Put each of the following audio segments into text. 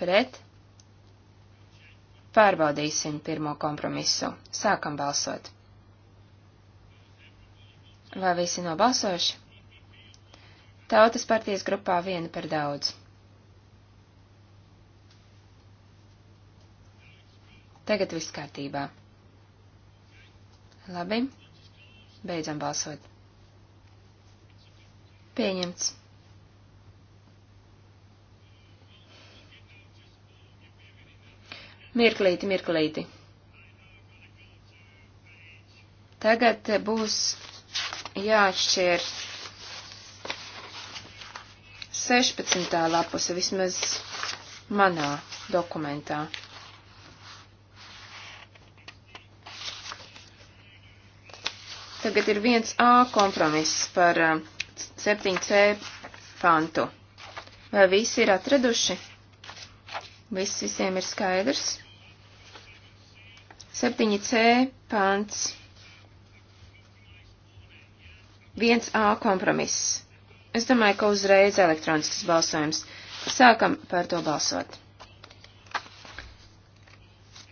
pret. Pārbaudīsim pirmo kompromisu. Sākam balsot. Vai visi nobalsojuši? Tautas partijas grupā viena par daudz. Tagad viss kārtībā. Labi, beidzam balsot. Pieņemts. Mirklīti, mirklīti. Tagad būs jāšķir 16. lapuse, vismaz manā dokumentā. Tagad ir viens A kompromiss par 7C um, pantu. Vai visi ir atraduši? Viss visiem ir skaidrs. 7c pants. 1a kompromiss. Es domāju, ka uzreiz elektronisks balsojums. Sākam par to balsot.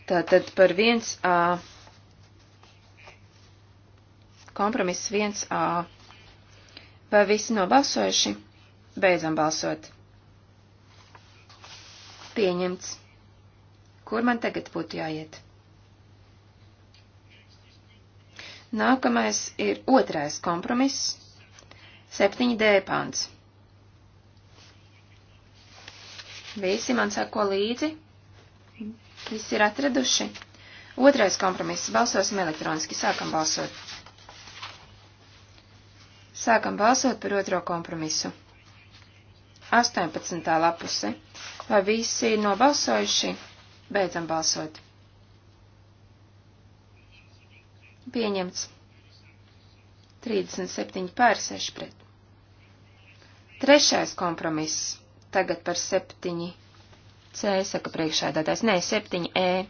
Tātad par 1a. Kompromiss 1a. Vai visi nobalsojuši? Beidzam balsot. Pieņemts. Kur man tagad būtu jāiet? Nākamais ir otrais kompromiss, 7D pants. Visi man sako līdzi, visi ir atraduši. Otrais kompromiss, balsosim elektroniski, sākam balsot. Sākam balsot par otro kompromisu. 18. lapuse. Vai visi ir nobalsojuši? Beidzam balsot. Pieņemts. 37 pār 6 pret. Trešais kompromiss. Tagad par 7 C, saka priekšēdātājs. Nē, 7 E.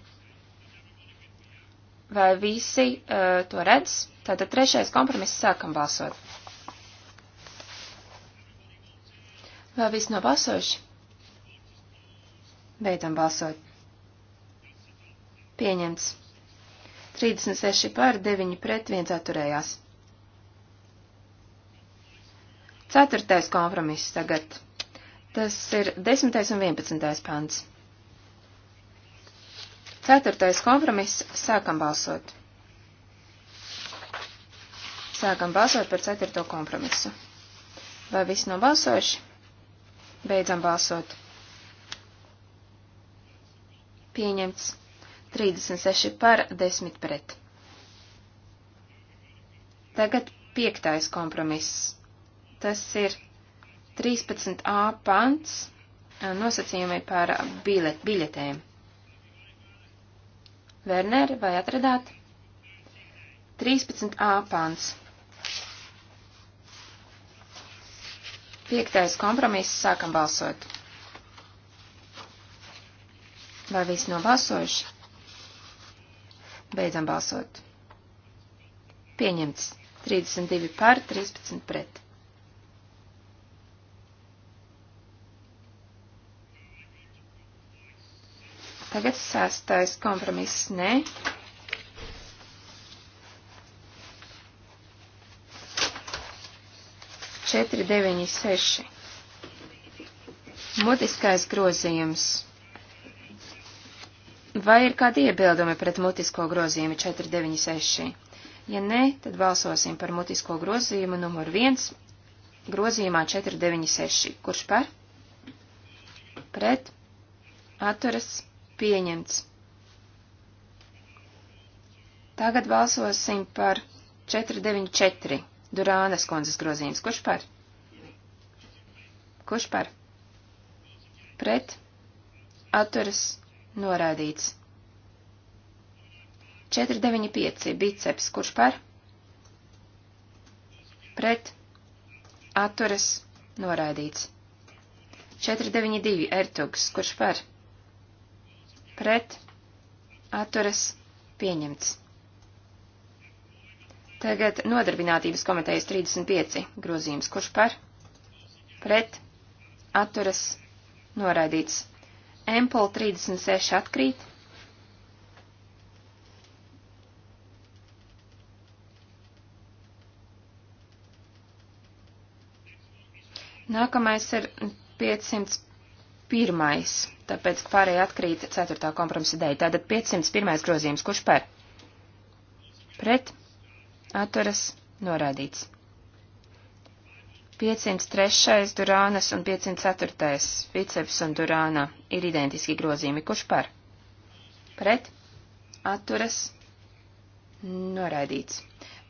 Vai visi uh, to redz? Tātad trešais kompromiss sākam balsot. Vai viss nav balsojuši? Beidzam balsot. Pieņemts. 36 par, 9 pret, 1 atturējās. Ceturtais kompromiss tagad. Tas ir 10. un 11. pants. Ceturtais kompromiss. Sākam balsot. Sākam balsot par ceturto kompromisu. Vai visi nobalsojuši? Beidzam balsot. Pieņemts. 36 par 10 pret. Tagad piektais kompromiss. Tas ir 13a pants nosacījumi par bilet, biļetēm. Werner, vai atradāt? 13a pants. Piektais kompromiss, sākam balsot. Vai visi nobalsojuši? Beidzam balsot. Pieņemts. 32 par, 13 pret. Tagad sastais kompromiss nē. Četri, deviņi, seši. Mutiskais grozījums. Vai ir kādi iebildumi pret mutisko grozījumu 496? Ja nē, tad balsosim par mutisko grozījumu numur 1 grozījumā 496. Kurš par? Pret? Atturas? Pieņemts. Tagad balsosim par 494. Durānas kundzes grozījums. Kurš par? Kurš par? Pret? Atturas? Noraidīts. 495 biceps, kurš par? Pret. Atturas. Noraidīts. 492 ertugs, kurš par? Pret. Atturas. Pieņemts. Tagad nodarbinātības komitejas 35 grozījums, kurš par? Pret. Atturas. Noraidīts. Empol 36 atkrīt. Nākamais ir 501. Tāpēc pārējie atkrīt 4. kompromisa dēļ. Tātad 501. grozījums. Kurš par? Pret? Atturas? Norādīts. 503. Durānas un 504. Viceps un Durāna ir identiski grozījumi. Kurš par? Pret? Atturas? Noraidīts.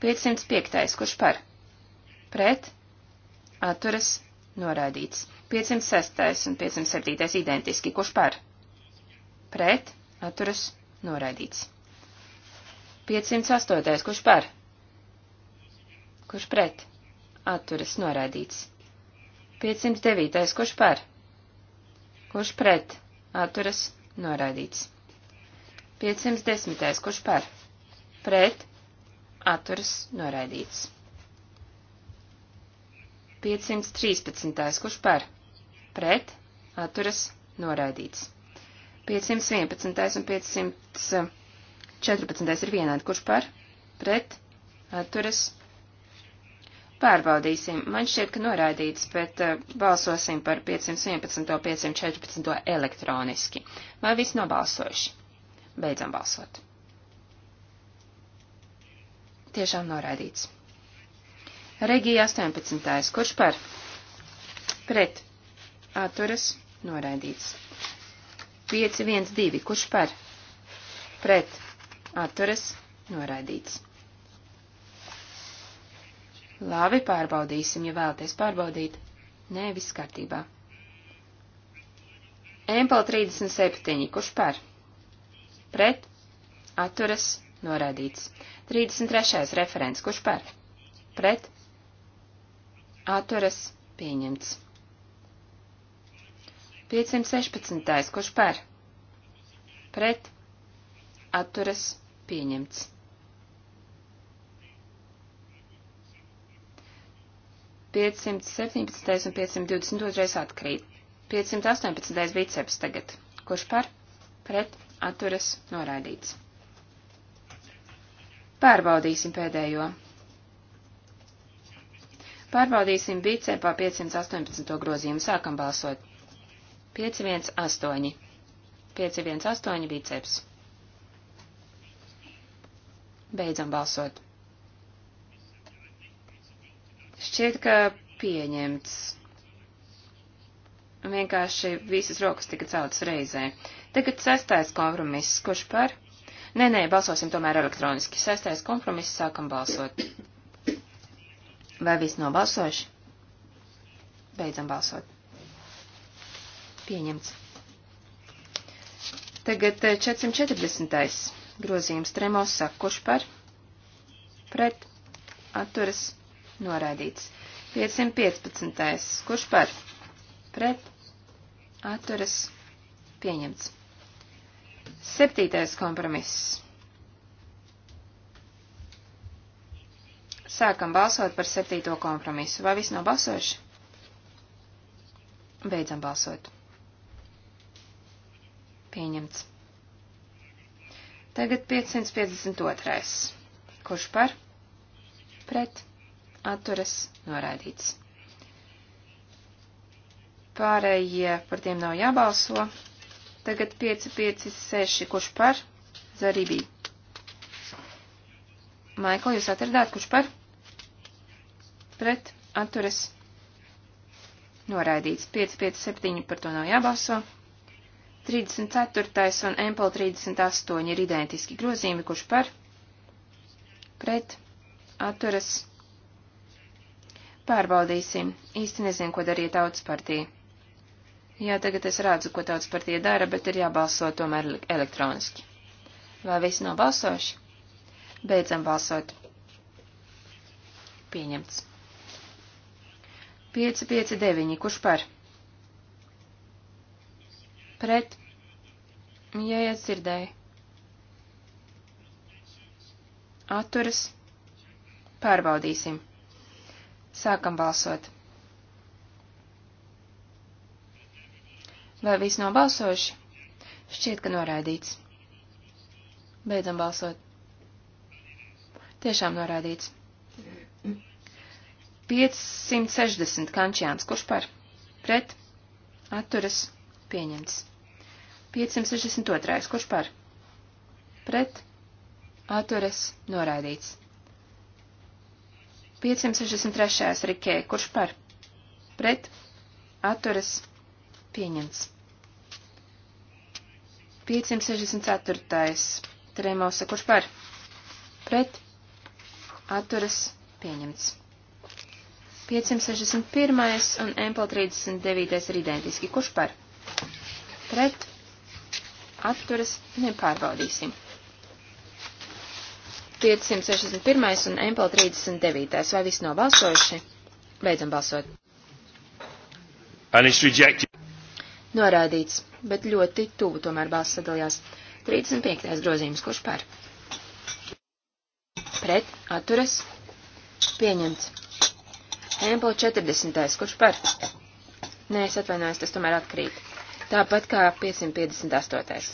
505. Kurš par? Pret? Atturas? Noraidīts. 506. un 507. identiski. Kurš par? Pret? Atturas? Noraidīts. 508. Kurš par? Kurš pret? atturas noraidīts. 509. Kurš par? Kurš pret? Atturas noraidīts. 510. Kurš par? Pret? Atturas noraidīts. 513. Kurš par? Pret? Atturas noraidīts. 511. un 514. ir vienādi. Kurš par? Pret? Atturas Pārbaudīsim. Man šķiet, ka noraidīts, bet uh, balsosim par 511. 514. elektroniski. Vai viss nobalsojuši? Beidzam balsot. Tiešām noraidīts. Regija 18. Kurš par? Pret. Atturas. Noraidīts. 512. Kurš par? Pret. Atturas. Noraidīts. Labi, pārbaudīsim, ja vēlaties pārbaudīt. Nē, viss kārtībā. Empel 37, kurš par? Pret, atturas, norādīts. 33. referents, kurš par? Pret, atturas, pieņemts. 516. kurš par? Pret, atturas, pieņemts. 517. un 522. atkrīt. 518. biceps tagad. Kurš par? Pret atturas noraidīts. Pārbaudīsim pēdējo. Pārbaudīsim bicepā 518. grozījumu. Sākam balsot. 518. 518 biceps. Beidzam balsot. Šķiet, ka pieņemts. Vienkārši visas rokas tika celtas reizē. Tagad sestais kompromiss. Kurš par? Nē, nē, balsosim tomēr elektroniski. Sestais kompromiss. Sākam balsot. Vai viss nobalsojuši? Beidzam balsot. Pieņemts. Tagad 440. Eh, grozījums Tremos saka, kurš par? Pret. Atturas noraidīts. 515. Kurš par? Pret. Atturas. Pieņemts. Septītais kompromiss. Sākam balsot par septīto kompromisu. Vai viss nav balsojuši? Beidzam balsot. Pieņemts. Tagad 552. Kurš par? Pret atturas noraidīts. Pārējie par tiem nav jābalso. Tagad 5, 5, 6, kurš par? Zarībī. Maikl, jūs atradāt, kurš par? Pret, atturas, noraidīts. 5, 5, 7, par to nav jābalso. 34. un MPL 38 ir identiski grozījumi, kurš par? Pret, atturas, noraidīts Pārbaudīsim. Īsti nezinu, ko darīja tautas partija. Jā, tagad es redzu, ko tautas partija dara, bet ir jābalso tomēr elektroniski. Vai visi nav balsojuši? Beidzam balsot. Pieņemts. 5, 5, 9. Kurš par? Pret. Jā, ja dzirdēju. Atturas. Pārbaudīsim. Sākam balsot. Vai viss nobalsojuši? Šķiet, ka noraidīts. Beidzam balsot. Tiešām noraidīts. 560 kančiāns. Kurš par? Pret? Atturas? Pieņemts. 562. Kurš par? Pret? Atturas? Noraidīts. 563. rikē, kurš par? Pret, atturas, pieņemts. 564. Tremosa, kurš par? Pret, atturas, pieņemts. 561. un MP39 ir identiski, kurš par? Pret, atturas, nepārbaudīsim. 561 un MPL 39. Vai visi nobalsojuši? Beidzam balsot. Norādīts, bet ļoti tuvu tomēr balss sadalījās. 35. grozījums, kurš pār? Pret, atturas, pieņemts. MPL 40. kurš par? Nē, es atvainojos, tas tomēr atkrīt. Tāpat kā 558.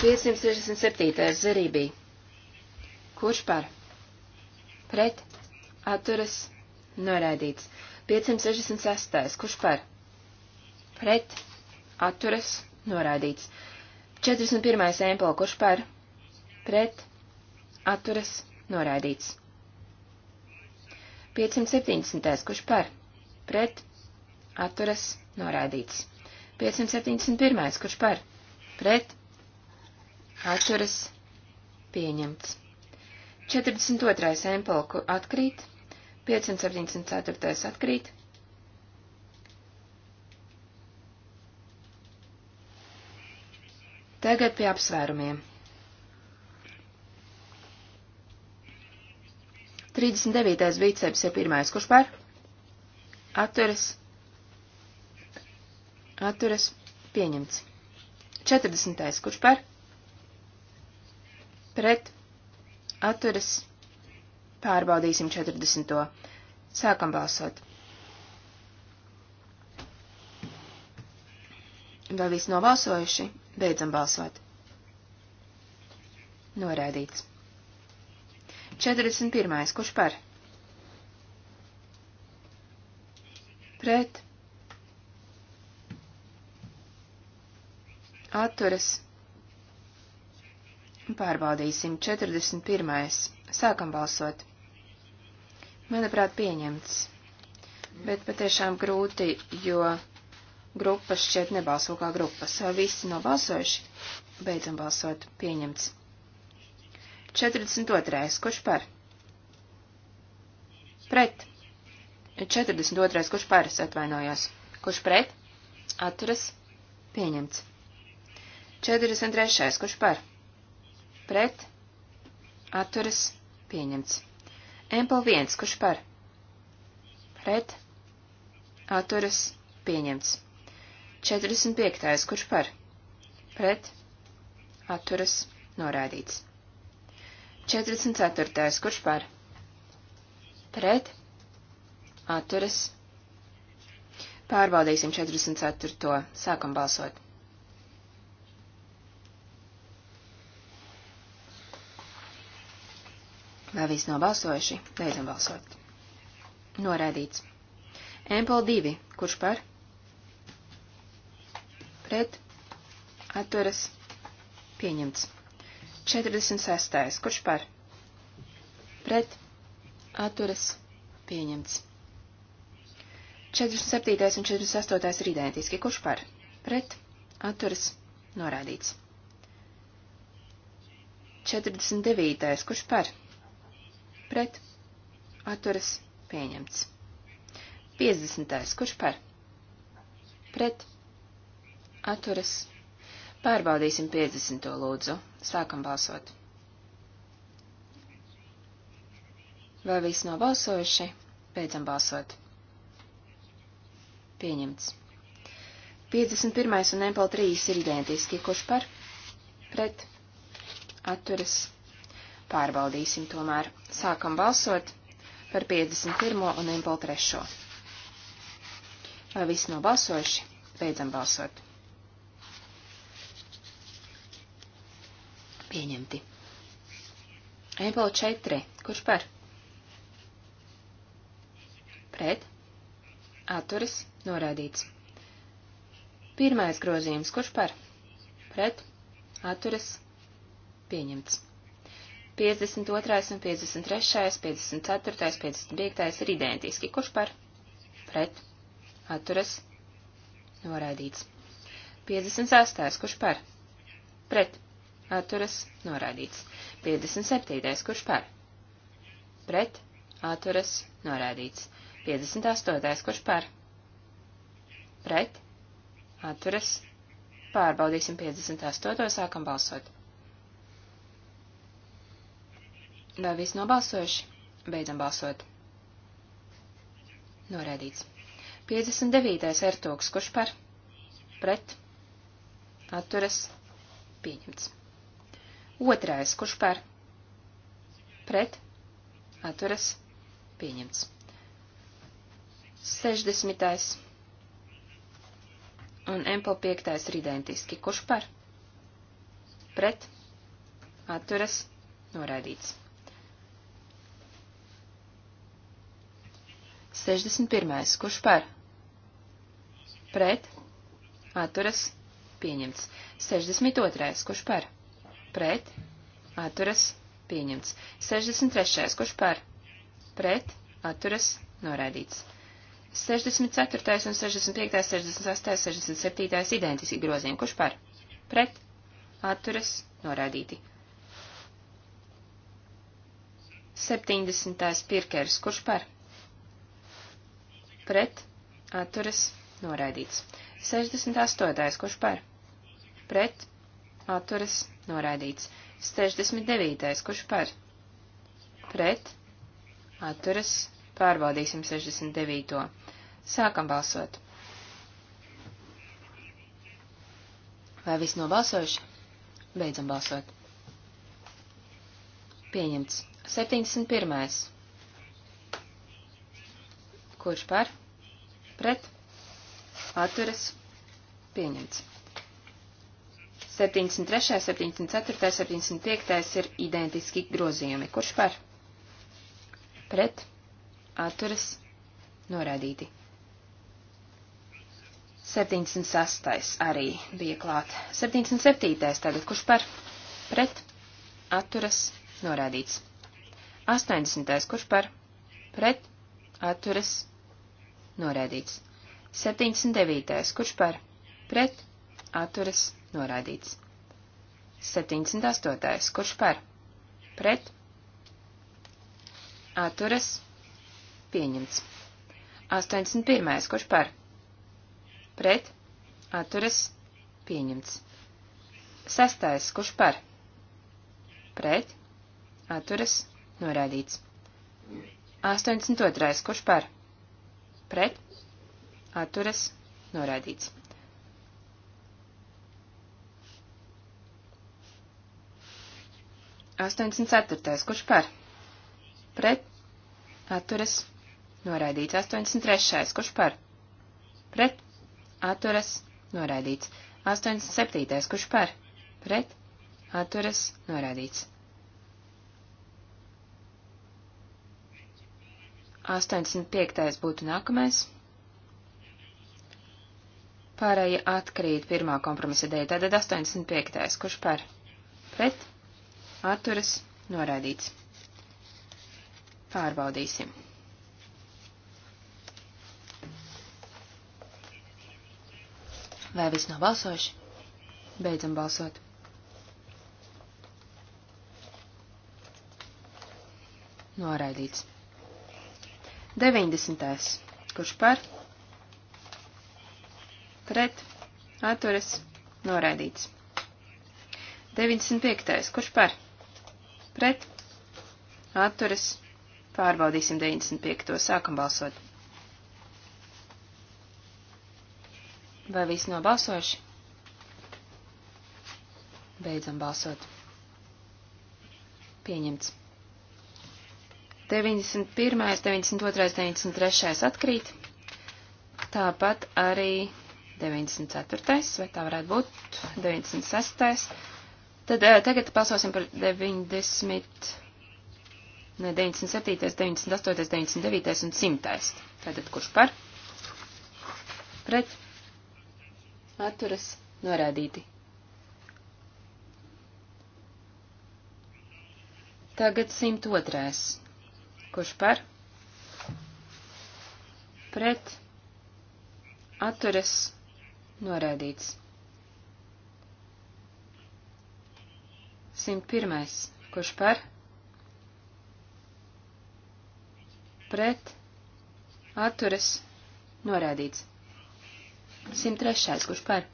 567. zarībī. Kurš par? Pret. Atturas. Noraidīts. 566. Kurš par? Pret. Atturas. Noraidīts. 41. emplo. Kurš par? Pret. Atturas. Noraidīts. 570. Kurš par? Pret. Atturas. Noraidīts. 571. Kurš par? Pret atturas pieņemts. 42. empolku atkrīt, 574. atkrīt. Tagad pie apsvērumiem. 39. biceps ir pirmais, kurš par? Atturas. Atturas. Pieņemts. 40. kurš par? pret, atturas, pārbaudīsim 40. Sākam balsot. Vai visi nobalsojuši? Beidzam balsot. Norēdīts. 41. Kurš par? Pret. Atturas. Pārbaudīsim 41. Sākam balsot. Manuprāt, pieņemts. Bet patiešām grūti, jo grupas šķiet nebalso kā grupas. Vai visi nobalsojuši? Beidzam balsot. Pieņemts. 42. Kurš par? Pret. 42. Kurš par? Es atvainojos. Kurš pret? Atturas. Pieņemts. 43. Kurš par? pret, atturas, pieņemts. Empel 1, kurš par, pret, atturas, pieņemts. 45. kurš par, pret, atturas, norādīts. 44. kurš par, pret, atturas, pārbaudīsim 44. sākam balsot. Vai viss nobalsojuši? Beidzam balsot. Norādīts. Empel 2. Kurš par? Pret. Atturas. Pieņemts. 46. Kurš par? Pret. Atturas. Pieņemts. 47. un 48. ir identiski. Kurš par? Pret. Atturas. Norādīts. 49. Kurš par? pret atturas pieņemts. 50. Kurš par? Pret atturas. Pārbaudīsim 50. lūdzu. Sākam balsot. Vai visi nobalsojuši? Beidzam balsot. Pieņemts. 51. un MPL 3 ir identiski. Kurš par? Pret. Atturas. Pārbaudīsim tomēr. Sākam balsot par 51. un impul 3. Vai visi nobalsojuši? Beidzam balsot. Pieņemti. Impul 4. Kurš par? Pret. Atturis. Norādīts. Pirmais grozījums. Kurš par? Pret. Atturis. Pieņemts. 52. un 53. 54. 55. ir identiski. Kurš par? Pret. Atturas. Noraidīts. 56. Kurš par? Pret. Atturas. Noraidīts. 57. Kurš par? Pret. Atturas. Noraidīts. 58. Kurš par? Pret. Atturas. Pārbaudīsim 58. Sākam balsot. Vai viss nobalsojuši? Beidzam balsot. Norēdīts. 59. ertoks, kurš par? Pret? Atturas? Pieņemts. Otrais, kurš par? Pret? Atturas? Pieņemts. 60. Un MPL 5. ir identiski. Kurš par? Pret? Atturas? Noraidīts. 61. Kurš par? Pret. Atturas. Pieņemts. 62. Kurš par? Pret. Atturas. Pieņemts. 63. Kurš par? Pret. Atturas. Noraidīts. 64. un 65. 68. 67. identiski grozījumi. Kurš par? Pret. Atturas. Noraidīti. 70. pirkers. Kurš par? pret, atturas, noraidīts. 68. kurš par, pret, atturas, noraidīts. 69. kurš par, pret, atturas, pārbaudīsim 69. Sākam balsot. Vai viss nobalsojuši? Beidzam balsot. Pieņemts. 71. Kurš par? Pret. Atturas. Pieņemts. 73., 74., 75. ir identiski grozījumi. Kurš par? Pret. Atturas. Norādīti. 76. arī bija klāt. 77. tagad kurš par? Pret. Atturas. Norādīts. 80. kurš par? Pret. Atturas noraidīts. 79. kurš par, pret, atturas, noraidīts. 78. kurš par, pret, atturas, pieņemts. 81. kurš par, pret, atturas, pieņemts. 6. kurš par, pret, atturas, noraidīts. 82. kurš par, pret, pret, atturas, noraidīts. Astoņdesmit ceturtais, kurš par? Pret, atturas, noraidīts. Astoņdesmit trešais, kurš par? Pret, atturas, noraidīts. Astoņdesmit septītais, kurš par? Pret, atturas, noraidīts. 85. būtu nākamais. Pārējie atkrīt pirmā kompromisa dēļ, tātad 85. Kurš par? Pret? Atturas? Noraidīts. Pārbaudīsim. Vai viss nav balsojuši? Beidzam balsot. Noraidīts. 90. Kurš par? Pret. Atturas. Noraidīts. 95. Kurš par? Pret. Atturas. Pārbaudīsim 95. Sākam balsot. Vai visi nobalsojuši? Beidzam balsot. Pieņemts. 91., 92., 93. atkrīt. Tāpat arī 94. vai tā varētu būt 96. Tad eh, tagad balsosim par 90. Ne, 97., 98., 99. un 100. Tātad kurš par? Pret? Atturas norādīti. Tagad 102. Kurš par? Pret. Atturas. Norēdīts. 101. Kurš par? Pret. Atturas. Norēdīts. 103. Kurš par?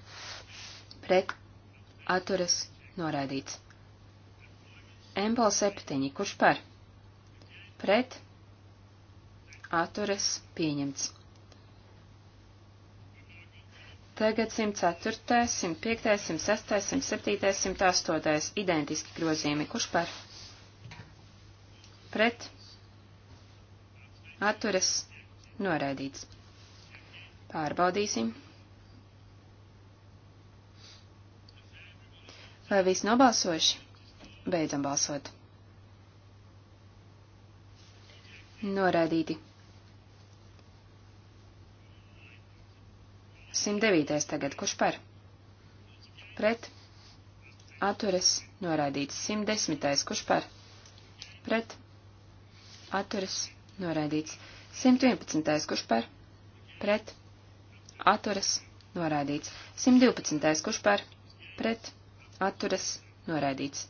Pret. Atturas. Norēdīts. Empel 7. Kurš par? pret, atturas pieņemts. Tagad 104, 105, 106, 107, 108 identiski grozījumi. Kurš par? Pret. Atturas. Noraidīts. Pārbaudīsim. Vai viss nobalsojuši? Beidzam balsot. Noraidīti. 109. tagad. Kurš par? Pret. Atturas. Noraidīts. 110. Kurš par? Pret. Atturas. Noraidīts. 111. Kurš par? Pret. Atturas. Noraidīts. 112. Kurš par? Pret. Atturas. Noraidīts.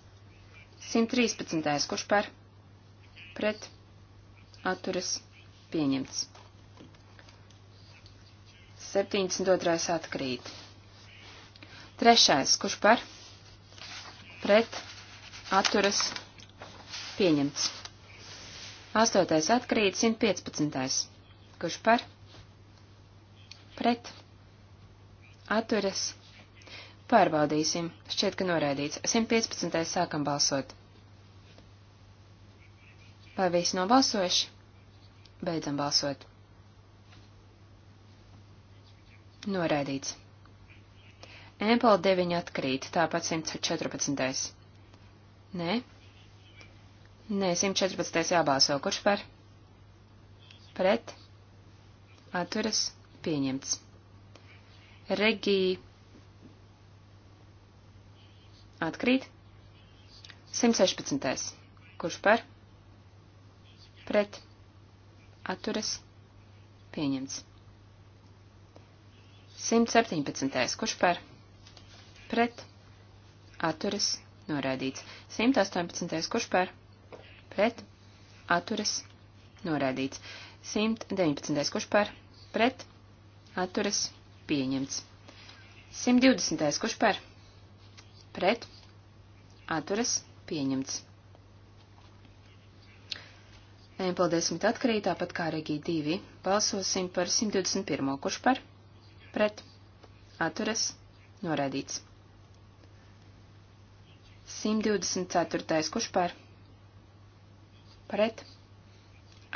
113. Kurš par? Pret atturas pieņemts. 72. atkrīt. Trešais, kurš par? Pret atturas pieņemts. Astotais atkrīt 115. Kurš par? Pret atturas pieņemts. Pārbaudīsim. Šķiet, ka noraidīts. 115. sākam balsot. Vai visi nobalsojuši? Beidzam balsot. Noraidīts. Empel 9 atkrīt, tāpat 114. Nē. Nē, 114. jābalso. Kurš par? Pret. Atturas. Pieņemts. Regī. Atkrīt. 116. Kurš par? Pret atturas pieņemts. 117. Kurš par? Pret. Atturas noraidīts. 118. Kurš par? Pret. Atturas noraidīts. 119. Kurš par? Pret. Atturas pieņemts. 120. Kurš par? Pret. Atturas pieņemts. Nempel 10 atkrīt, tāpat kā Regija 2. Balsosim par 121. Kurš par? Pret. Atturas. Norēdīts. 124. Kurš par? Pret.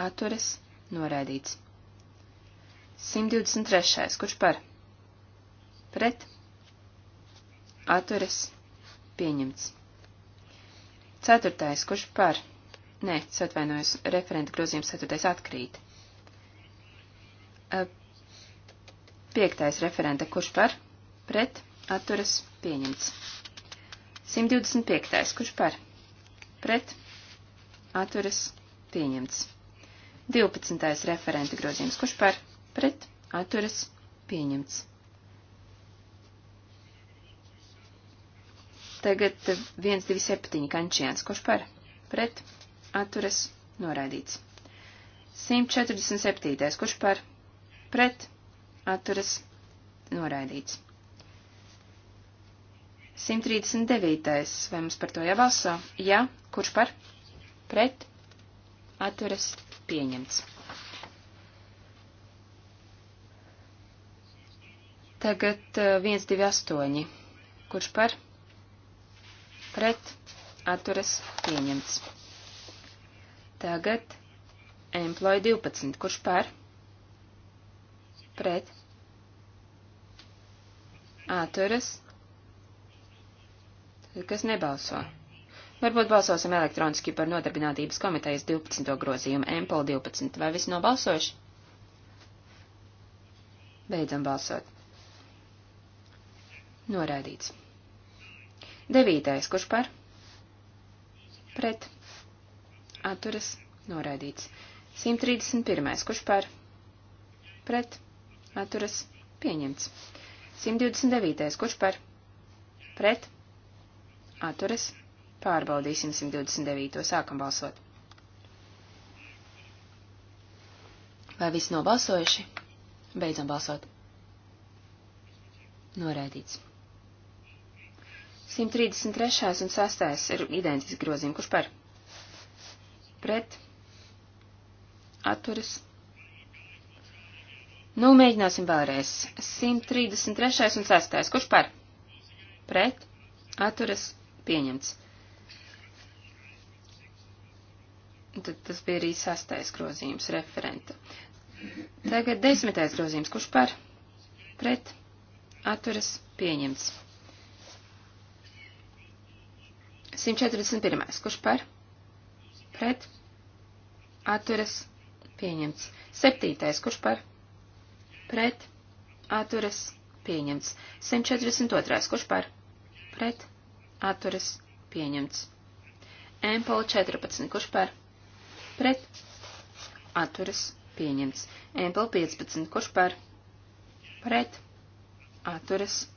Atturas. Norēdīts. 123. Kurš par? Pret. Atturas. Pieņemts. 4. Kurš par? Pret Nē, es atvainojos, referenta grozījums 4. atkrīt. Piektais referenta, kurš par, pret, atturas, pieņemts. 125. kurš par, pret, atturas, pieņemts. 12. referenta grozījums, kurš par, pret, atturas, pieņemts. Tagad 127. kančiens, kurš par, pret, atturas, pieņemts atturas noraidīts. 147. kurš par pret atturas noraidīts. 139. vai mums par to jābalso? Jā, kurš par pret atturas pieņemts. Tagad 128. Eh, kurš par pret atturas pieņemts. Tagad employ 12. Kurš par? Pret. Atturas. Tad, kas nebalso? Varbūt balsosim elektroniski par nodarbinātības komitejas 12. grozījumu employ 12. Vai visi nobalsojuši? Beidzam balsot. Noraidīts. Devītais, kurš par? Pret atturas noraidīts. 131. Kurš par? Pret. Atturas. Pieņemts. 129. Kurš par? Pret. Atturas. Pārbaudīsim 129. Sākam balsot. Vai visi nobalsojuši? Beidzam balsot. Noraidīts. 133. un 6. ir identiski grozījumi. Kurš par? pret, atturas. Nu, mēģināsim vēlreiz. 133. un 6. Kurš par? Pret, atturas, pieņemts. Tad tas bija arī 6. grozījums referenta. Tagad 10. grozījums. Kurš par? Pret, atturas, pieņemts. 141. Kurš par? pret, atturas, pieņemts. Septītais, kurš par, pret, atturas, pieņemts. 142, kurš par, pret, atturas, pieņemts. Empoli 14, kurš par, pret, atturas, pieņemts. Empoli 15, kurš par, pret, atturas, pieņemts.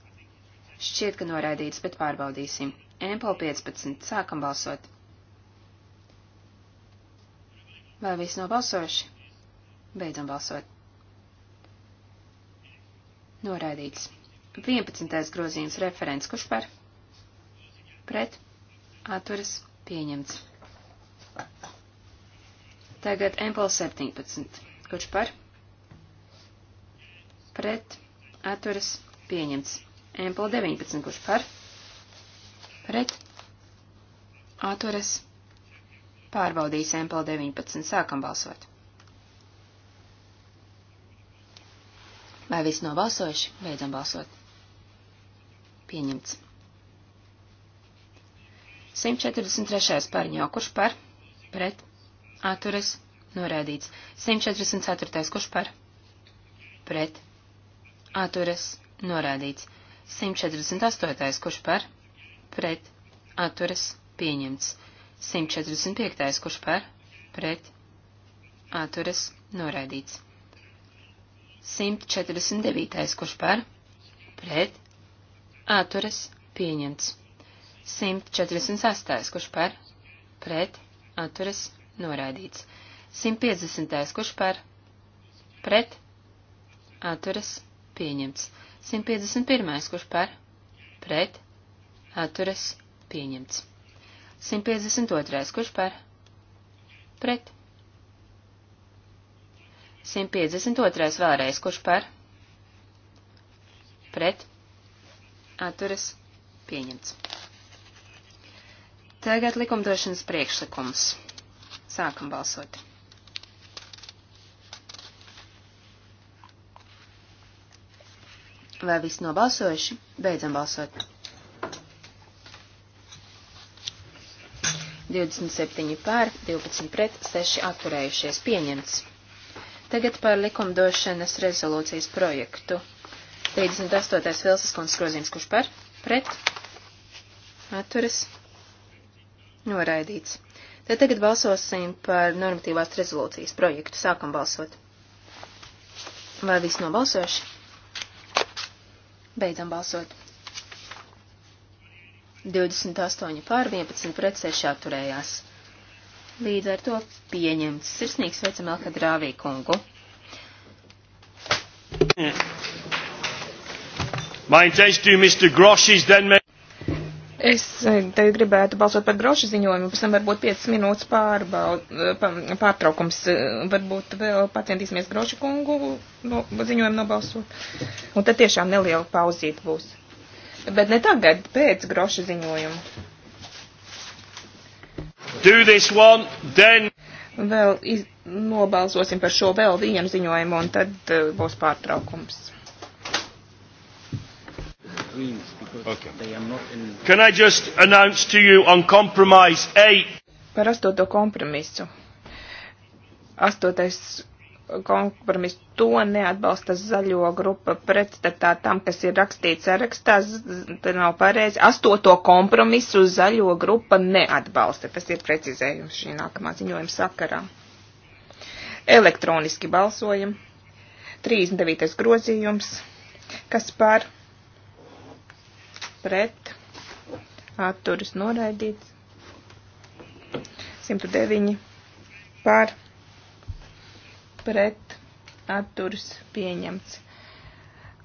Šķiet, ka noraidīts, bet pārbaudīsim. Empel 15. Sākam balsot. Vai visi nobalsojuši? Beidzam balsot. Noraidīts. 11. grozījums referents, kurš par? Pret. Atturas. Pieņemts. Tagad MPL 17. Kurš par? Pret. Atturas. Pieņemts. MPL 19. Kurš par? Pret. Atturas. Pieņemts Pārbaudīs MPL 19. Sākam balsot. Vai viss nobalsojuši? Beidzam balsot. Pieņemts. 143. pārņā, kurš par? Pret. Atturas. Norēdīts. 144. kurš par? Pret. Atturas. Norēdīts. 148. kurš par? Pret. Atturas. Pieņemts. 145. kurš par pret atturas noraidīts. 149. kurš par pret atturas pieņemts. 148. kurš par pret atturas noraidīts. 150. kurš par pret atturas pieņemts. 151. kurš par pret atturas pieņemts. 152. Kurš par? Pret. 152. Vēlreiz. Kurš par? Pret. Atturas. Pieņemts. Tagad likumdošanas priekšlikums. Sākam balsot. Vai viss nobalsojuši? Beidzam balsot. 27 pār, 12 pret, 6 atturējušies pieņemts. Tagad par likumdošanas rezolūcijas projektu. 38. Vilsas kundzes grozījums, kurš par, pret, atturas, noraidīts. Tad tagad balsosim par normatīvās rezolūcijas projektu. Sākam balsot. Vai viss nobalsojuši? Beidzam balsot. 28 pār 11 pret 6 atturējās. Līdz ar to pieņemts. Sirsnīgi sveicam Elka Drāvī kungu. Es eh, te gribētu balsot par grošu ziņojumu, pēc tam varbūt 5 minūtes pārbaud, eh, pārtraukums. Eh, varbūt vēl pacientīsimies grošu kungu no, ziņojumu nobalsot. Un tad tiešām neliela pauzīt būs bet ne tagad, pēc groša ziņojuma. Do this one, then. Vēl iz, nobalsosim par šo vēl vienu ziņojumu, un tad uh, būs pārtraukums. Okay. Par astoto kompromisu. Astotais kompromisu to neatbalsta zaļo grupa pretstatā tam, kas ir rakstīts sarakstā, tad nav pareizi. Astoto kompromisu zaļo grupa neatbalsta. Tas ir precizējums šī nākamā ziņojuma sakarā. Elektroniski balsojam. 39. grozījums, kas par pret atturis noraidīts. 109 par pret atturs pieņemts.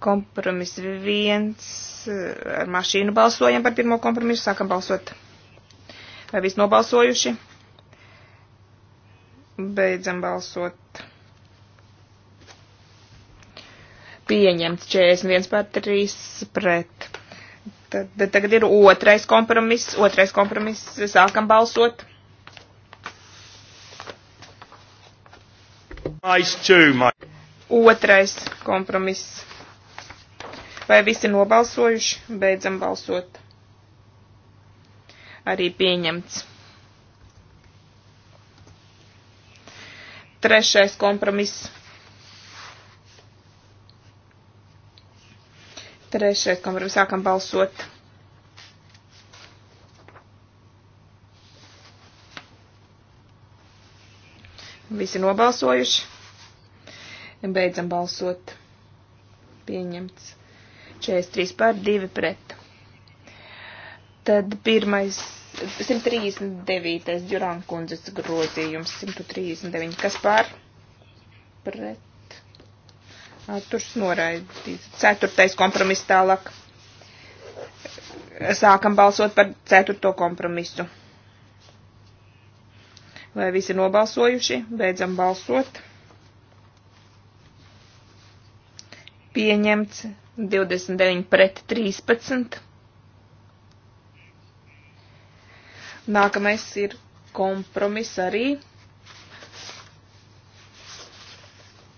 Kompromis viens eh, ar mašīnu balsojam par pirmo kompromisu, sākam balsot. Vai viss nobalsojuši? Beidzam balsot. Pieņemts 41 pār 3 pret. Tad, tad tagad ir otrais kompromiss, otrais kompromiss, sākam balsot. Otrais kompromiss. Vai visi nobalsojuši? Beidzam balsot. Arī pieņemts. Trešais kompromiss. Trešais kompromiss. Sākam balsot. Visi nobalsojuši. Beidzam balsot. Pieņemts. 43 pār 2 pret. Tad pirmais 139. Džurāna kundzes grozījums. 139. Kas pār? Pret. Atturs noraidīts. Ceturtais kompromiss tālāk. Sākam balsot par ceturto kompromisu. Vai visi nobalsojuši? Beidzam balsot. pieņemts 29 pret 13. Nākamais ir kompromis arī.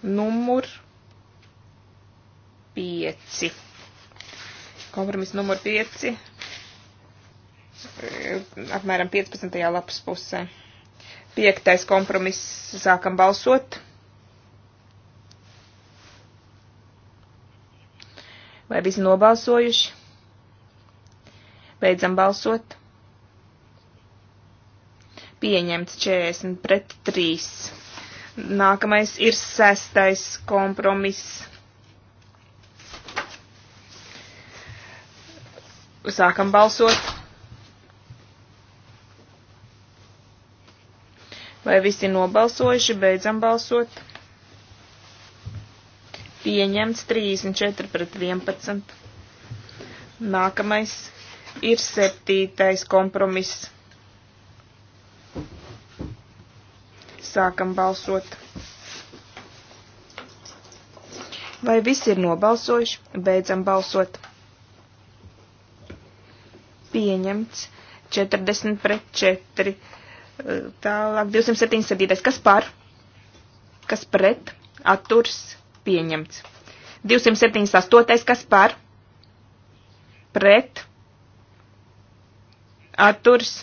Numur 5. Kompromis numur 5. Apmēram 15. lapas pusē. Piektais kompromiss sākam balsot. Vai visi nobalsojuši? Beidzam balsot. Pieņemts 40 pret 3. Nākamais ir sestais kompromiss. Sākam balsot. Vai visi nobalsojuši? Beidzam balsot pieņemts 34 pret 11. Nākamais ir septītais kompromiss. Sākam balsot. Vai visi ir nobalsojuši? Beidzam balsot. Pieņemts 40 pret 4. Tālāk 277. Kas par? Kas pret? Atturs pieņemts. 278. kas par pret atturs.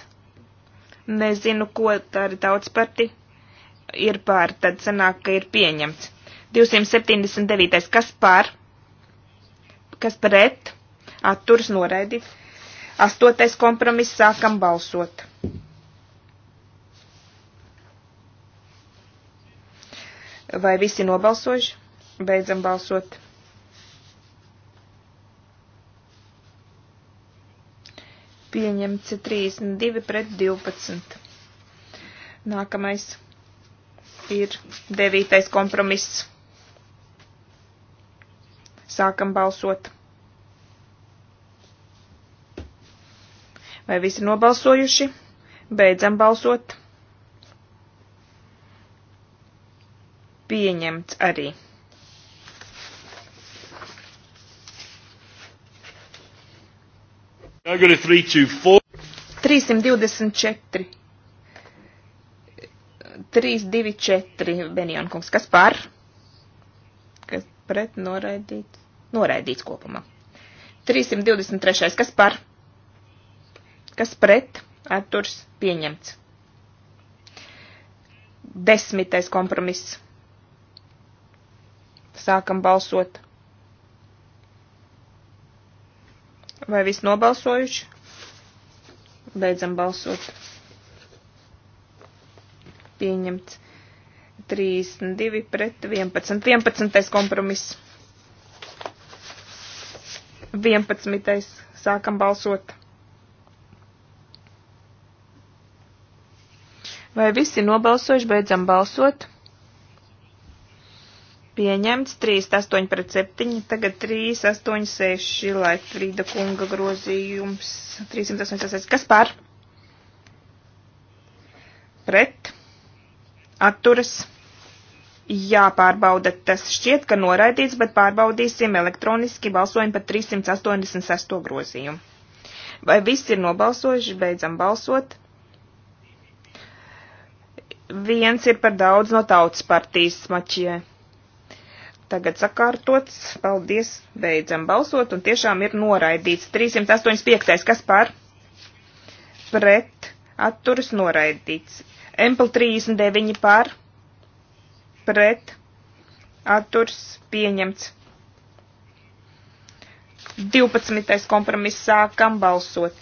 Nezinu, ko tā ir tautspati. Ir pār, tad sanāk, ka ir pieņemts. 279. kas par, kas pret, atturs noraidīts. Astotais kompromiss sākam balsot. Vai visi nobalsojuši? Beidzam balsot. Pieņemts 32 pret 12. Nākamais ir 9. kompromiss. Sākam balsot. Vai visi nobalsojuši? Beidzam balsot. Pieņemts arī. 324. 324, Benjankungs, kas par, kas pret noraidīts, noraidīts kopumā. 323, kas par, kas pret, atturs pieņemts. Desmitais kompromiss. Sākam balsot. Vai viss nobalsojuši? Beidzam balsot. Pieņemts. 32 pret 11. 11. kompromiss. 11. sākam balsot. Vai visi nobalsojuši, beidzam balsot? pieņemts 3,8 pret 7, tagad 3,86, lai Frīda kunga grozījums 386. Kas par? Pret? Atturas? Jāpārbauda. Tas šķiet, ka noraidīts, bet pārbaudīsim elektroniski balsojumu par 386. grozījumu. Vai viss ir nobalsojuši, beidzam balsot? Viens ir par daudz no tautas partijas mačie tagad sakārtots. Paldies, beidzam balsot un tiešām ir noraidīts. 385. kas par? Pret atturas noraidīts. Empel 39 par? Pret atturas pieņemts. 12. kompromiss sākam balsot.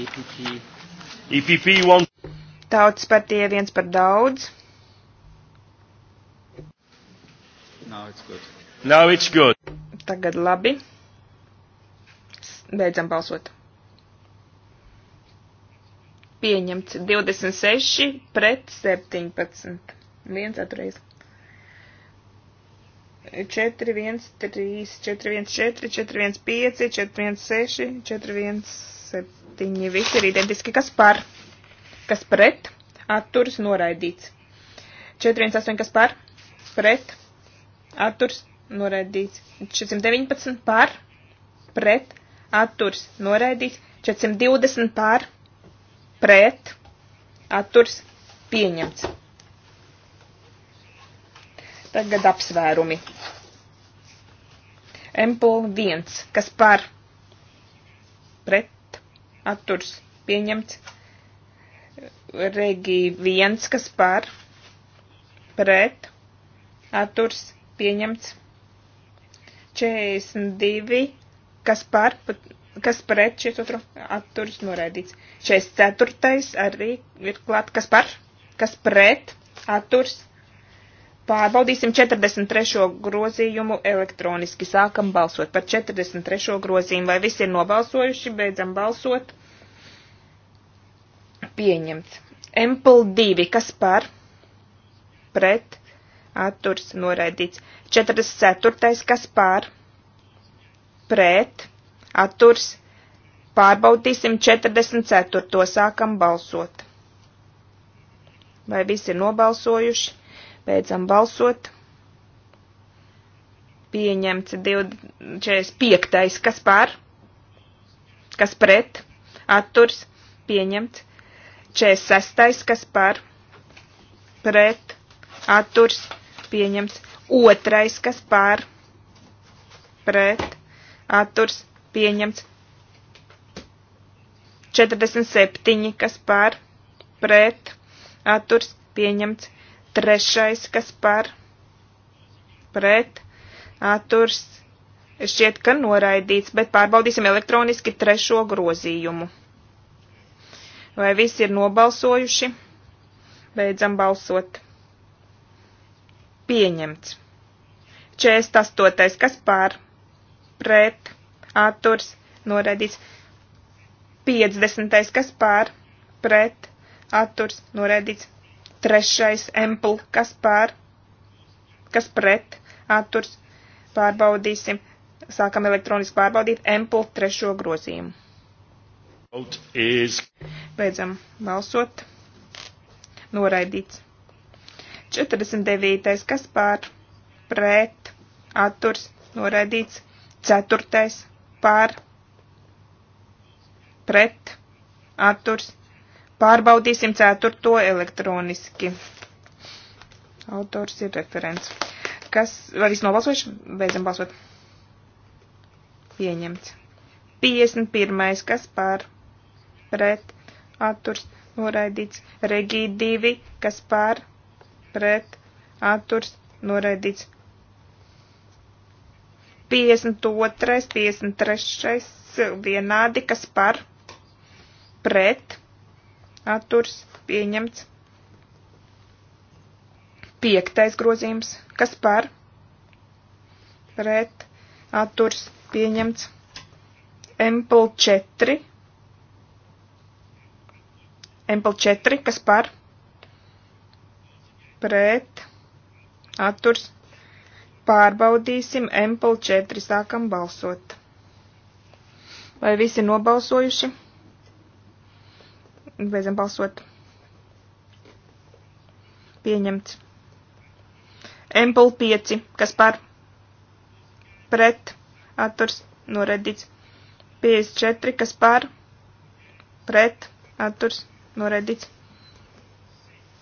EPP. EPP 1. Tautas partija viens par daudz. Now it's good. Now it's good. Tagad labi. Beidzam balsot. Pieņemts 26 pret 17. Viens atreiz. 4, 1, 3, 4, 1, 4, 4, 1, 5, 4, 1, 6, 4, 1, 7. Visi ir identiski. Kas par? kas pret, atturs noraidīts. 418, kas par, pret, atturs noraidīts. 419 par, pret, atturs noraidīts. 420 par, pret, atturs pieņemts. Tagad apsvērumi. Empul 1, kas par, pret, atturs pieņemts. Regī viens, kas par, pret, atturs, pieņemts. 42, kas par, kas pret, šis otru atturs noraidīts. 44 arī ir klāt, kas par, kas pret, atturs. Pārbaudīsim 43. grozījumu elektroniski. Sākam balsot par 43. grozījumu. Vai visi ir nobalsojuši? Beidzam balsot pieņemts. Empel 2, kas par, pret, atturs, noraidīts. 44, kas par, pret, atturs, pārbaudīsim 44, to sākam balsot. Vai visi ir nobalsojuši? Beidzam balsot. Pieņemts 45, kas par, kas pret, atturs, pieņemts. 46. kas par pret atturs pieņemts. Otrais, kas par pret atturs pieņemts. 47, kas par pret atturs pieņemts. Trešais, kas par pret atturs šķiet, ka noraidīts, bet pārbaudīsim elektroniski trešo grozījumu. Vai visi ir nobalsojuši? Beidzam balsot. Pieņemts. 48. kas pār, pret, atturs, noraidīts. 50. kas pār, pret, atturs, noraidīts. 3. empl, kas pār, kas pret, atturs, pārbaudīsim. Sākam elektroniski pārbaudīt empl trešo grozījumu. Is... Beidzam balsot. Noraidīts. 49. kas pār pret atturs noraidīts. 4. pār pret atturs. Pārbaudīsim 4. elektroniski. Autors ir referents. Kas, vai viss nobalsojuši? Beidzam balsot. Pieņemts. 51. kas pār pret atturs atturs noraidīts. Regī 2, kas par pret atturs noraidīts. 52, 53, vienādi, kas par pret atturs pieņemts. Piektais grozījums, kas par pret atturs pieņemts. Empel 4 Empel 4, kas par pret atturs. Pārbaudīsim Empel 4, sākam balsot. Vai visi nobalsojuši? Beidzam balsot. Pieņemts. Empel 5, kas par pret atturs noredīts. 54, kas par pret atturs noredīts. Noredīts.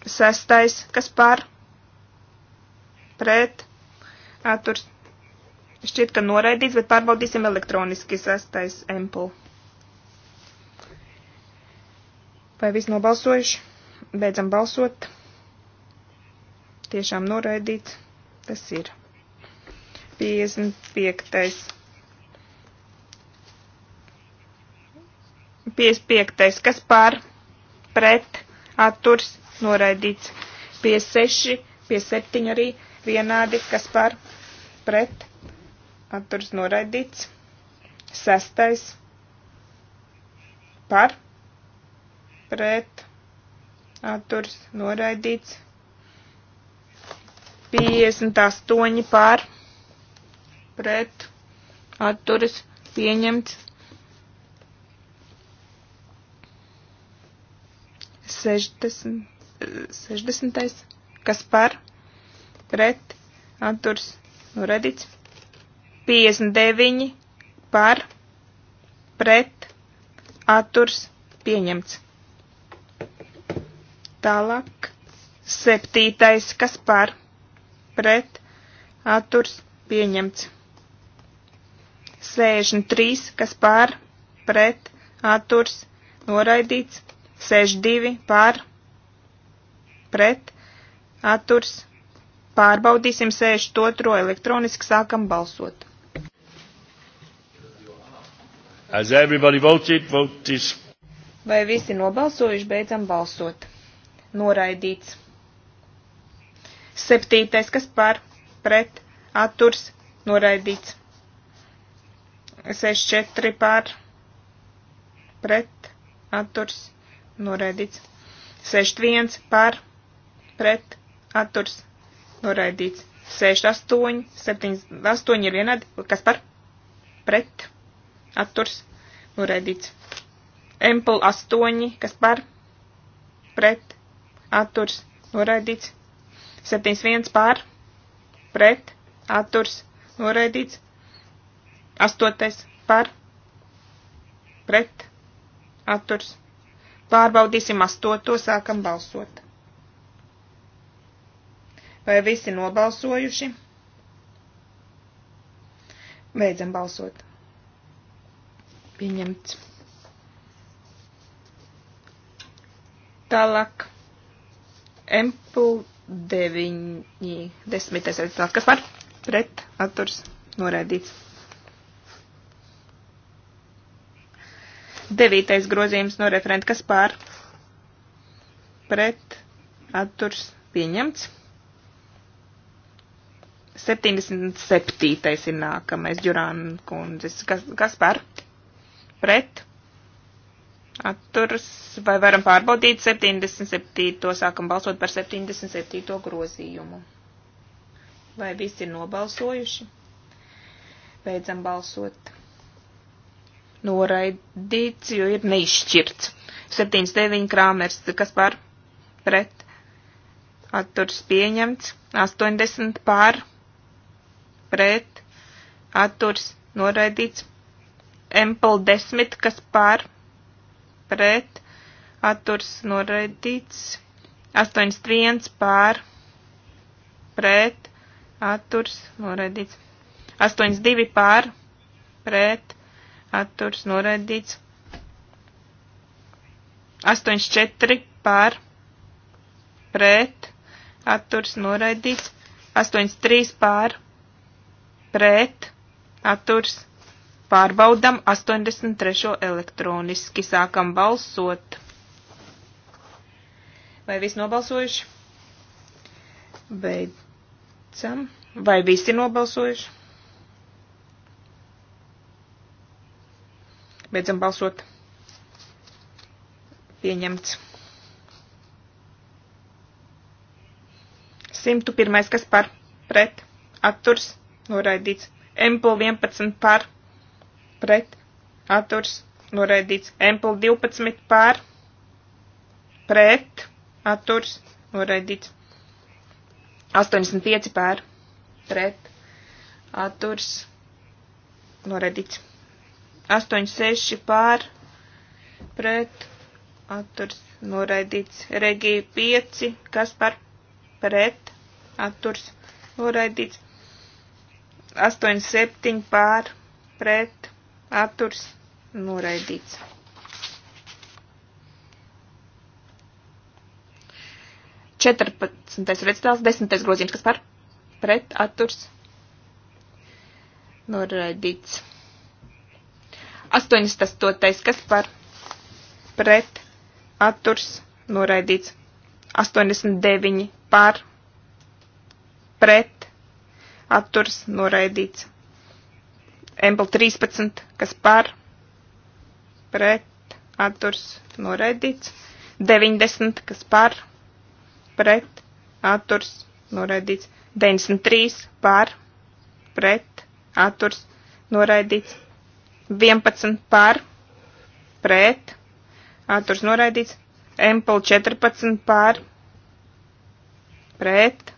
Sestais, kas par? Pret. Atturs. Šķiet, ka noraidīts, bet pārbaudīsim elektroniski sestais empul. Vai viss nobalsojuši? Beidzam balsot. Tiešām noraidīts. Tas ir 55. 55. Kas pār? pret atturs noraidīts. Pie seši, pie septiņi arī vienādi, kas par pret atturs noraidīts. Sestais par pret atturs noraidīts. 58 par pret atturas pieņemts 60. 60. kas par pret atturs noredīts. 59 par pret atturs pieņemts. Tālāk septītais, kas par pret atturs pieņemts. 63, kas par pret atturs noraidīts. 62 pār pret atturs. Pārbaudīsim 62 elektroniski sākam balsot. As everybody voted, vote is... Vai visi nobalsojuši, beidzam balsot. Noraidīts. Septītais, kas pār pret atturs, noraidīts. 64 pār pret atturs noraidīts. 61 par pret atturs noraidīts. 68, 7, 8 ir vienādi, kas par pret atturs noraidīts. Empel 8, kas par pret atturs noraidīts. 71 par pret atturs noraidīts. 8 par pret atturs noraidīts Pārbaudīsim astoto, sākam balsot. Vai visi nobalsojuši? Beidzam balsot. Pieņemts. Tālāk. Empul 9, 10. Kas par? Pret. Atturs. Noraidīts. Devītais grozījums no referenta, kas pār pret atturs pieņemts. 77. ir nākamais Džurāna kundzes. Kas, kas par? Pret? Atturs, vai varam pārbaudīt 77. sākam balsot par 77. grozījumu. Vai visi ir nobalsojuši? Beidzam balsot noraidīts, jo ir neizšķirts. 79 krāmers, kas par pret atturs pieņemts, 80 par pret atturs noraidīts, empel 10, kas par pret atturs noraidīts, 81 par pret atturs noraidīts, 82 par pret atturs noraidīts. 84 pār pret atturs noraidīts. 83 pār pret atturs pārbaudam 83 elektroniski. Sākam balsot. Vai viss nobalsojuši? Beidzam. Vai visi nobalsojuši? Beidzam balsot. Pieņemts. 101. kas par pret atturs noraidīts. Empul 11 par pret atturs noraidīts. Empul 12 par pret atturs noraidīts. 85 par pret atturs noraidīts. 8-6 pār pret atturs noraidīts. Regija 5, kas par pret atturs noraidīts. 8-7 pār pret atturs noraidīts. Četrpadsmitais recitāls, desmitais grozījums, kas par pret atturs noraidīts. 88. kas par pret atturs noraidīts. 89 par pret atturs noraidīts. Empel 13, kas par pret atturs noraidīts. 90, kas par pret atturs noraidīts. 93 par pret atturs noraidīts. 11 par, pret, atturs noraidīts, Empel 14 par, pret,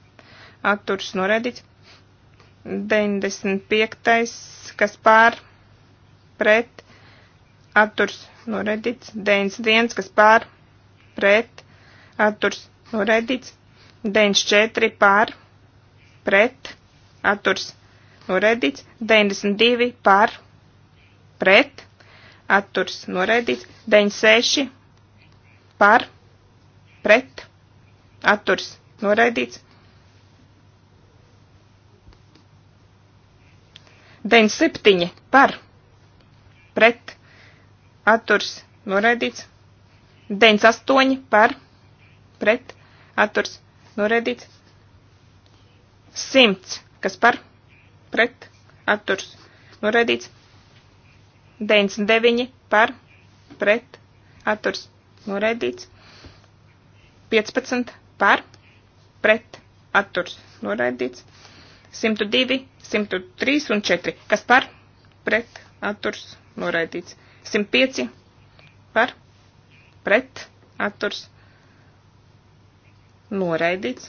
atturs noraidīts, 95, kas par, pret, atturs noraidīts, 91, kas par, pret, atturs noraidīts, 94 par, pret, atturs noraidīts, 92 par, pret, pret, atturs noraidīts, 96 par, pret, atturs noraidīts, 97 par, pret, atturs noraidīts, 98 par, pret, atturs noraidīts, 100, kas par, pret, atturs noraidīts, 99 par pret atturs noraidīts. 15 par pret atturs noraidīts. 102, 103 un 4, kas par pret atturs noraidīts. 105 par pret atturs noraidīts.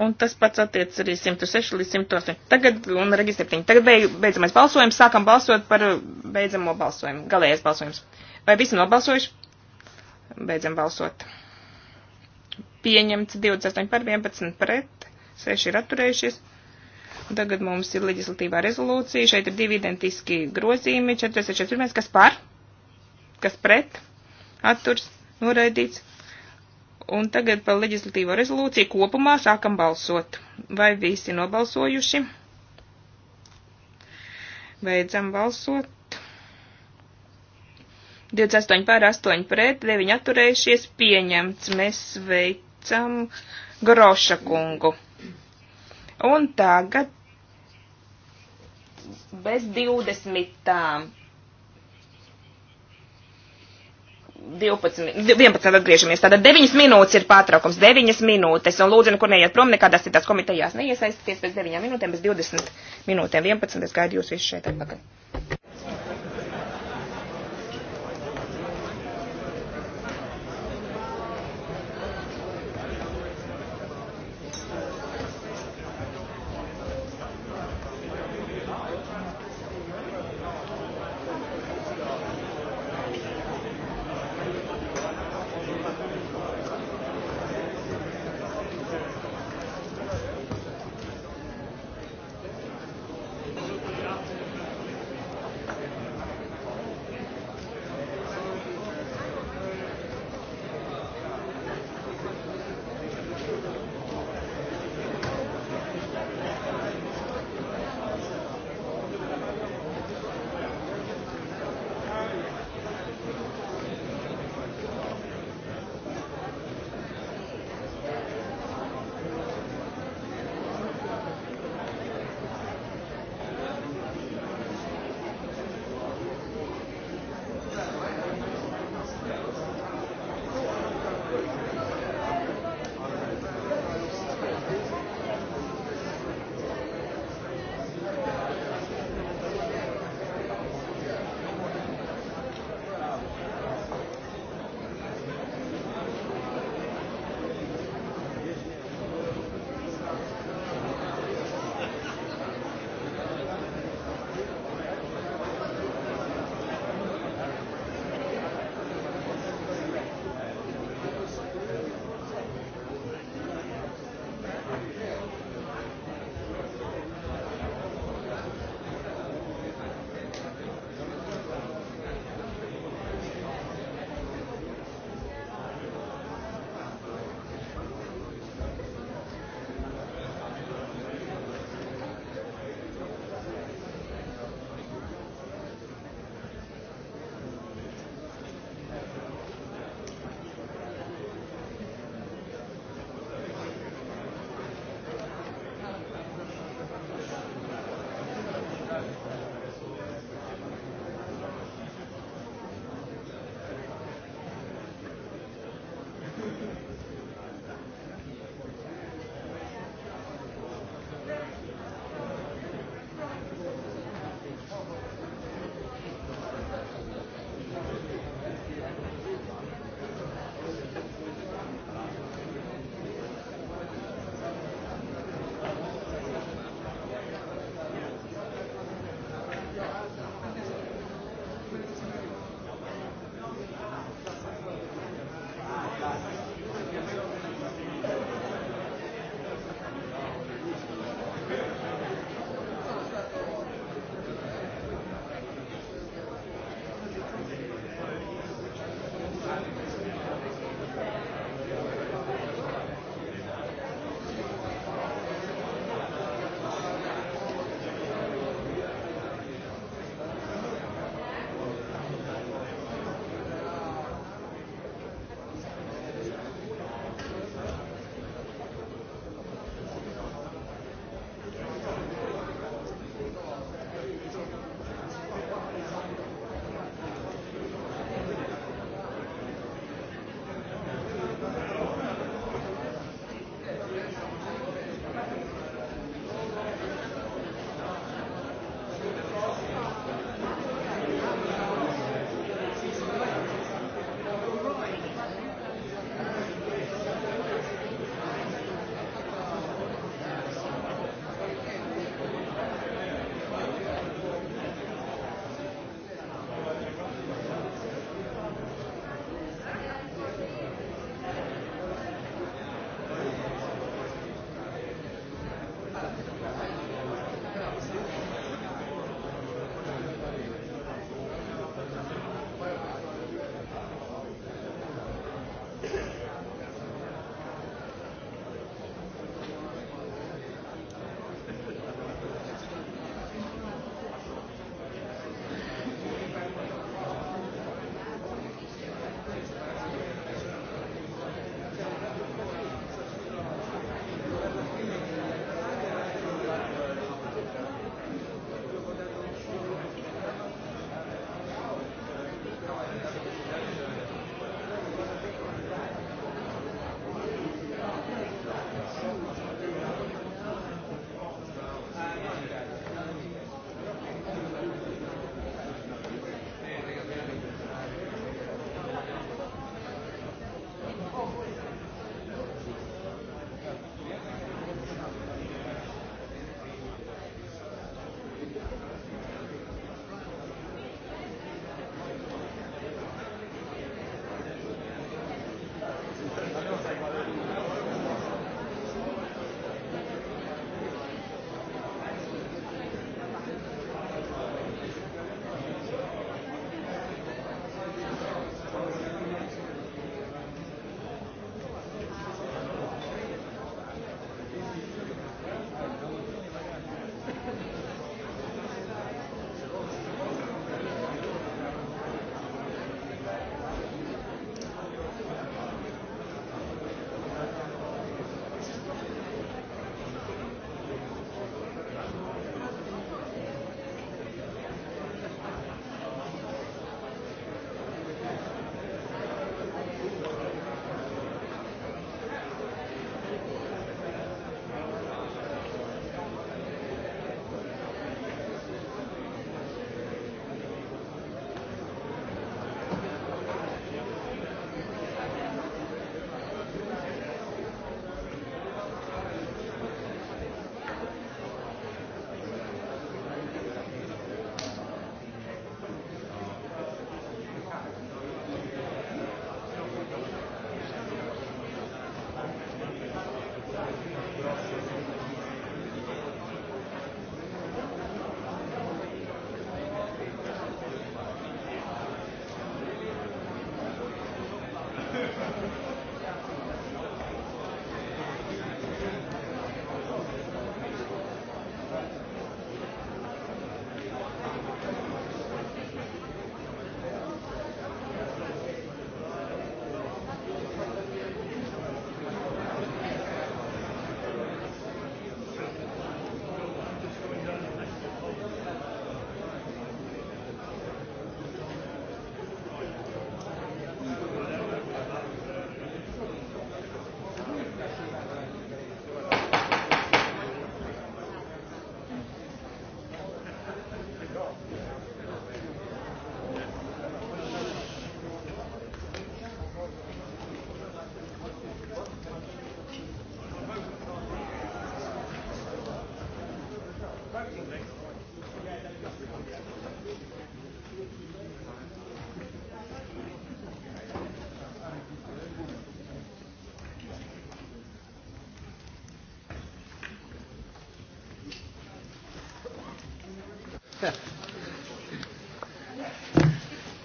Un tas pats attiec arī 106 līdz 108. Tagad, un reģis 7. Tagad beidzamais balsojums, sākam balsot par uh, beidzamo balsojumu, galējais balsojums. Vai visi nobalsojuši? Beidzam balsot. Pieņemts 28 par 11 pret, 6 ir atturējušies. Un tagad mums ir leģislatīvā rezolūcija, šeit ir divi identiski grozījumi, 441, kas par, kas pret, atturs, noraidīts. Un tagad par leģislatīvo rezolūciju kopumā sākam balsot. Vai visi nobalsojuši? Beidzam balsot. 28 pār 8 pret, 9 atturējušies, pieņemts. Mēs veicam Groša kungu. Un tagad bez 20. 12, 11 atgriežamies. Tātad 9 minūtes ir pārtraukums, 9 minūtes. Un lūdzu, nekur neiet prom, nekādās citās komitejās neiesaisties pēc 9 minūtēm, bez 20 minūtēm. 11. Es gaidu jūs visus šeit atpakaļ.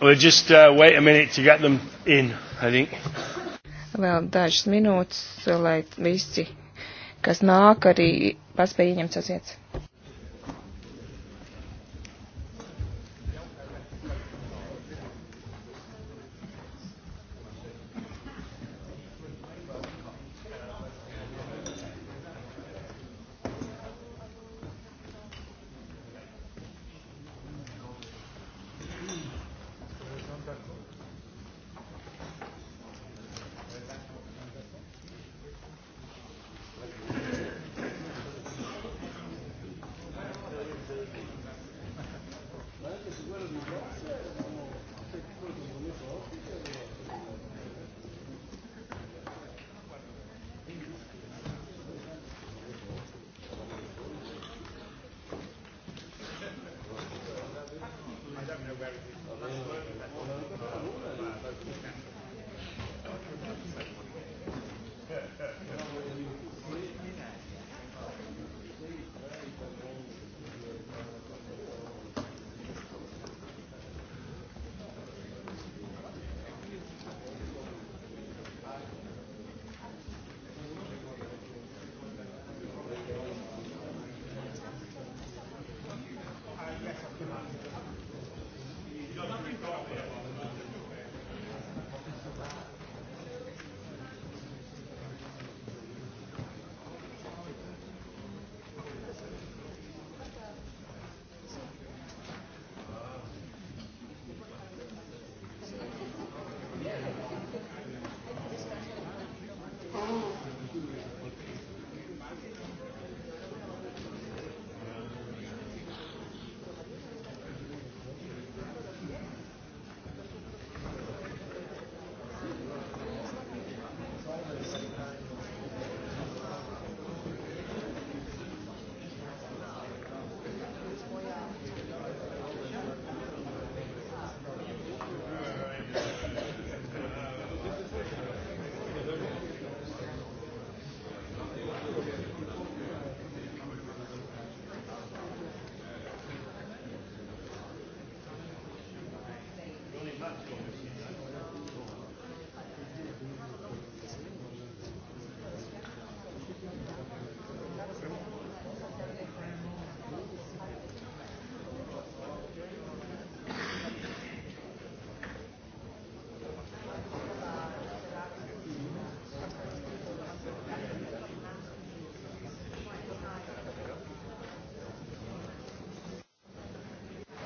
We'll just uh, wait a minute to get them in, I think. Vēl dažas minūtes, lai visi, kas nāk, arī paspēj ieņemt savas vietas.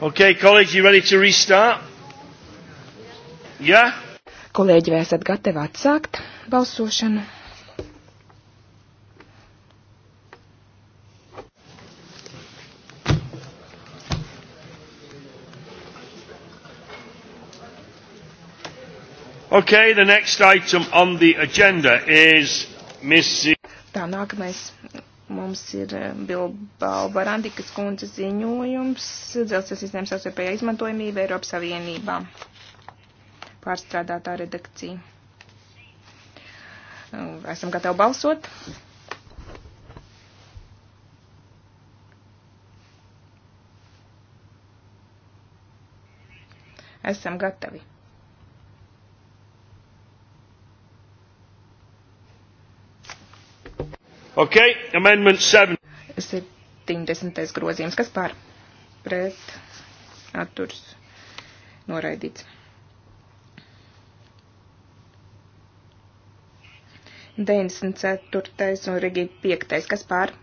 Okay, colleagues, you ready to restart? Yeah? Kolēģi, vai esat gatavi atsākt balsošanu? Okay, the next item on the agenda is Miss. Tā nākamais Mums ir eh, Bilbao Barandikas kundze ziņojums dzelzceļa sistēmas savstarpējā izmantojamība Eiropas Savienībā. Pārstrādātā redakcija. Nu, esam gatavi balsot. Esam gatavi. Ok, amendment 7. 70. grozījums, kas par pret atturs noraidīts. Deviņdesmit ceturtais un Rigi piektais, kas pār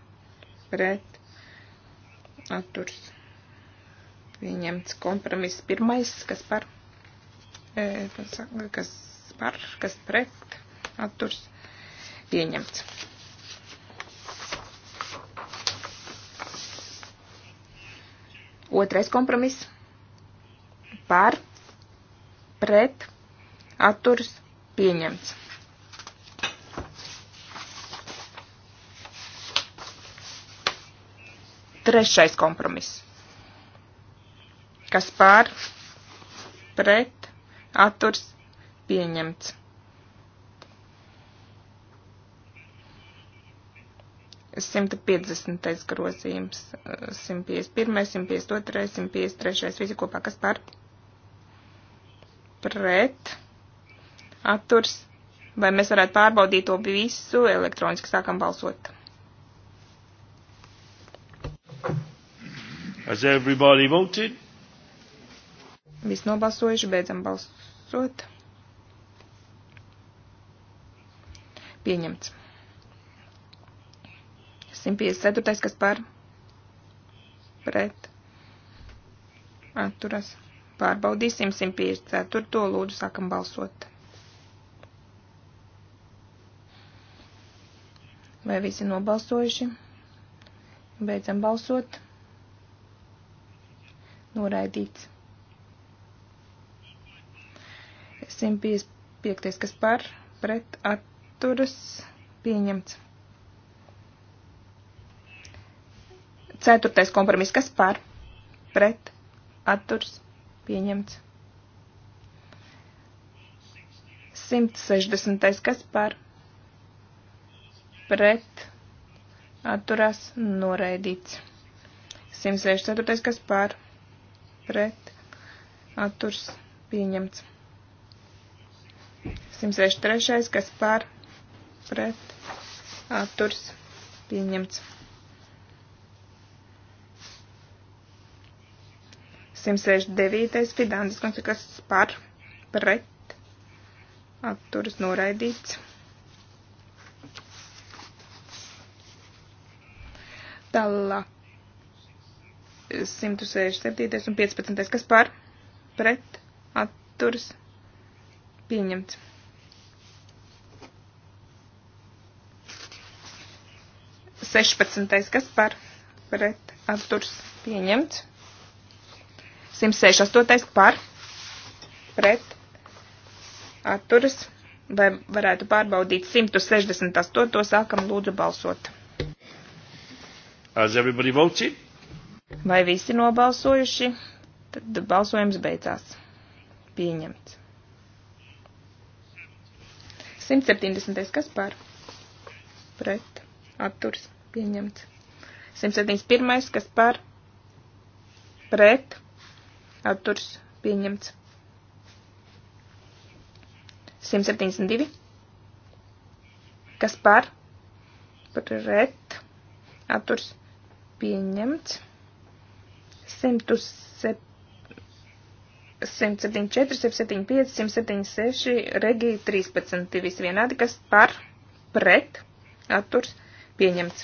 pret atturs pieņemts kompromiss pirmais, kas par, e, kas par, kas pret atturs pieņemts. Otrais kompromiss par, pret, atturs pieņemts. Trešais kompromiss. Kas pār, pret, atturs pieņemts. 150. grozījums, 151, 152, 153, visi kopā, kas par pret atturs, vai mēs varētu pārbaudīt to visu elektroniski sākam balsot. Has everybody voted? Viss nobalsojuši, beidzam balsot. Pieņemts. 154. kas par pret atturas. Pārbaudīsim 154. To lūdzu sākam balsot. Vai visi nobalsojuši? Beidzam balsot. Noraidīts. 155. kas par pret atturas pieņemts. Ceturtais kompromiss, kas par, pret, atturs, pieņemts. 160. kas par, pret, atturās, noraidīts. 164. kas par, pret, atturs, pieņemts. 163. kas par, pret, atturs, pieņemts. 169. Fidandis kungs, kas par pret atturas noraidīts. Tālāk 167. un 15. kas par pret atturas pieņemts. Sešpadsmitais, kas par pret apturs pieņemts. 168. par pret atturas. Vai varētu pārbaudīt 168. To sākam lūdzu balsot. Has everybody voted? Vai visi nobalsojuši? Tad balsojums beidzās. Pieņemts. 170. kas par? Pret. Atturs. Pieņemts. 171. kas par? Pret atturs pieņemts. 172. Kas par? Pret atturs pieņemts. 107. 174, 175, 176, regija 13, visi vienādi, kas par, pret, atturs, pieņemts.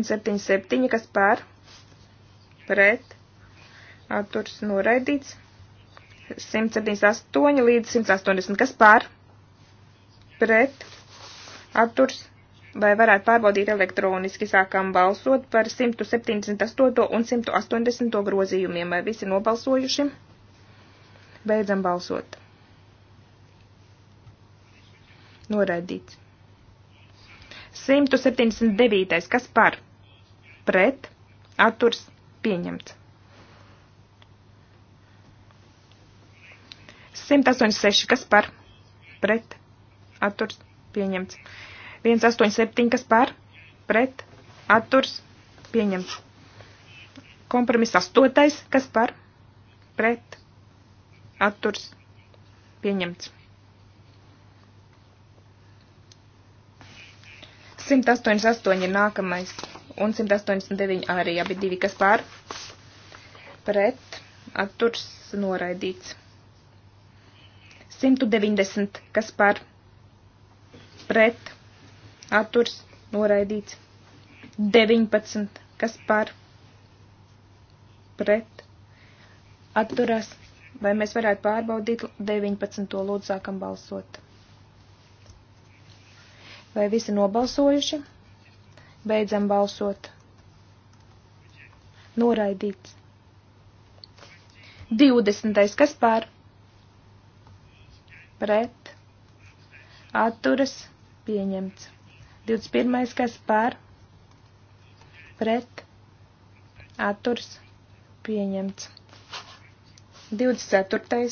177, kas pār, pret, atturs noraidīts. 178 līdz 180, kas pār, pret, atturs. Vai varētu pārbaudīt elektroniski, sākām balsot par 178 un 180 grozījumiem, vai visi nobalsojuši? Beidzam balsot. Noraidīts. 179. Kas par? Pret. Atturs pieņemts. 186. Kas par? Pret. Atturs pieņemts. 187. Kas par? Pret. Atturs pieņemts. Kompromiss 8. Kas par? Pret. Atturs pieņemts. 188 ir nākamais un 189 arī abi divi, kas pār pret atturs noraidīts. 190, kas par pret atturs noraidīts. 19, kas par pret atturās. Vai mēs varētu pārbaudīt 19. lūdzu sākam balsot? Vai visi nobalsojuši? Beidzam balsot. Noraidīts. 20. kas pār? Pret. Atturas. Pieņemts. 21. kas pār? Pret. Atturas. Pieņemts. 24.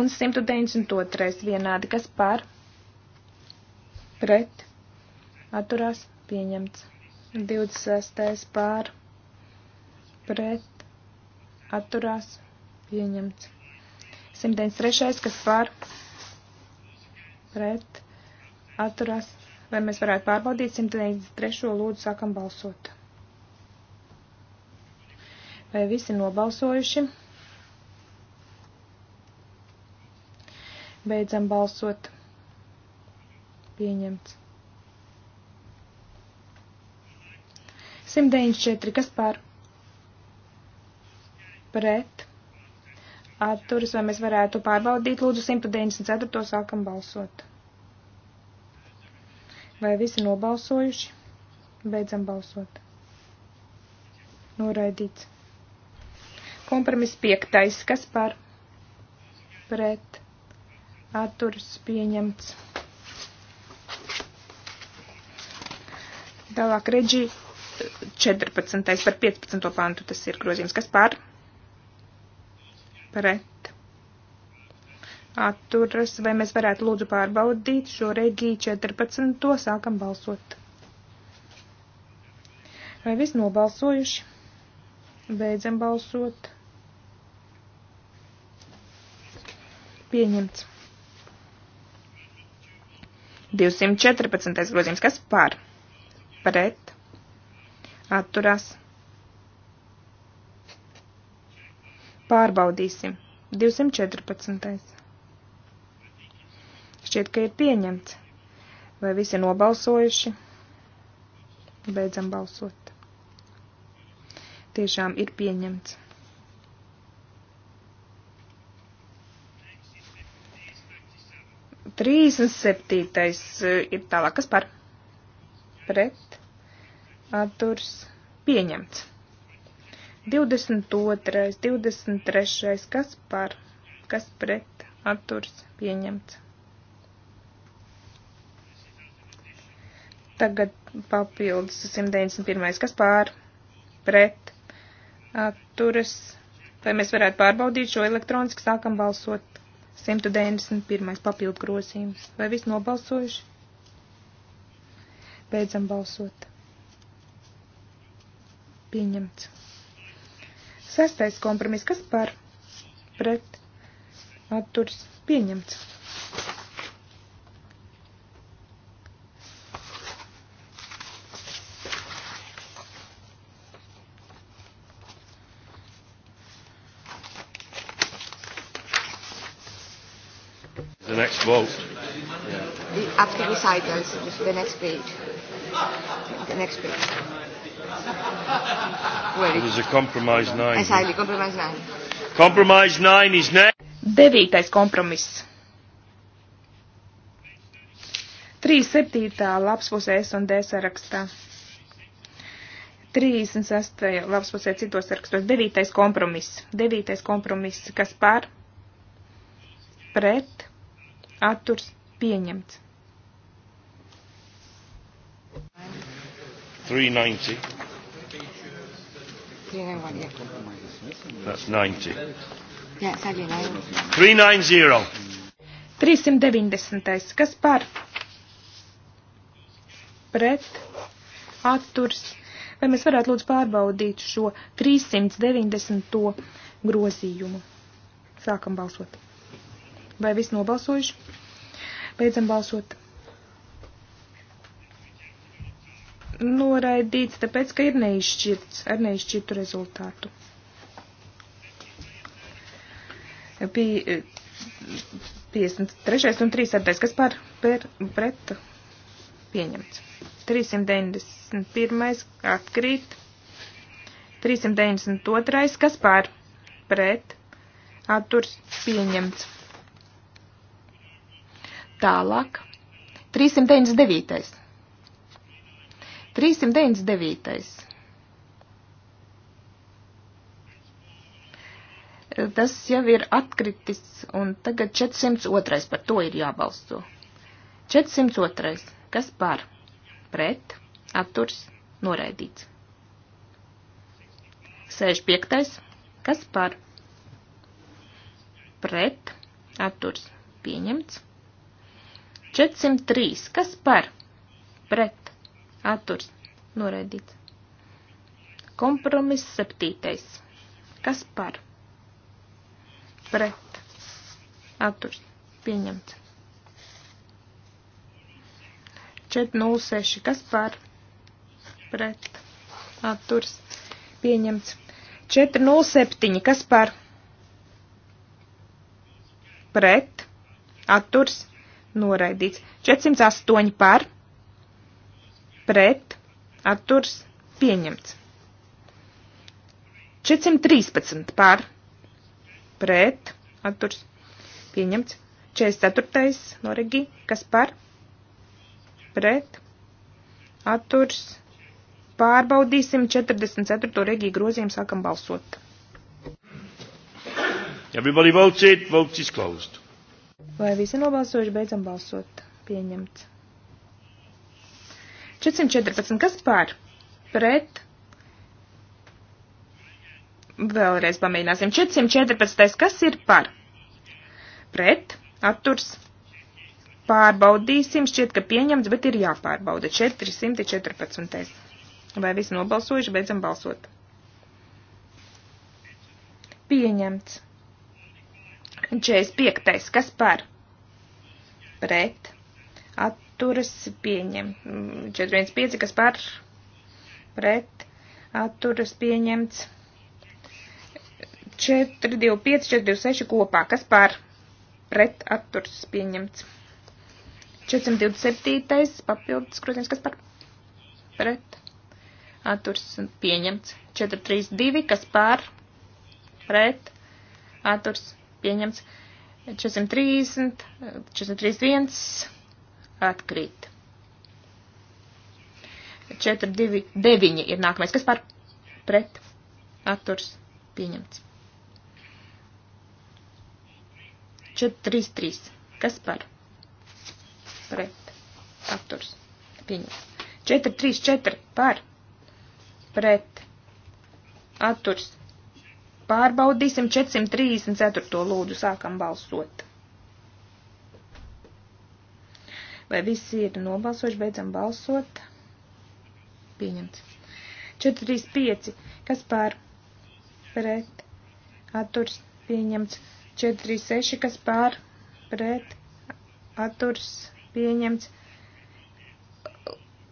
un 192. vienādi kas pār? pret, atturās, pieņemts. 26. pār, pret, atturās, pieņemts. 193. kas pār, pret, atturās. Vai mēs varētu pārbaudīt 193. lūdzu sākam balsot. Vai visi nobalsojuši? Beidzam balsot. Pieņemts. 194. Kas par? Pret. Atturis, vai mēs varētu pārbaudīt? Lūdzu, 194. sākam balsot. Vai visi nobalsojuši? Beidzam balsot. Noraidīts. Kompromiss piektais. Kas par? Pret. Atturis pieņemts. Tālāk redži 14. par 15. pantu tas ir grozījums. Kas par? Pret. Atturas. Vai mēs varētu lūdzu pārbaudīt šo regiju 14. sākam balsot. Vai viss nobalsojuši? Beidzam balsot. Pieņemts. 214. grozījums. Kas par? pret, atturās. Pārbaudīsim. 214. Šķiet, ka ir pieņemts. Vai visi nobalsojuši? Beidzam balsot. Tiešām ir pieņemts. Trīsdesmit septītais ir tālāk, kas par? pret atturs pieņemts. 22. 23. kas par, kas pret atturs pieņemts. Tagad papildus 191. kas pār, pret atturas. Vai mēs varētu pārbaudīt šo elektroniski sākam balsot 191. papildu grozījums? Vai viss nobalsojuši? Beidzam balsot. Pieņemts. Sestais kompromiss, kas par pret atturs pieņemts. vote the, after recitals, the next page. The next page. Where it is a compromise nine. Exactly, compromise nine. Compromise nine is next. Devītais kompromiss. 37. lapspusē S un D sarakstā. 36. lapspusē citos sarakstos. 9. kompromiss. 9. kompromiss, kas par, pret, atturs, pieņemts. 390. 390. Jā, 390. 390. Kas par? Pret. Atturs. Vai mēs varētu lūdzu pārbaudīt šo 390. grozījumu? Sākam balsot. Vai viss nobalsojuši? Beidzam balsot. Noraidīts, tāpēc, ka ir neizšķirts ar neizšķirtu rezultātu. Pie, 53. un 34. kas par per, pret pieņemts. 391. atkrīt. 392. kas par pret atturs pieņemts. Tālāk. 399. 399. Tas jau ir atkritis, un tagad 402. par to ir jābalso. 402. Kas par? Pret, atturs, noraidīts. 65. Kas par? Pret, atturs, pieņemts. 403. Kas par? Pret. Atturs. Noraidīts. Kompromiss septītais. Kas par? Pret. Atturs. Pieņemts. 406. Kas par? Pret. Atturs. Pieņemts. 407. Kas par? Pret. Atturs noraidīts. 408 par, pret, atturs, pieņemts. 413 par, pret, atturs, pieņemts. 44. noregi, kas par, pret, atturs, pārbaudīsim 44. regiju grozījumu, sākam balsot. Everybody votes it, votes is closed. Vai visi nobalsojuši? Beidzam balsot. Pieņemts. 414. Kas pār? Pret. Vēlreiz pamēģināsim. 414. Kas ir par? Pret. Atturs. Pārbaudīsim. Šķiet, ka pieņemts, bet ir jāpārbauda. 414. Vai visi nobalsojuši? Beidzam balsot. Pieņemts. Un 45. Kas par? Pret. Atturas pieņem. 415. Kas par? Pret. Atturas pieņemts. 425, 426 kopā. Kas par? Pret. Atturas pieņemts. 427. papildus grozījums. Kas par? Pret atturs pieņemts. 432, kas pār, pret, atturs pieņemts. 430, 431 atkrīt. 429 ir nākamais. Kas par pret atturs pieņemts? 433. Kas par pret atturs pieņemts? 434 par pret atturs pieņemts Pārbaudīsim 434. lūdzu, sākam balsot. Vai visi ir nobalsojuši, beidzam balsot? Pieņemts. 435. Kas pār? Pret. Atturs. Pieņemts. 436. Kas pār? Pret. Atturs. Pieņemts.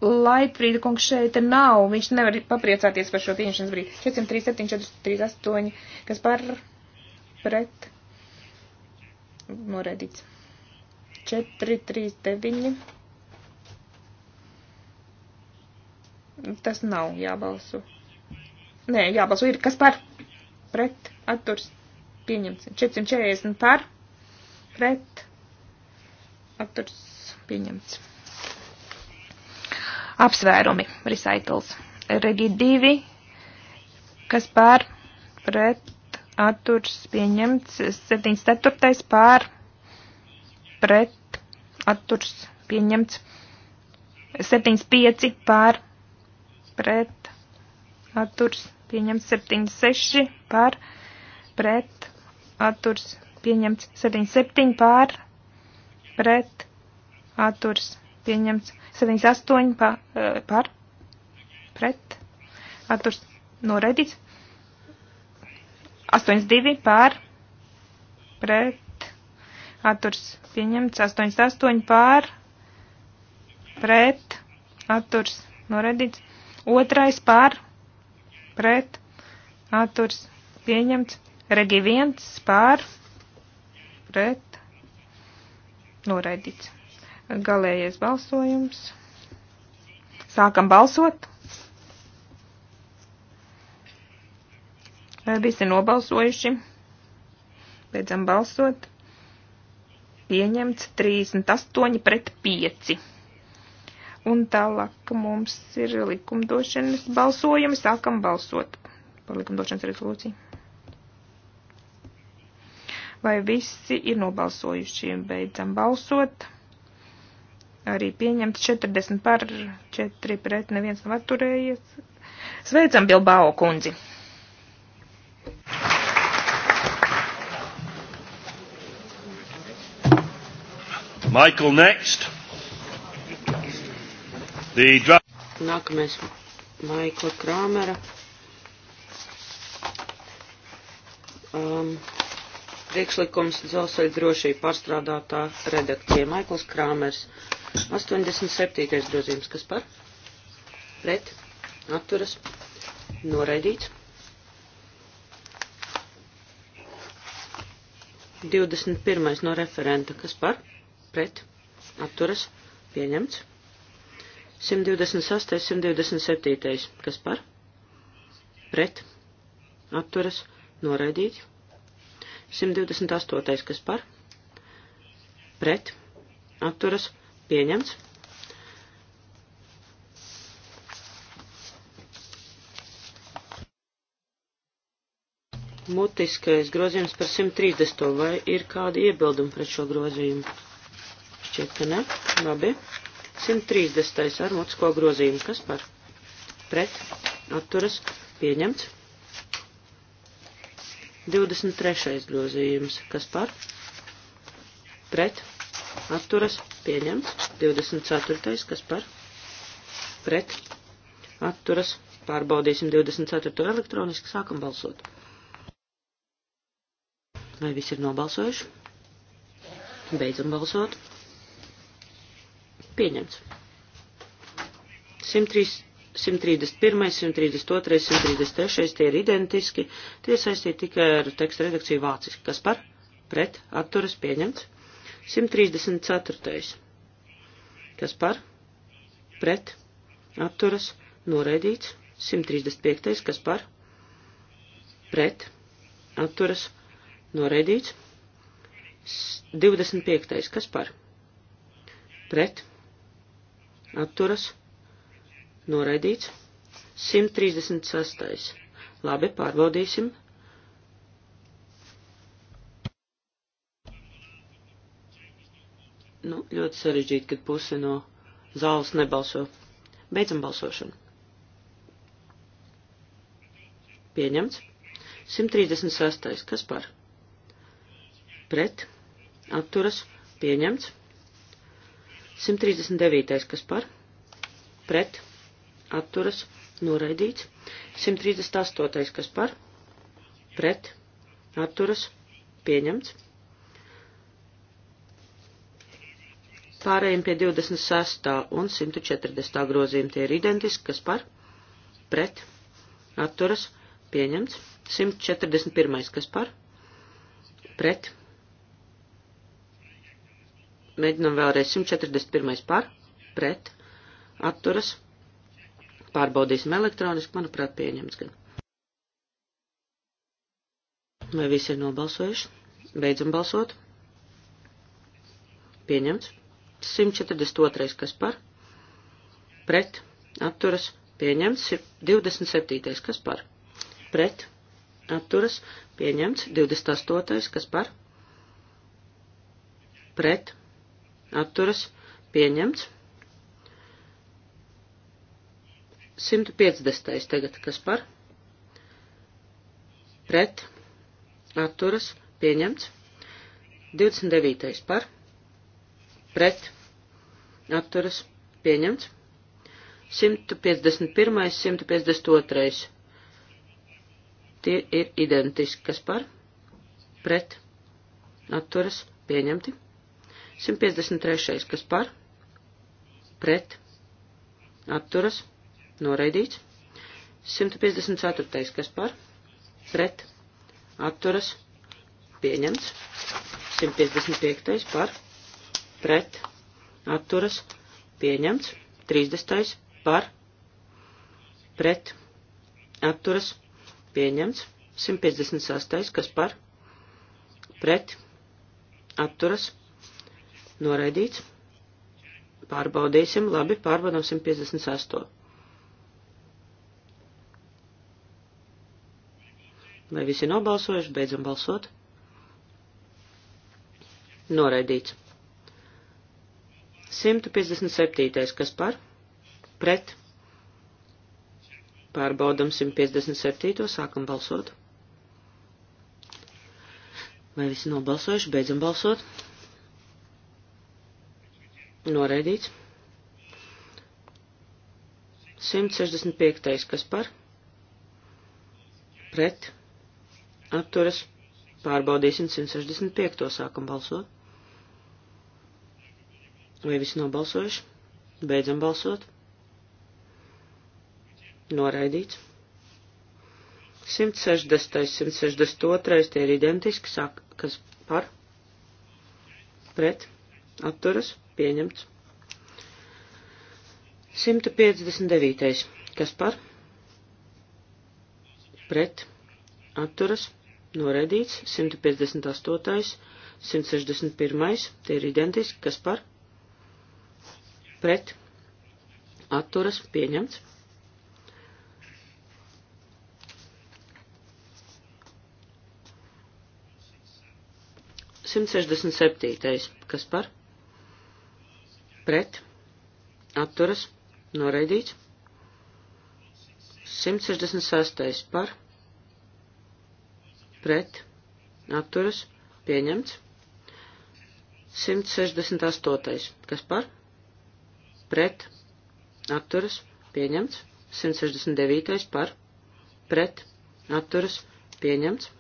Laitfrīda kungs šeit nav, viņš nevar papriecāties par šo pieņemšanas brīdi. 437, 438, kas par pret noredīts. 439. Tas nav jābalso. Nē, jābalso ir, kas par pret atturs pieņemts. 440 par pret atturs pieņemts apsvērumi, recitals. Regi 2, kas pār pret atturs pieņemts, 74. pār pret atturs pieņemts, 75 pār pret atturs pieņemts, 76 pār pret atturs pieņemts, 77 pār pret atturs pieņemts, 78 pa, eh, par, pret, atturs noraidīts. 82 par, pret, atturs pieņemts. 88 par, pret, atturs noraidīts. Otrais par, pret, atturs pieņemts. Regi 1 par, pret, noraidīts. Galējais balsojums. Sākam balsot. Vai visi nobalsojuši? Beidzam balsot. Pieņemts 38 pret 5. Un tālāk mums ir likumdošanas balsojumi. Sākam balsot par likumdošanas rezolūciju. Vai visi ir nobalsojuši? Beidzam balsot arī pieņemts 40 par 4 pret, neviens nav atturējies. Sveicam Bilbao kundzi! Michael next. The Nākamais Maikla Krāmera. Um, priekšlikums dzelzceļa drošība pārstrādātā redakcija Maikls Krāmers. 87. grozījums, kas par? Pret, atturas, noraidīts. 21. no referenta, kas par? Pret, atturas, pieņemts. 128. 127. kas par? Pret, atturas, noraidīts. 128. kas par? Pret, atturas, Pieņemts. Mutiskais grozījums par 130. Vai ir kādi iebildumi pret šo grozījumu? Šķiet, ka ne. Labi. 130. ar mutisko grozījumu. Kas par? Pret. Atturas. Pieņemts. 23. grozījums. Kas par? Pret. Atturas pieņemts. 24. kas par pret atturas pārbaudīsim 24. elektroniski sākam balsot. Vai visi ir nobalsojuši? Beidzam balsot. Pieņemts. 103. 131, 132, 133 tie ir identiski, tie saistīti tikai ar tekstu redakciju vāciski. Kas par? Pret, atturas, pieņemts. 134. Kas par? Pret. Atturas. Noraidīts. 135. Kas par? Pret. Atturas. Noraidīts. 25. Kas par? Pret. Atturas. Noraidīts. 136. Labi, pārbaudīsim. Nu, ļoti sarežģīti, kad puse no zāles nebalso. Beidzam balsošanu. Pieņemts. 136. Kas par? Pret. Atturas. Pieņemts. 139. Kas par? Pret. Atturas. Noraidīts. 138. Kas par? Pret. Atturas. Pieņemts. Pārējiem pie 26. un 140. grozījuma tie ir identiski, kas par, pret, atturas, pieņemts. 141. kas par, pret, mēģinam vēlreiz 141. par, pret, atturas, pārbaudīsim elektroniski, manuprāt, pieņemts gan. Vai visi ir nobalsojuši? Beidzam balsot. Pieņemts. 142. kas par, pret, atturas, pieņemts, 27. kas par, pret, atturas, pieņemts, 28. kas par, pret, atturas, pieņemts, 150. tagad kas par, pret, atturas, pieņemts, 29. par, pret, pret, atturas, pieņemts. 151, 152. Tie ir identiski, kas par, pret, atturas, pieņemti. 153, kas par, pret, atturas, noraidīts. 154, kas par, pret, atturas, pieņemts. 155 par pret, atturas, pieņemts. 30. par, pret, atturas, pieņemts. 156. kas par, pret, atturas, noraidīts. Pārbaudīsim, labi, pārbaudām 158. Vai visi nobalsojuši? Beidzam balsot. Noraidīts. 157. kas par? Pret. Pārbaudam 157. sākam balsot. Vai visi nobalsojuši? Beidzam balsot. Noraidīts. 165. kas par? Pret. Atturas. Pārbaudīsim 165. sākam balsot. Vai visi nobalsojuši? Beidzam balsot. Noraidīts. 160, 162, tie ir identiski, sāk, kas par, pret, atturas, pieņemts. 159, kas par, pret, atturas, noraidīts. 158, 161, tie ir identiski, kas par, pret pret atturas pieņemts. Simt sešdesmit septītais, kas par pret atturas noraidīts. 166. par pret atturas pieņemts. 168. kas par pret, atturas, pieņemts. 169. par, pret, atturas, pieņemts.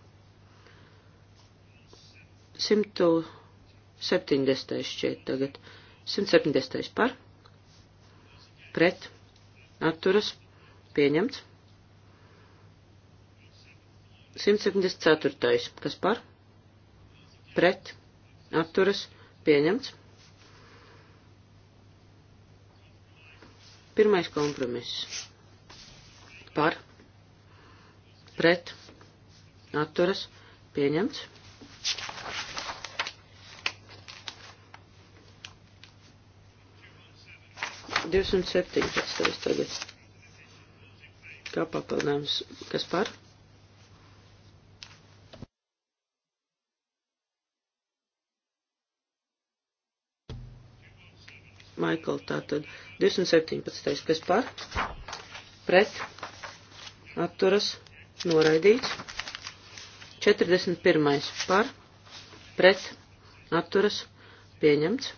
170. šķiet tagad. 170. par, pret, atturas, pieņemts. 174. kas par, pret, atturas, pieņemts. Pirmais kompromiss. Par. Pret. Atturas. Pieņemts. Divsimt septiņpadsmitais tagad. Kā papildinājums, kas par? Maikl, tātad 217. kas par, pret, atturas, noraidīts. 41. par, pret, atturas, pieņemts.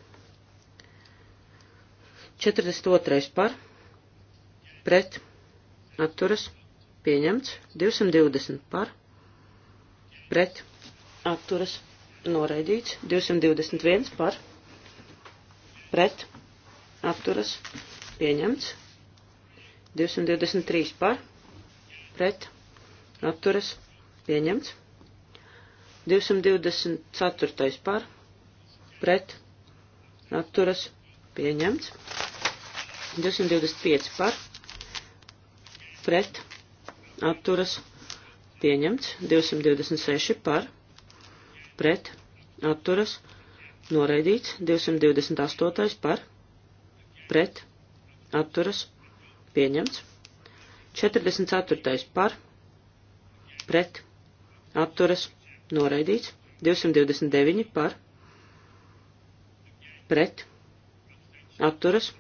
42. par, pret, atturas, pieņemts. 220 par, pret, atturas, noraidīts. 221 par, pret, atturas apturas pieņemts. 223 par pret apturas pieņemts. 224 par pret apturas pieņemts. 225 par pret apturas pieņemts. 226 par pret apturas noraidīts. 228 par pret pret, atturas, pieņemts. 44. par, pret, atturas, noraidīts. 229 par, pret, atturas,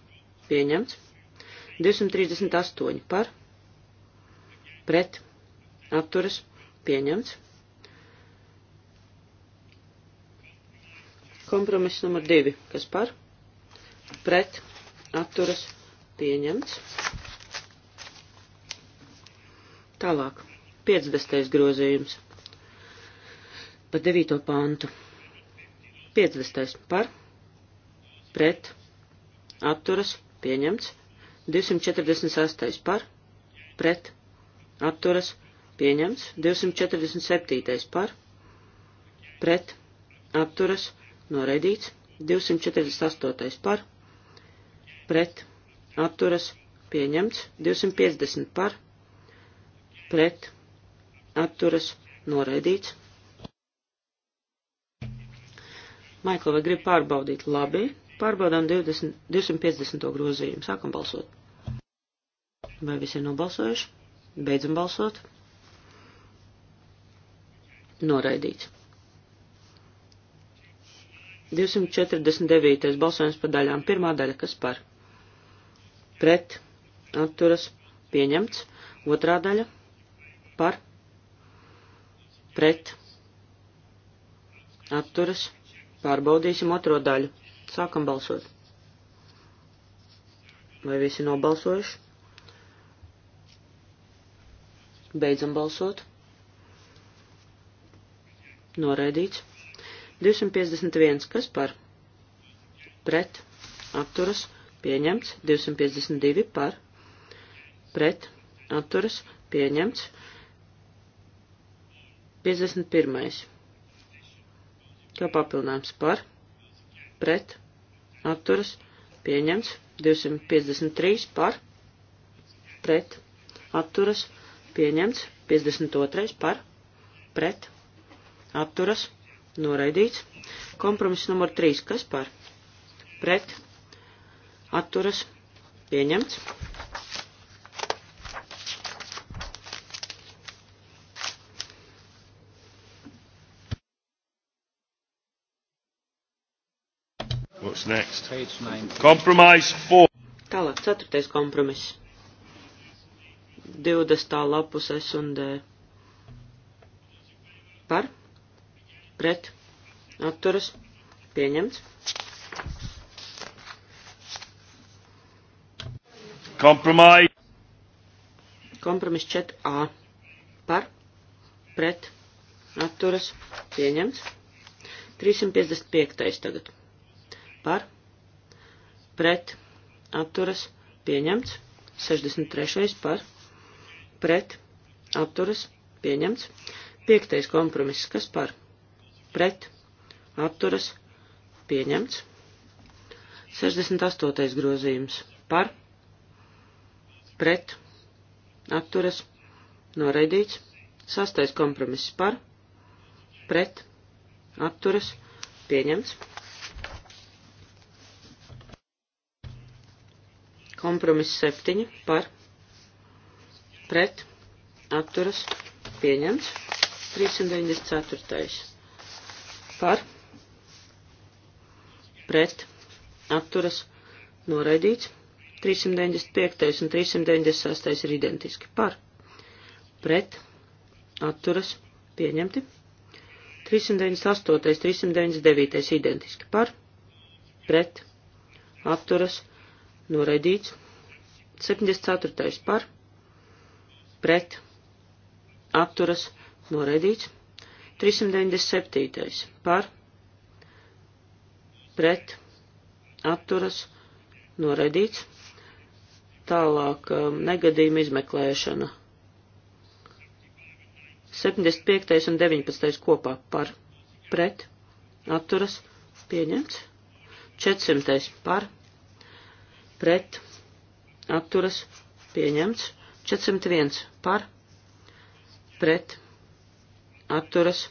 pieņemts. 238 par, pret, atturas, pieņemts. Kompromiss numur 2, kas par, pret, atturas pieņemts. Tālāk, 50. grozījums pa 9. pantu. 50. par, pret, atturas pieņemts. 246. par, pret, atturas pieņemts. 247. par, pret, atturas noraidīts. 248. par, pret, atturas, pieņemts, 250 par, pret, atturas, noraidīts. Maikla, vai grib pārbaudīt? Labi, pārbaudām 20, 250. grozījumu, sākam balsot. Vai visi ir nobalsojuši? Beidzam balsot. Noraidīts. 249. balsojums par daļām. Pirmā daļa, kas par? pret atturas pieņemts. Otrā daļa par pret atturas. Pārbaudīsim otro daļu. Sākam balsot. Vai visi nobalsojuši? Beidzam balsot. Noraidīts. 251. Kas par? Pret. Atturas pieņemts, 252 par, pret, atturas, pieņemts, 51. Kā papildinājums par, pret, atturas, pieņemts, 253 par, pret, atturas, pieņemts, 52 par, pret, atturas, noraidīts, kompromiss numur 3, kas par, pret, atturas, atturas pieņemts. What's next? Compromise 4. Tālāk, ceturtais kompromiss. 20. lapus S un D. Par, pret, atturas, pieņemts. Compromise. Kompromis 4A par pret atturas pieņemts. 355. tagad par pret atturas pieņemts. 63. par pret atturas pieņemts. 5. kompromiss kas par pret atturas pieņemts. 68. grozījums par pret, atturas, noraidīts. Sastais kompromiss par, pret, atturas, pieņemts. Kompromiss septiņi par, pret, atturas, pieņemts. 394. par, pret, atturas, noraidīts. 395. un 396. ir identiski par, pret, atturas, pieņemti. 398. 399. identiski par, pret, atturas, noraidīts. 74. par, pret, atturas, noraidīts. 397. par, pret, atturas, noraidīts. Tālāk um, negadījuma izmeklēšana. 75. un 19. kopā par pret atturas pieņemts. 400. par pret atturas pieņemts. 401 par pret atturas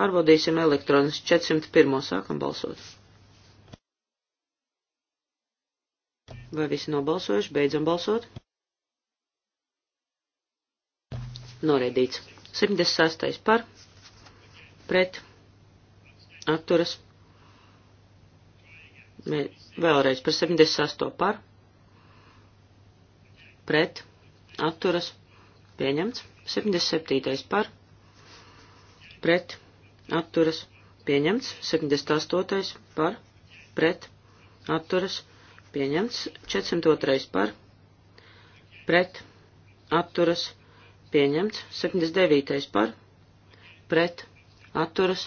pārbaudīsim elektronis 401. sākam balsot. Vai visi nobalsojuši? Beidzam balsot. Noreidīts. 76. par, pret, atturas. Mē, vēlreiz par 78. par, pret, atturas. Pieņemts. 77. par, pret, atturas. Pieņemts. 78. par, pret, atturas pieņemts. 402 par, pret, atturas, pieņemts. 79 par, pret, atturas,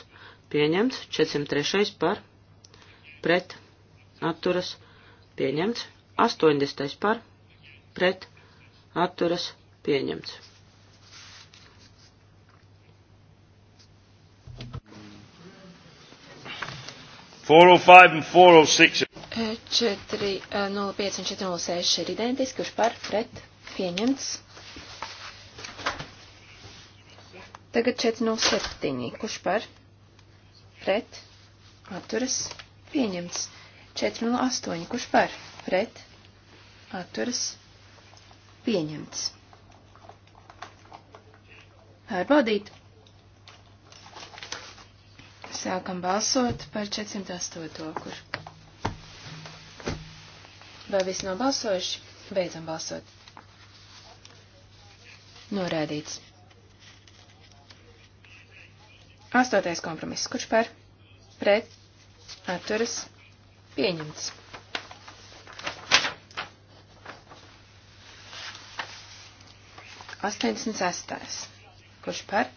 pieņemts. 403 par, pret, atturas, pieņemts. 80 par, pret, atturas, pieņemts. Four oh five and four oh six. 405 eh, un 406 ir identiski, kurš par pret pieņemts. Tagad 407, kurš par pret atturas pieņemts. 408, kurš par pret atturas pieņemts. Pārbaudīt. Sākam balsot par 408, kurš Vai visi nobalsojuši? Beidzam balsot. Norēdīts. Astotais kompromiss. Kurš par? Pret. Atturas. Pieņemts. Astoņdesmit sestais. Kurš par?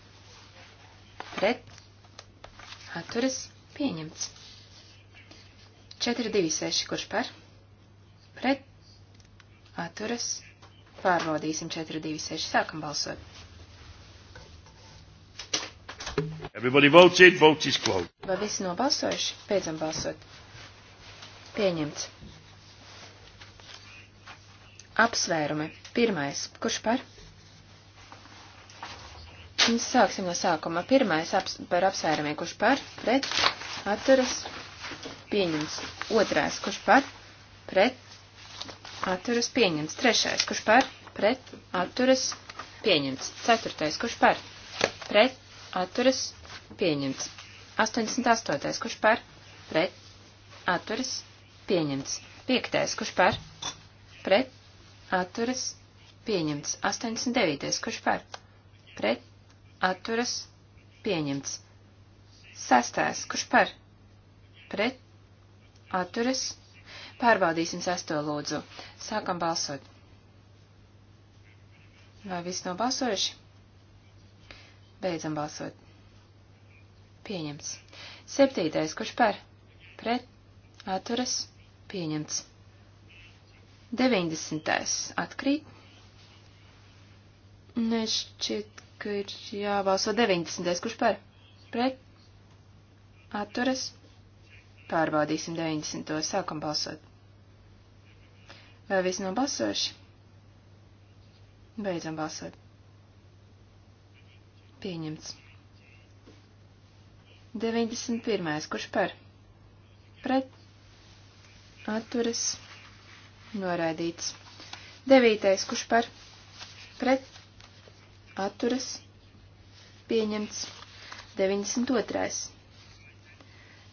Pret. Atturas. Pieņemts. 4, 2, 6, kurš par? pret, atturas, pārbaudīsim 426, sākam balsot. Everybody votes it, votes is closed. Vai visi nobalsojuši? Beidzam balsot. Pieņemts. Apsvērumi. Pirmais. Kurš par? Mēs sāksim no sākuma. Pirmais aps, par apsvērumiem. Kurš par? Pret. Atturas. Pieņems. Otrais. Kurš par? Pret atturas pieņemts. Trešais, kurš par, pret, atturas pieņemts. Ceturtais, kurš par, pret, atturas pieņemts. 88. kurš par, pret, atturas pieņemts. Piektais, kurš par, pret, atturas pieņemts. 89. kurš par, pret, atturas pieņemts. Sastais, kurš par, pret, atturas pieņemts. Pārbaudīsim sesto lūdzu. Sākam balsot. Vai viss nav balsojuši? Beidzam balsot. Pieņemts. Septītais, kurš par? Pret. Atturas. Pieņemts. Deviņdesmitais. Atkrīt. Nešķiet, ka ir jābalso deviņdesmitais, kurš par? Pret. Atturas. Pārbaudīsim 90. Sākam balsot. Vai visi nobalsojuši? Beidzam balsot. Pieņemts. 91. Kurš par? Pret. Atturas. Noraidīts. 9. Kurš par? Pret. Atturas. Pieņemts. 92.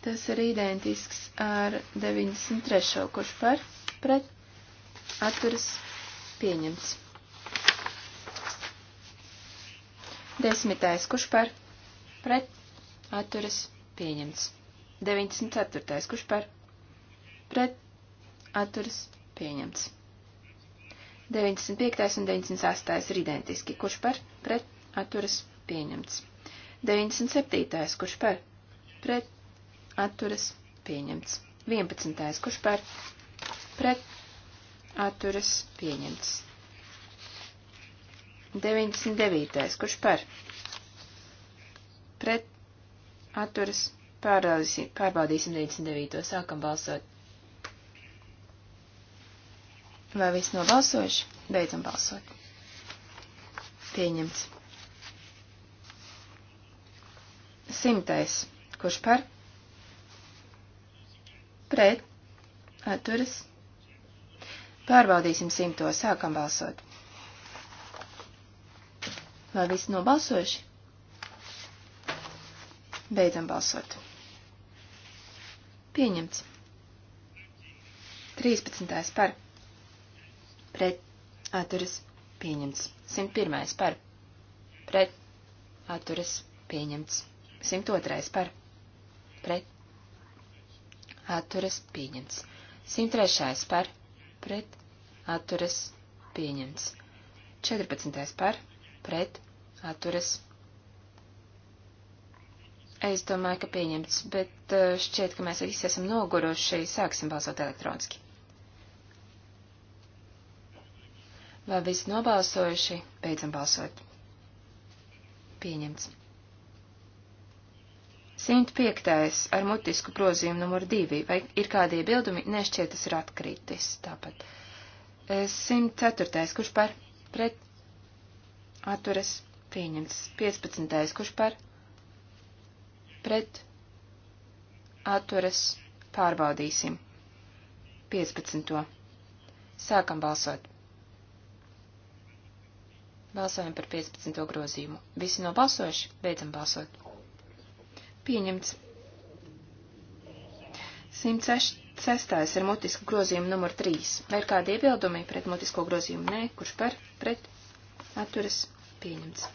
Tas ir identisks ar 93. Kurš par? Pret atturas pieņemts. Desmitais, kurš par pret atturas pieņemts. 94. kurš par pret atturas pieņemts. 95. un 98. ir identiski, kurš par pret atturas pieņemts. 97. kurš par pret atturas pieņemts. 11. kurš par pret atturas pieņemts. 99. Kurš par? Pret atturas pārbaudīsim, pārbaudīsim 99. Sākam balsot. Vai viss nobalsojuši? Beidzam balsot. Pieņemts. Simtais. Kurš par? Pret. Atturas. Pārbaudīsim simto. Sākam balsot. Vai visi nobalsojuši? Beidzam balsot. Pieņemts. 13. par. Pret. Atturas. Pieņemts. 101. par. Pret. Atturas. Pieņemts. 102. par. Pret. Atturas. Pieņemts. 103. par pret, atturas, pieņemts. 14. par, pret, atturas. Es domāju, ka pieņemts, bet eh, šķiet, ka mēs visi esam noguruši, sāksim balsot elektroniski. Vai visi nobalsojuši? Beidzam balsot. Pieņemts. 105. ar mutisku grozījumu numur 2. Vai ir kādi iebildumi? Nešķiet, tas ir atkritis. Tāpat. 104. Eh, Kurš par? Pret. Atturas. Pieņemts. 15. Kurš par? Pret. Atturas. Pārbaudīsim. 15. Sākam balsot. Balsojam par 15. grozījumu. Visi nobalsojuši? Beidzam balsot. Pieņemts. 106. ir mutiska grozījuma numur 3. Vai ir kādi iebildumi pret mutisko grozījumu? Nē. Kurš par? Pret. Atturas. Pieņemts.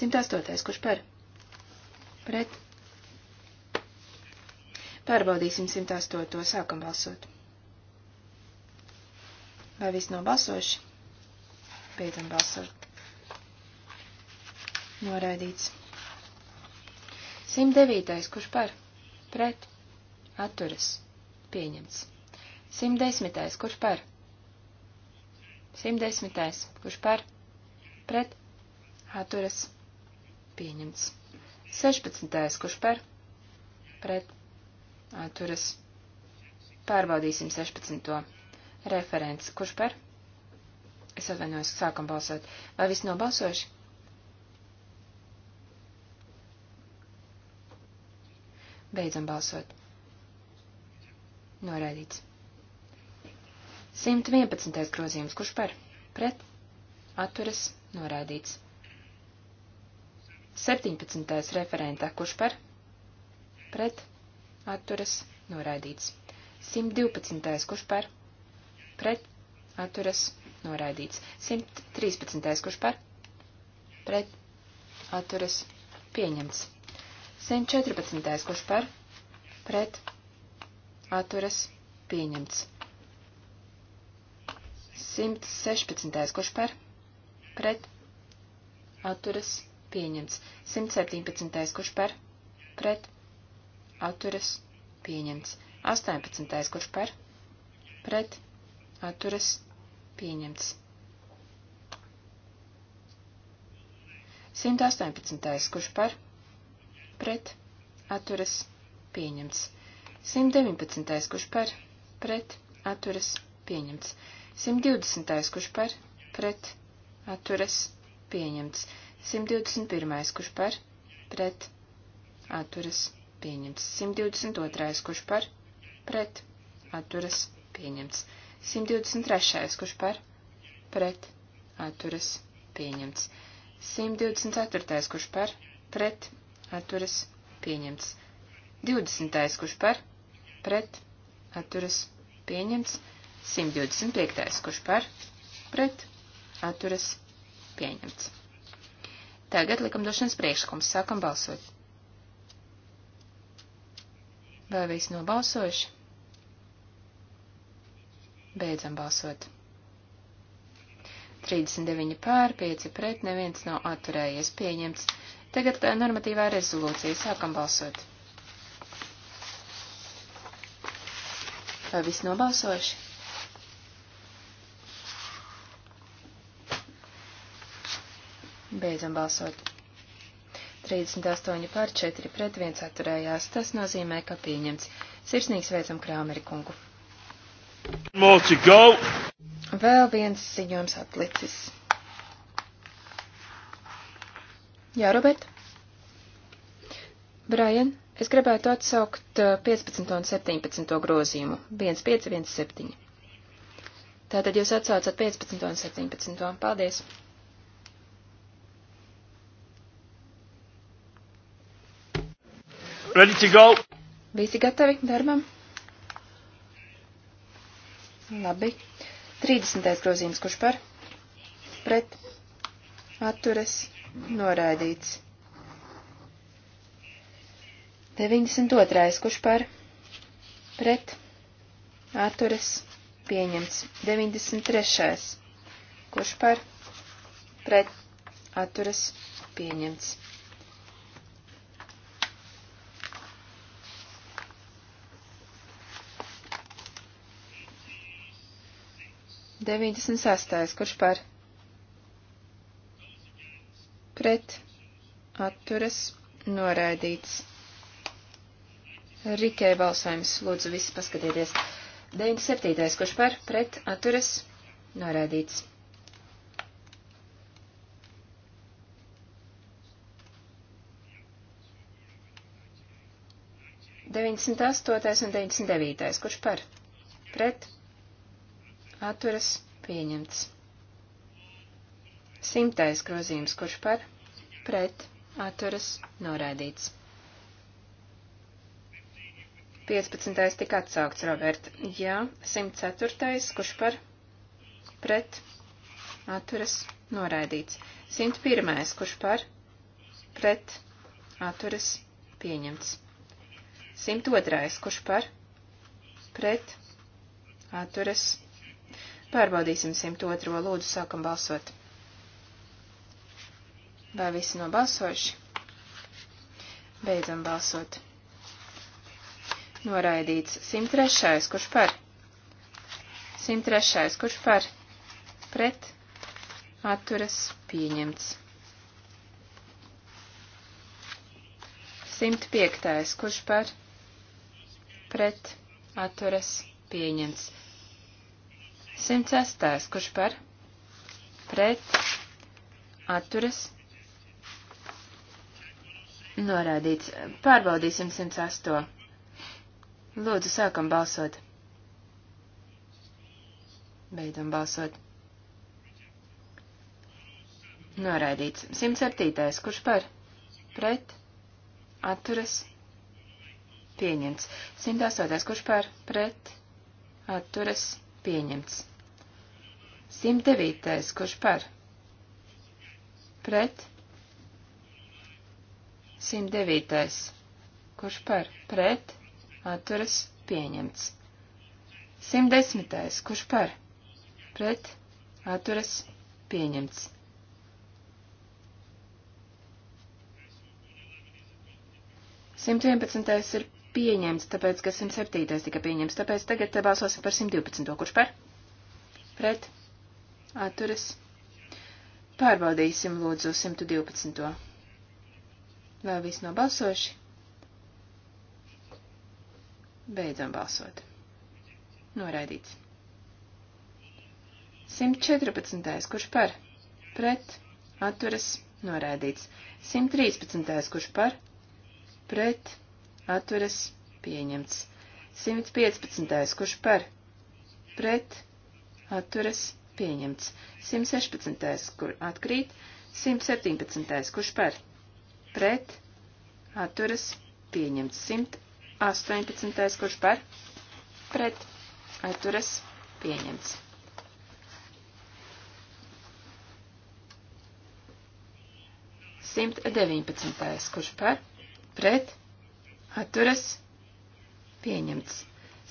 108. Kurš par? Pret. Pārbaudīsim 108. Sākam balsot. Vai viss nav balsoši? Beidzam balsot. Noraidīts. 109. kurš par? Pret. Atturas. Pieņemts. 110. kurš par? 110. kurš par? Pret. Atturas. Pieņemts. 16. kurš par? Pret. Atturas. Pārbaudīsim 16. Referents. Kurš par? Es atvainojos, sākam balsot. Vai viss nobalsojuši? Beidzam balsot. Noraidīts. 111. grozījums. Kurš par? Pret. Atturas. Noraidīts. 17. referentā. Kurš par? Pret. Atturas. Noraidīts. 112. Kurš par? Pret. Atturas. Noraidīts. 113. Kurš par? Pret. Atturas. Pieņemts. 114. kurš par pret atturas pieņemts. 116. kurš par pret atturas pieņemts. 117. kurš par pret atturas pieņemts. 18. kurš par pret atturas pieņemts. 118. kurš par pret, atturas, pieņemts. 119. kurš par, pret, atturas, pieņemts. 120. kurš par, pret, atturas, pieņemts. 121. kurš par, pret, atturas, pieņemts. 122. kurš par, pret, atturas, pieņemts. 123. kurš par, pret, atturas, pieņemts. 124. kurš par, pret, atturas pieņemts. 20. kurš par, pret, atturas pieņemts. 125. kurš par, pret, atturas pieņemts. Tagad likumdošanas priekšlikums. Sākam balsot. Vai viss nobalsojuši? Beidzam balsot. 39 pār, 5 pret, neviens nav atturējies pieņemts. Tagad eh, normatīvā rezolūcija. Sākam balsot. Vai viss nobalsojuši? Beidzam balsot. 38 pār 4 pret 1 atturējās. Tas nozīmē, ka pieņemts. Sirsnīgi sveicam Krāmeri kungu. Vēl viens ziņojums atlicis. Jā, Robert? Brian, es gribētu atsaukt 15 eh, un 17 grozījumu. 1, 5, 1, 7. Tātad jūs atsaucat 15 un 17. Paldies! Ready to go! Visi gatavi darbam? Labi. 30. grozījums, kurš par? Pret. Atturas. Noraidīts. 92. Kurš par? Pret. Atturas. Pieņemts. 93. Kurš par? Pret. Atturas. Pieņemts. Deviņdesmit sastais, kurš par? pret atturas noraidīts. Rikē balsojums, lūdzu, visi paskatieties. 97. kurš par pret atturas noraidīts. Deviņdesmit astotais un deviņdesmit devītais, kurš par pret atturas pieņemts. Simtais grozījums, kurš par pret atturas norādīts. 15. tika atsaukts, Robert. Jā, 104. kurš par pret atturas noraidīts. 101. kurš par pret atturas pieņemts. 102. kurš par pret atturas. Pārbaudīsim 102. lūdzu sākam balsot. Vai visi nobalsojuši? Beidzam balsot. Noraidīts 103. Kurš par? 103. Kurš par? Pret. Atturas pieņemts. 105. Kurš par? Pret. Atturas pieņemts. 106. Kurš par? Pret. Atturas pieņemts Norādīts. Pārbaudīsim 108. Lūdzu, sākam balsot. Beidzam balsot. Noraidīts. 107. Kurš par? Pret? Atturas? Pieņemts. 108. Kurš par? Pret? Atturas? Pieņemts. 109. Kurš par? Pret? 109. Kurš par? Pret. Atturas. Pieņemts. 110. Kurš par? Pret. Atturas. Pieņemts. Simt vienpadsmitais ir pieņemts, tāpēc, ka 107. tika pieņemts, tāpēc tagad te balsosim par 112. Kurš par? Pret. Atturas. Pārbaudīsim, lūdzu, 112. Vai viss nobalsojuši? Beidzam balsot. Noraidīts. 114. kurš par? Pret. Atturas. Noraidīts. 113. kurš par? Pret. Atturas. Pieņemts. 115. kurš par? Pret. Atturas. Pieņemts. 116. kur atkrīt. 117. kurš par? pret atturas pieņemts. 118. kurš par pret atturas pieņemts. Simt deviņpadsmitais, kurš par, pret, atturas, pieņemts.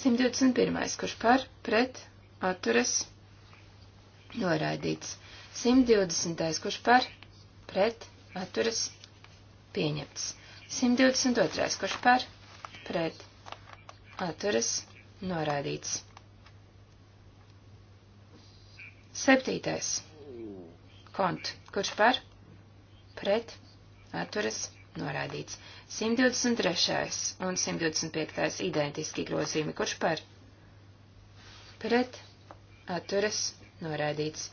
121. kurš par, pret, atturas, noraidīts. 120. kurš par, pret, atturas, pieņemts. 122. kurš par, pret, atturas, norādīts. 7. kont, kurš par, pret, atturas, norādīts. 123. un 125. identiski grozījumi, kurš par, pret, atturas, norādīts.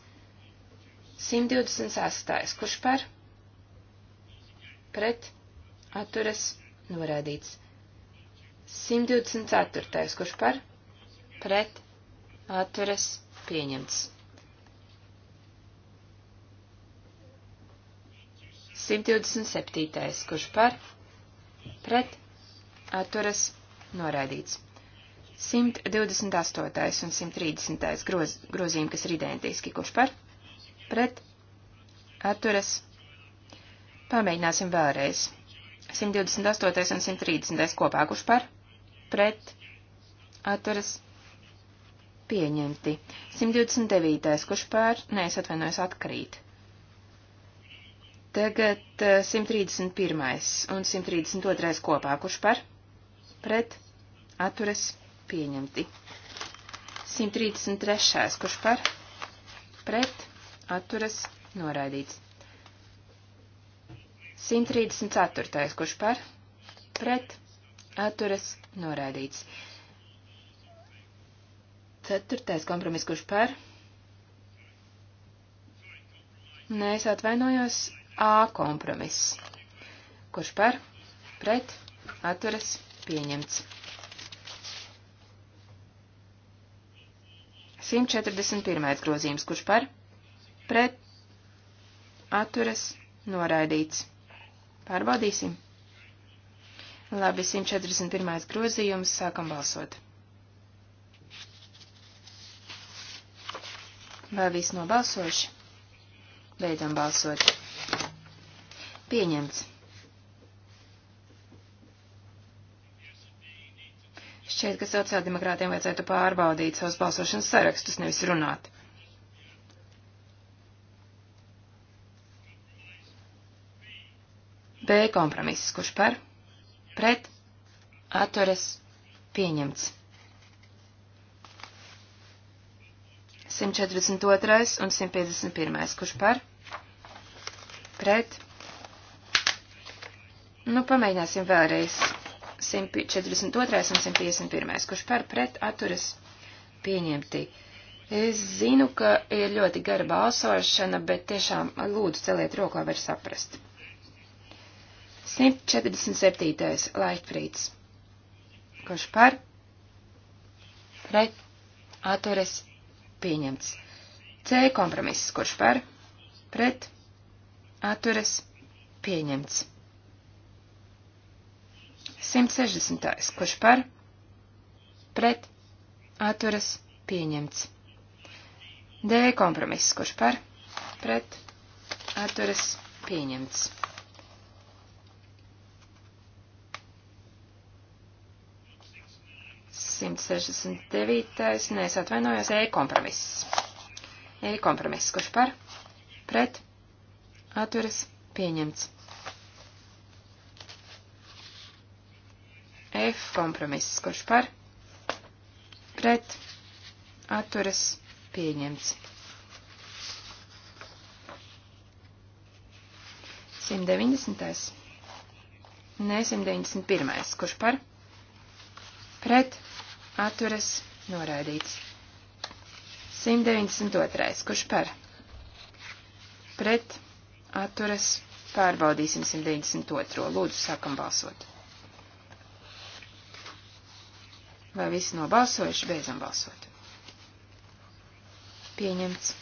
128. kurš par, pret, pret atturas noraidīts. 124. kurš par pret atturas pieņemts. 127. kurš par pret atturas noraidīts. 128. un 130. Groz, grozījumi, kas ir identiski, kurš par pret atturas Pamēģināsim vēlreiz. 128. un 130. kopā, kurš par, pret, atturas, pieņemti. 129. kurš par, nē, es atvainojos, atkrīt. Tagad 131. Eh, un 132. kopā, kurš par, pret, atturas, pieņemti. 133. kurš par, pret, atturas, noraidīts. 134. kurš par pret atturas noraidīts. 4. kompromiss kurš par. Nē, es atvainojos. A kompromiss. Kurš par pret atturas pieņemts. 141. grozījums, kurš par pret atturas noraidīts. Pārbaudīsim. Labi, 141. grozījums, sākam balsot. Vai viss nobalsojuši? Beidzam balsot. Pieņemts. Šķiet, ka sociāldemokrātiem vajadzētu pārbaudīt savus balsošanas sarakstus, nevis runāt. B kompromiss, kurš par, pret, atturas, pieņemts. 142. un 151. kurš par, pret, nu pamēģināsim vēlreiz. 142. un 151. kurš par, pret, atturas, pieņemti. Es zinu, ka ir ļoti gara balsošana, bet tiešām lūdzu celiet roku, lai var saprast. 147. Laitfrīds. Kurš par? Pret. Atturas. Pieņemts. C kompromiss. Kurš par? Pret. Atturas. Pieņemts. 160. Kurš par? Pret. Atturas. Pieņemts. D kompromiss. Kurš par? Pret. Atturas. Pieņemts. 169. Nē, es atvainojos. E-kompromiss. E-kompromiss. Kurš par? Pret? Atturas? Pieņemts. F kompromiss. Kurš par? Pret? Atturas? Pieņemts. 190. Nē, 191. Kurš par? Pret? atturas noraidīts. 192. Kurš par? Pret atturas pārbaudīsim 192. Lūdzu, sākam balsot. Vai visi nobalsojuši? Beidzam balsot. Pieņemts.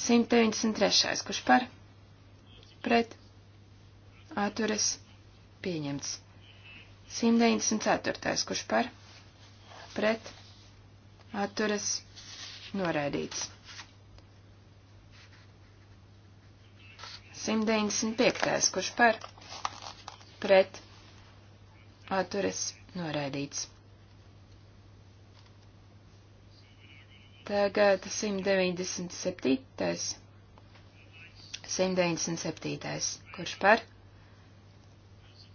193. Kurš par? Pret. Atturas. Pieņemts. 194. Kurš par? pret atturas noraidīts. 195. kurš par pret atturas noraidīts. Tagad 197. 197. kurš par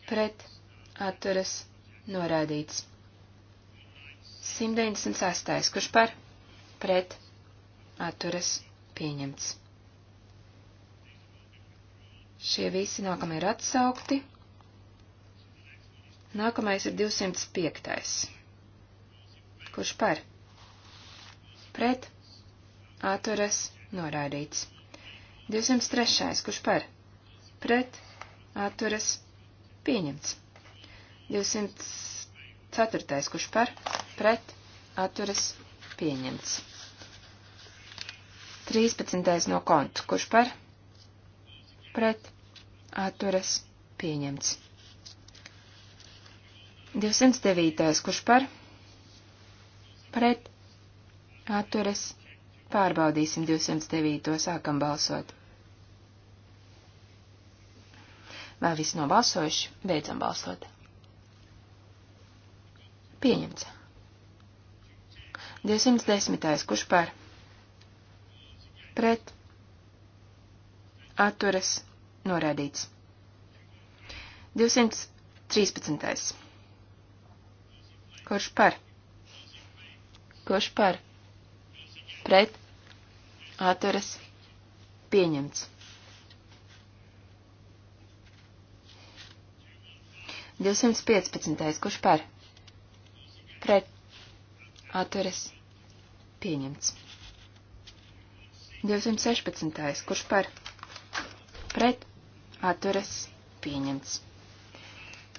pret atturas noraidīts. 196. Kurš par? Pret. Atturas. Pieņemts. Šie visi nākamie ir atsaukti. Nākamais ir 205. Kurš par? Pret. Atturas. Noraidīts. 203. Kurš par? Pret. Atturas. Pieņemts. 204. Kurš par? pret, atturas, pieņemts. 13. no konta, kurš par, pret, atturas, pieņemts. 209. kurš par, pret, atturas, pārbaudīsim 209. sākam balsot. Vēl visi nobalsojuši, beidzam balsot. Pieņemts. 210. Kurš par? Pret. Atturas. Norādīts. 213. Kurš par? Kurš par? Pret. Atturas. Pieņemts. 215. Kurš par? Pret atturas pieņemts. 216. Kurš par? Pret atturas pieņemts.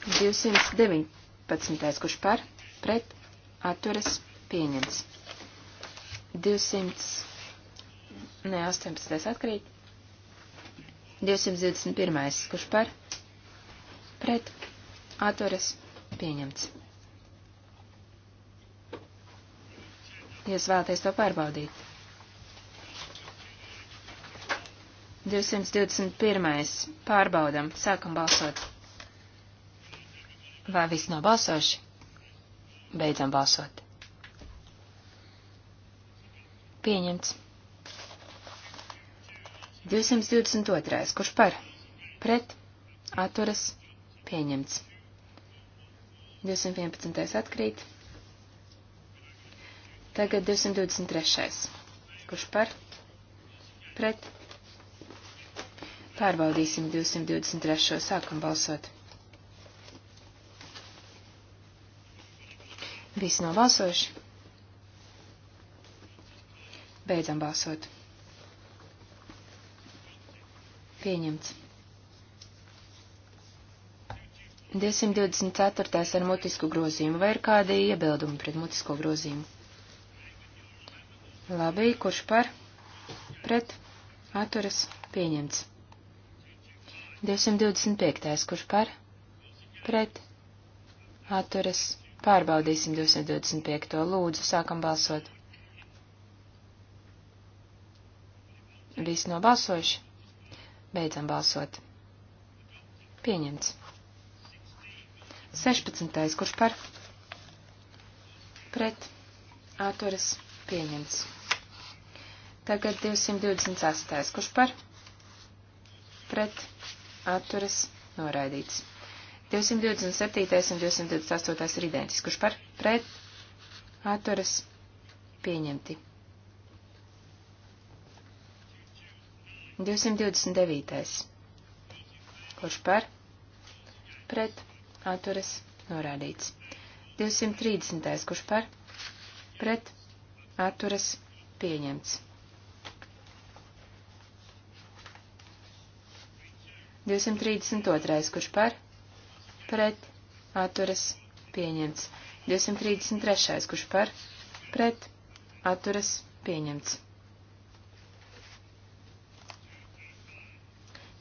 219. Kurš par? Pret atturas pieņemts. 200. Nē, 18. atkrīt. 221. Kurš par? Pret atturas pieņemts. Jūs vēlaties to pārbaudīt. 221. Pārbaudam. Sākam balsot. Vai viss nav balsoši? Beidzam balsot. Pieņemts. 222. Kurš par? Pret. Atturas. Pieņemts. 211. atkrīt. Tagad 223. Kurš par? Pret. Pārbaudīsim 223. Sākam balsot. Visi nobalsojuši. Beidzam balsot. Pieņemts. 224. ar mutisku grozījumu. Vai ir kādi iebildumi pret mutisko grozījumu? Labi, kurš par? Pret. Atturas. Pieņemts. 225. Kurš par? Pret. Atturas. Pārbaudīsim 225. Lūdzu, sākam balsot. Visi nobalsojuši? Beidzam balsot. Pieņemts. 16. Kurš par? Pret. Atturas pieņemts. Tagad 228. Kurš par? Pret atturas noraidīts. 227. un 228. ir identiski. Kurš par? Pret atturas pieņemti. 229. Kurš par? Pret atturas noraidīts. 230. Kurš par? Pret atturas noraidīts atturas pieņemts. 232. kurš par, pret, atturas pieņemts. 233. kurš par, pret, atturas pieņemts.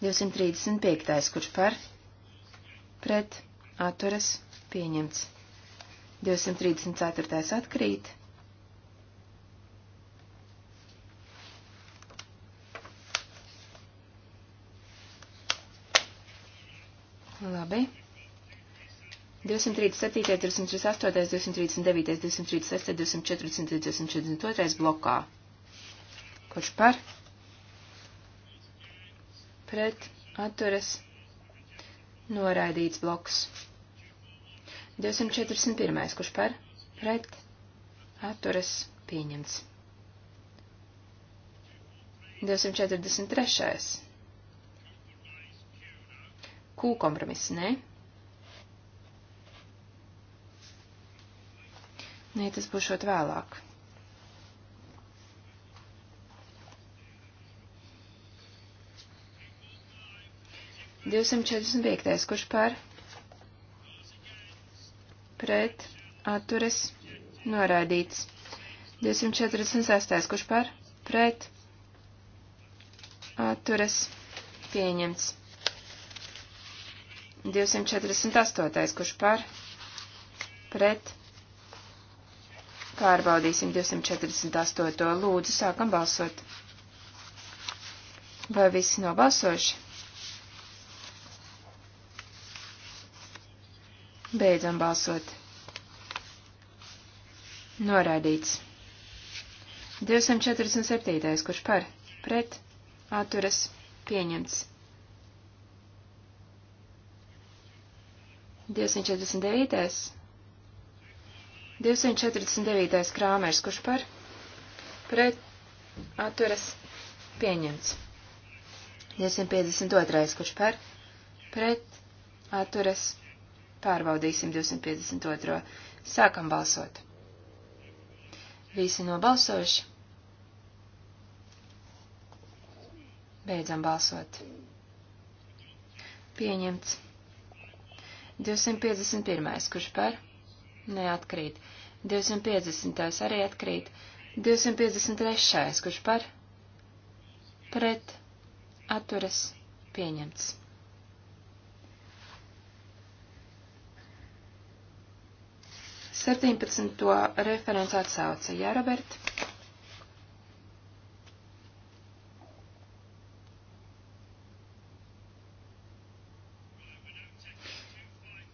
235. kurš par, pret, atturas pieņemts. 234. atkrīt. Labi. 237, 238, 239, 236, 240, 242 blokā. Kurš par? Pret atturas noraidīts bloks. 241, kurš par? Pret atturas pieņemts. 243. Q kompromiss, nē? Nē, tas būs šot vēlāk. Divsimt četrdesmit piektais, kurš pār? Pret, atturas, noraidīts. 246. kurš par? Pret. Atturas. Pieņemts. 248. kurš par pret pārbaudīsim 248. lūdzu sākam balsot. Vai visi nobalsojuši? Beidzam balsot. Noraidīts. 247. kurš par pret atturas pieņemts. 249. 249. krāmērs, kurš par pret atturas pieņemts. 252. kurš par pret atturas pārbaudīsim 252. Sākam balsot. Visi nobalsojuši. Beidzam balsot. Pieņemts. 251. Kurš par? Neatkrīt. 250. arī atkrīt. 253. Kurš par? Pret. Atturas. Pieņemts. Septiņpadsmito referents atsauca, jā, Robert?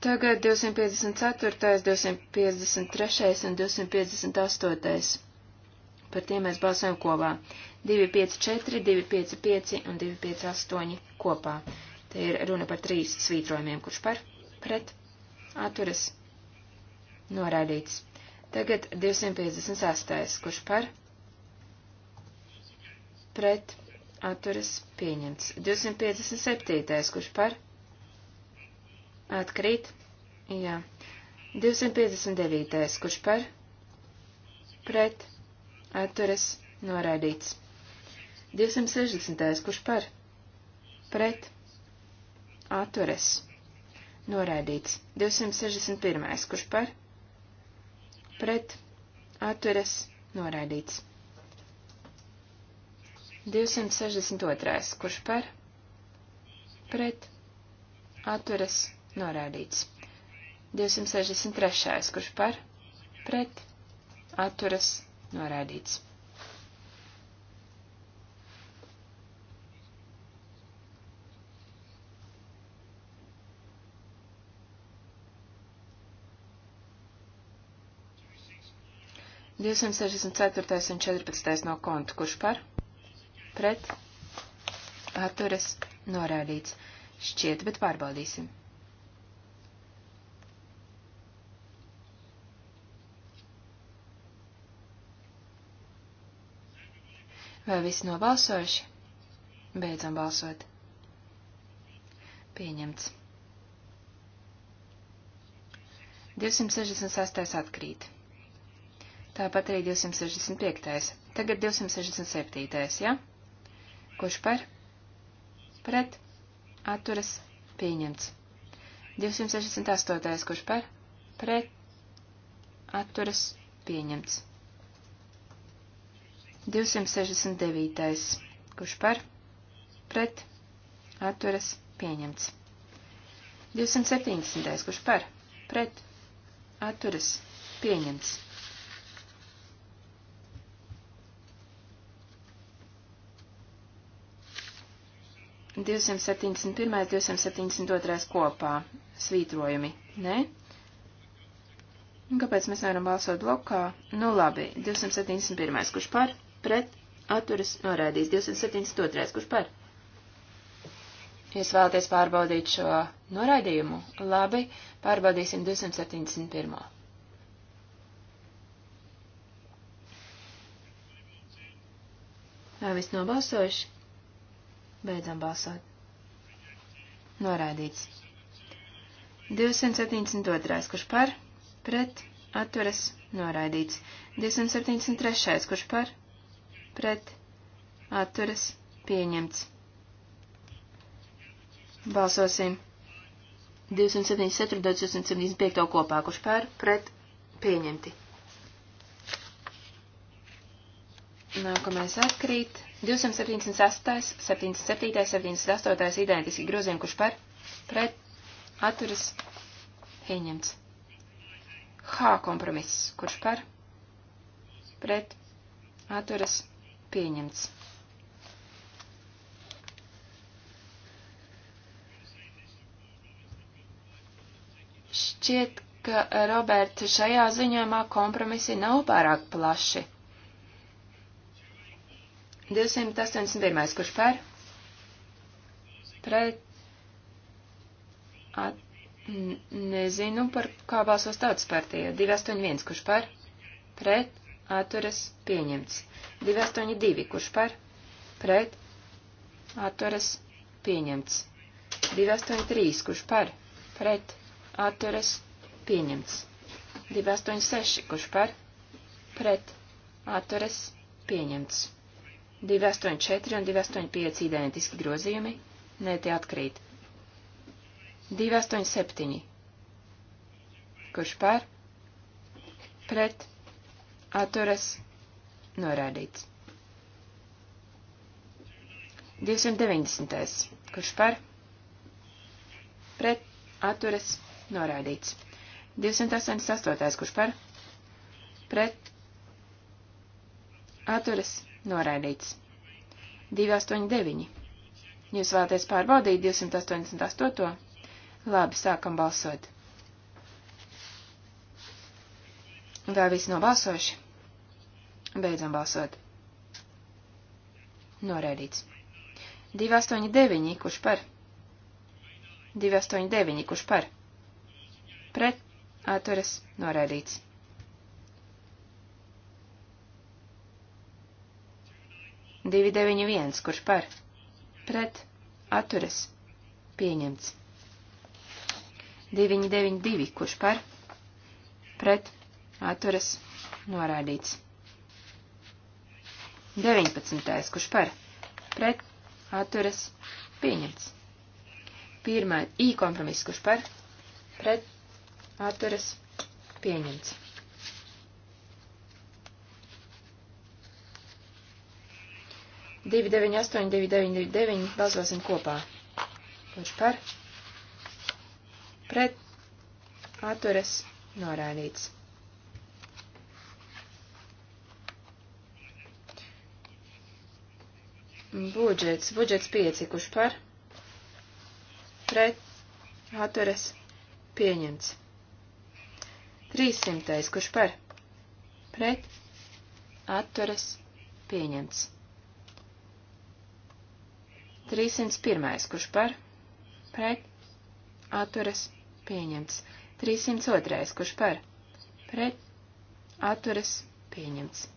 Tagad 254, 253 un 258. Par tiem mēs balsojam kopā. 254, 255 un 258 kopā. Te ir runa par trīs svītrojumiem, kurš par, pret, atturas, norādīts. Tagad 258, kurš par, pret, atturas, pieņemts. 257, kurš par, atkrīt, Jā. 259. Kurš par? Pret. Atturas. Noraidīts. 260. Kurš par? Pret. Atturas. Noraidīts. 261. Kurš par? Pret. Atturas. Noraidīts. 262. Kurš par? Pret. Atturas. Norādīts. 263. kurš par pret atturas norādīts. Divsimt sešdesmit ceturtais un četrpadsmitais no konta, kurš par, pret, atturas, norādīts, šķiet, bet pārbaudīsim. Vai visi nobalsojuši? Beidzam balsot. Pieņemts. 268. atkrīt. Tāpat arī 265. Tagad 267. ja? Kurš par? Pret. Atturas. Pieņemts. 268. Kurš par? Pret. Atturas. Pieņemts. 269. Kurš par? Pret. Atturas. Pieņemts. 270. Kurš par? Pret. Atturas. Pieņemts. Divsimt septiņdesmit pirmais, divsimt septiņdesmit otrais kopā svītrojumi, ne? Un kāpēc mēs nevaram balsot blokā? Nu labi, 271. kurš par? pret, atturas norādīts. 272. Kurš par? Jūs vēlaties pārbaudīt šo noraidījumu? Labi, pārbaudīsim 271. Vai viss nobalsojuši? Beidzam balsot. Noraidīts. 272. Kurš par? Pret? Atturas? Noraidīts. 273. Kurš par? pret atturas pieņemts. Balsosim 274, 275 kopā, kurš pār pret pieņemti. Nākamais atkrīt. 278, 77, 78 identiski grozījumi, kurš par pret atturas pieņemts. H kompromiss, kurš par pret atturas pieņemts Pieņemts. Šķiet, ka, Robert, šajā ziņojumā kompromisi nav pārāk plaši. 281. Kurš pēr? Pret. At... Nezinu, par kā balsos tautas partija. 281. Kurš pēr? Pret atturas pieņemts. 282, kurš par, pret, atturas pieņemts. 283, kurš par, pret, atturas pieņemts. 286, kurš par, pret, atturas pieņemts. 284 un 285 identiski grozījumi, nē, tie atkrīt. 287, kurš par, pret, atturas pieņemts atturas norādīts. 290. Kurš par? Pret atturas norādīts. 288. Kurš par? Pret atturas norādīts. 289. Jūs vēlaties pārbaudīt 288. Labi, sākam balsot. Vai visi nobalsojuši? Beidzam balsot. Noraidīts. 289, kurš par? 289, kurš par? Pret, atturas, noraidīts. 291, kurš par? Pret, atturas, pieņemts. 292, kurš par? Pret, atturas noraidīts. 19. kurš par pret atturas pieņemts. 1. I kompromiss, kurš par pret atturas pieņemts. Divi, deviņi, astoņi, divi, deviņi, divi, deviņi, balsosim kopā. Kurš par? Pret atturas norādīts. Budžets, budžets 5, kurš par, pret, atturas, pieņemts. 300, kurš par, pret, atturas, pieņemts. 301, kurš par, pret, atturas, pieņemts. 302, kurš par, pret, atturas, pieņemts.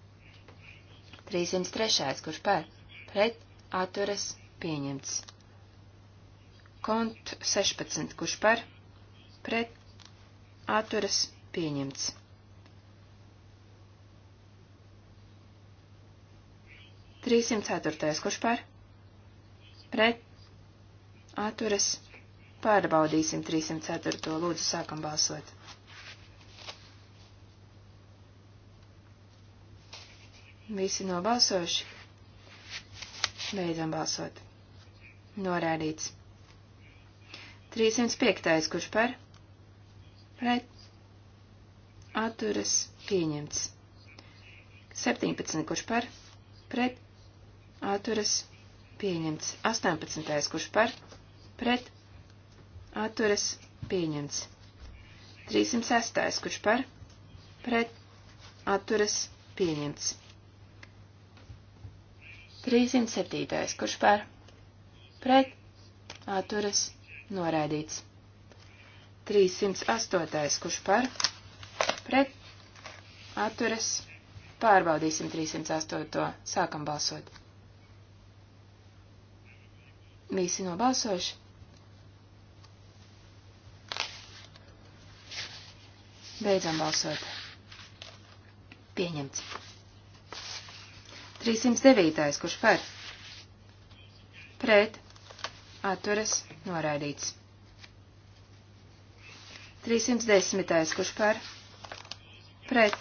303, kurš par, pret atturas pieņemts. Kont 16, kurš par pret atturas pieņemts. Trīsimt ceturtais, kurš par? Pret. Atturas. Pārbaudīsim 304. Lūdzu, sākam balsot. Visi nobalsojuši. Beidzam balsot. Norādīts. 305. kurš par? Pret. Atturas pieņemts. 17. kurš par? Pret. Atturas pieņemts. 18. kurš par? Pret. Atturas pieņemts. 306. kurš par? Pret. Atturas pieņemts. 307. Kurš par? Pret. Atturas. Noraidīts. 308. Kurš par? Pret. Atturas. Pārbaudīsim 308. Sākam balsot. Visi nobalsojuši. Beidzam balsot. Pieņemts. 309. kurš par? Pret. Atturas. Noraidīts. 310. kurš par? Pret.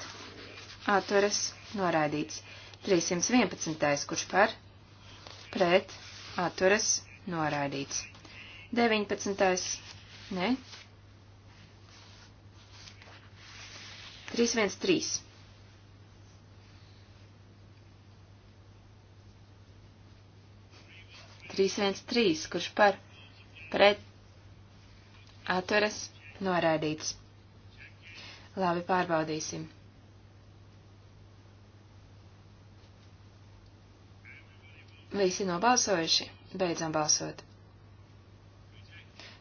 Atturas. Noraidīts. 311. kurš par? Pret. Atturas. Noraidīts. 19. Ne. 313. 313, kurš par pret atveras noraidīts. Labi, pārbaudīsim. Visi nobalsojuši, beidzam balsot.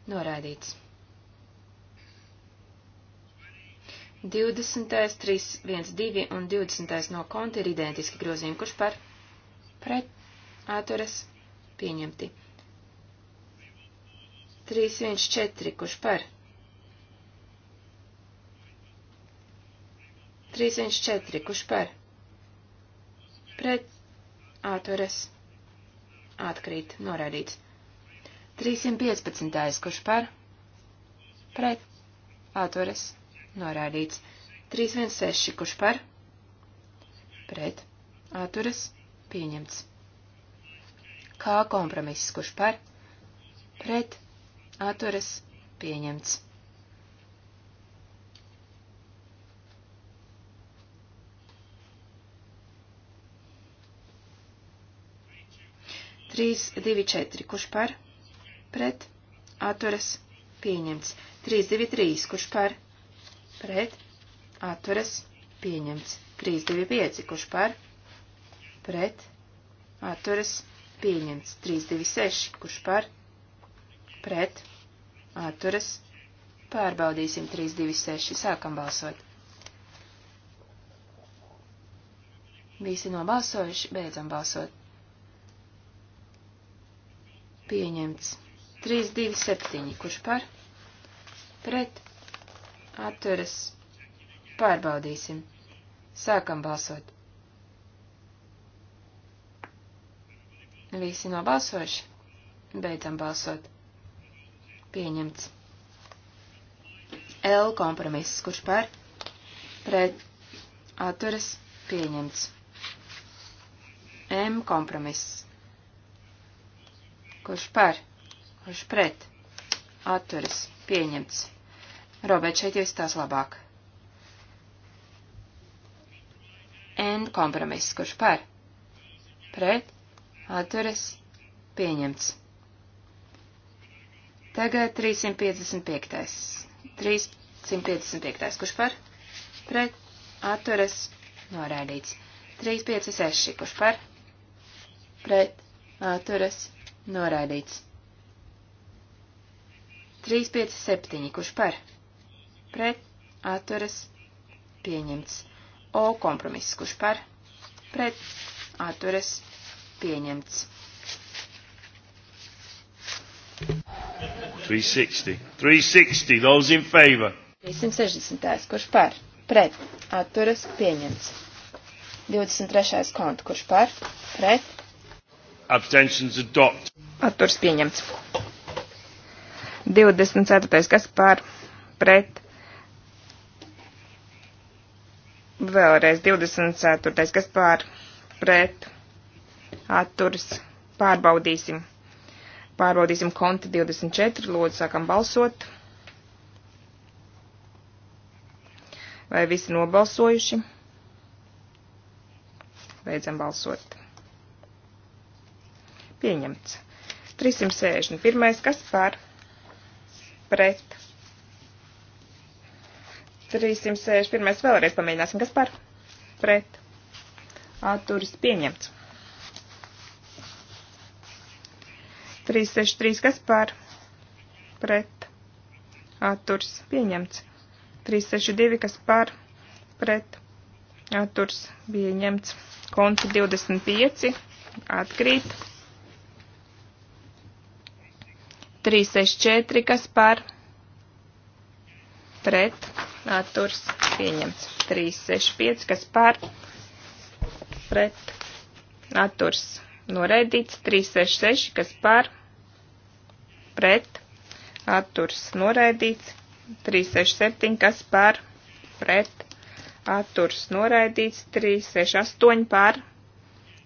Noraidīts. 20, 3, 1, 2 un 20 no konta ir identiski grozījumi, kurš par pret atturas pieņemti. 314, kurš par? 314, kurš par? Pret atveres atkrīt, norādīts. 315, kurš par? Pret atveres norādīts. 316, kurš par? Pret atveres pieņemts kā kompromiss, kurš par, pret, atturas, pieņemts. Trīs, divi, četri, kurš par, pret, atturas, pieņemts. Trīs, divi, trīs, kurš par, pret, atturas, pieņemts. Trīs, divi, pieci, kurš par, pret, atturas, pieņemts pieņemts 326, kurš par, pret, atturas, pārbaudīsim 326, sākam balsot. Visi nobalsojuši, beidzam balsot. Pieņemts 327, kurš par, pret, atturas, pārbaudīsim, sākam balsot. Visi nobalsojuši. Beidzam balsot. Pieņemts. L kompromiss, kurš par pret atturas pieņemts. M kompromiss, kurš par, kurš pret atturas pieņemts. Robert, šeit jūs tās labāk. N kompromiss, kurš par pret atturas pieņemts. Tagad 355. 355. Kurš par? Pret atturas noraidīts. 356. Kurš par? Pret atturas noraidīts. 357. Kurš par? Pret atturas pieņemts. O kompromiss. Kurš par? Pret atturas pieņemts Pieņemts. 360. 360. Those in favor. 360. Kurš par? Pret. Atturas. Pieņemts. 23. kontu. Kurš par? Pret. Abstentions adopt. Atturas pieņemts. 24. kas par? Pret. Vēlreiz 24. kas par? Pret atturas pārbaudīsim. Pārbaudīsim konti 24, lūdzu sākam balsot. Vai visi nobalsojuši? Beidzam balsot. Pieņemts. 361. Kas par? Pret. 361. Vēlreiz pamēģināsim. Kas par? Pret. Atturis pieņemts. 363, kas par pret atturs pieņemts. 362, kas par pret atturs pieņemts. Konta 25 atkrīt. 364, kas par pret atturs pieņemts. 365, kas par pret atturs noraidīts. 366, kas par pret pret atturs noraidīts. 367, kas par pret atturs noraidīts. 368 par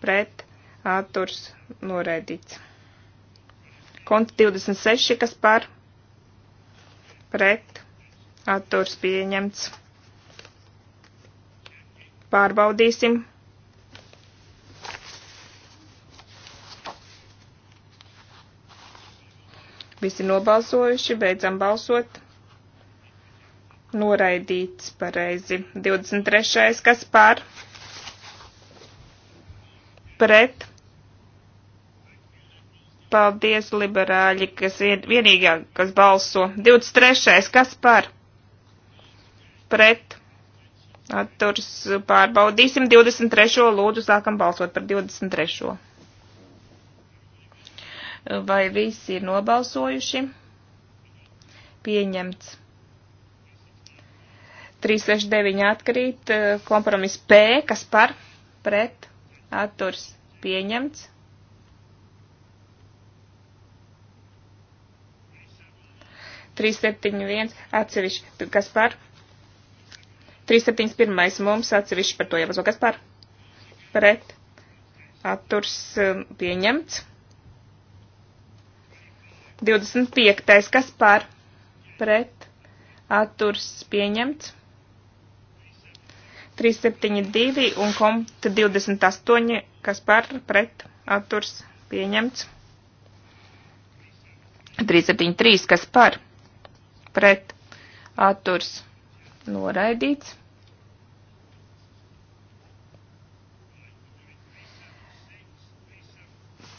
pret atturs noraidīts. Konts 26, kas par pret atturs pieņemts. Pārbaudīsim. Visi nobalsojuši, beidzam balsot. Noraidīts pareizi. 23. kas par? Pret. Paldies, liberāļi, kas vien, vienīgā, kas balso. 23. kas par? Pret. Atturs pārbaudīsim 23. lūdzu sākam balsot par 23. Vai visi ir nobalsojuši? Pieņemts. 369 atkrīt, eh, kompromis P, kas par, pret, atturs, pieņemts. 371 atsevišķi, kas par 371 mums atsevišķi par to jāpazo, kas par pret atturs eh, pieņemts. 25. kas par pret atturs pieņemts. 372 un komta 28, kas par pret atturs pieņemts. 373, kas par pret atturs noraidīts.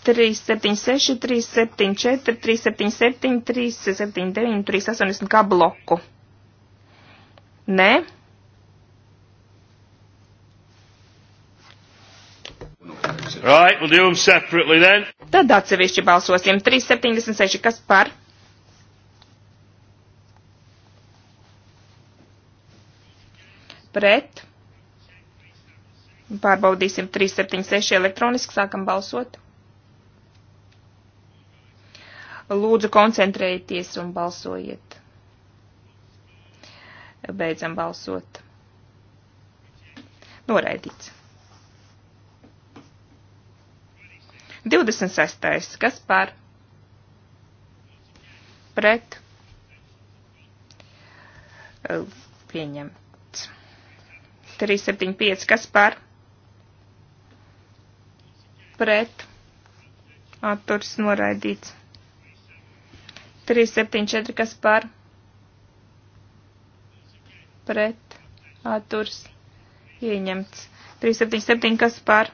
376, 374, 377, 379, 380 kā bloku. Nē? Right, we'll do them separately then. Tad atsevišķi balsosim. 376, kas par? Pret. Pārbaudīsim 376 elektroniski, sākam balsot. Lūdzu, koncentrējieties un balsojiet. Beidzam balsot. Noraidīts. 26. Kas par? Pret. Pieņemts. 375. Kas par? Pret. Atturs noraidīts. 374, kas par pret atturs pieņemts. 377, kas par.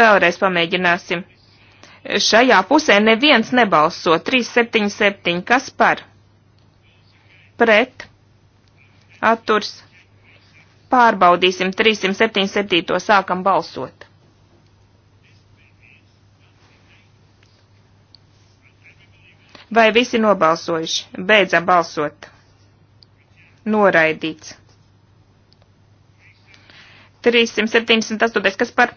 Vēlreiz pamēģināsim. Šajā pusē neviens nebalso. 377, kas par. Pret atturs. Pārbaudīsim 377, sākam balsot. Vai visi nobalsojuši? Beidzam balsot. Noraidīts. 378. Kas par?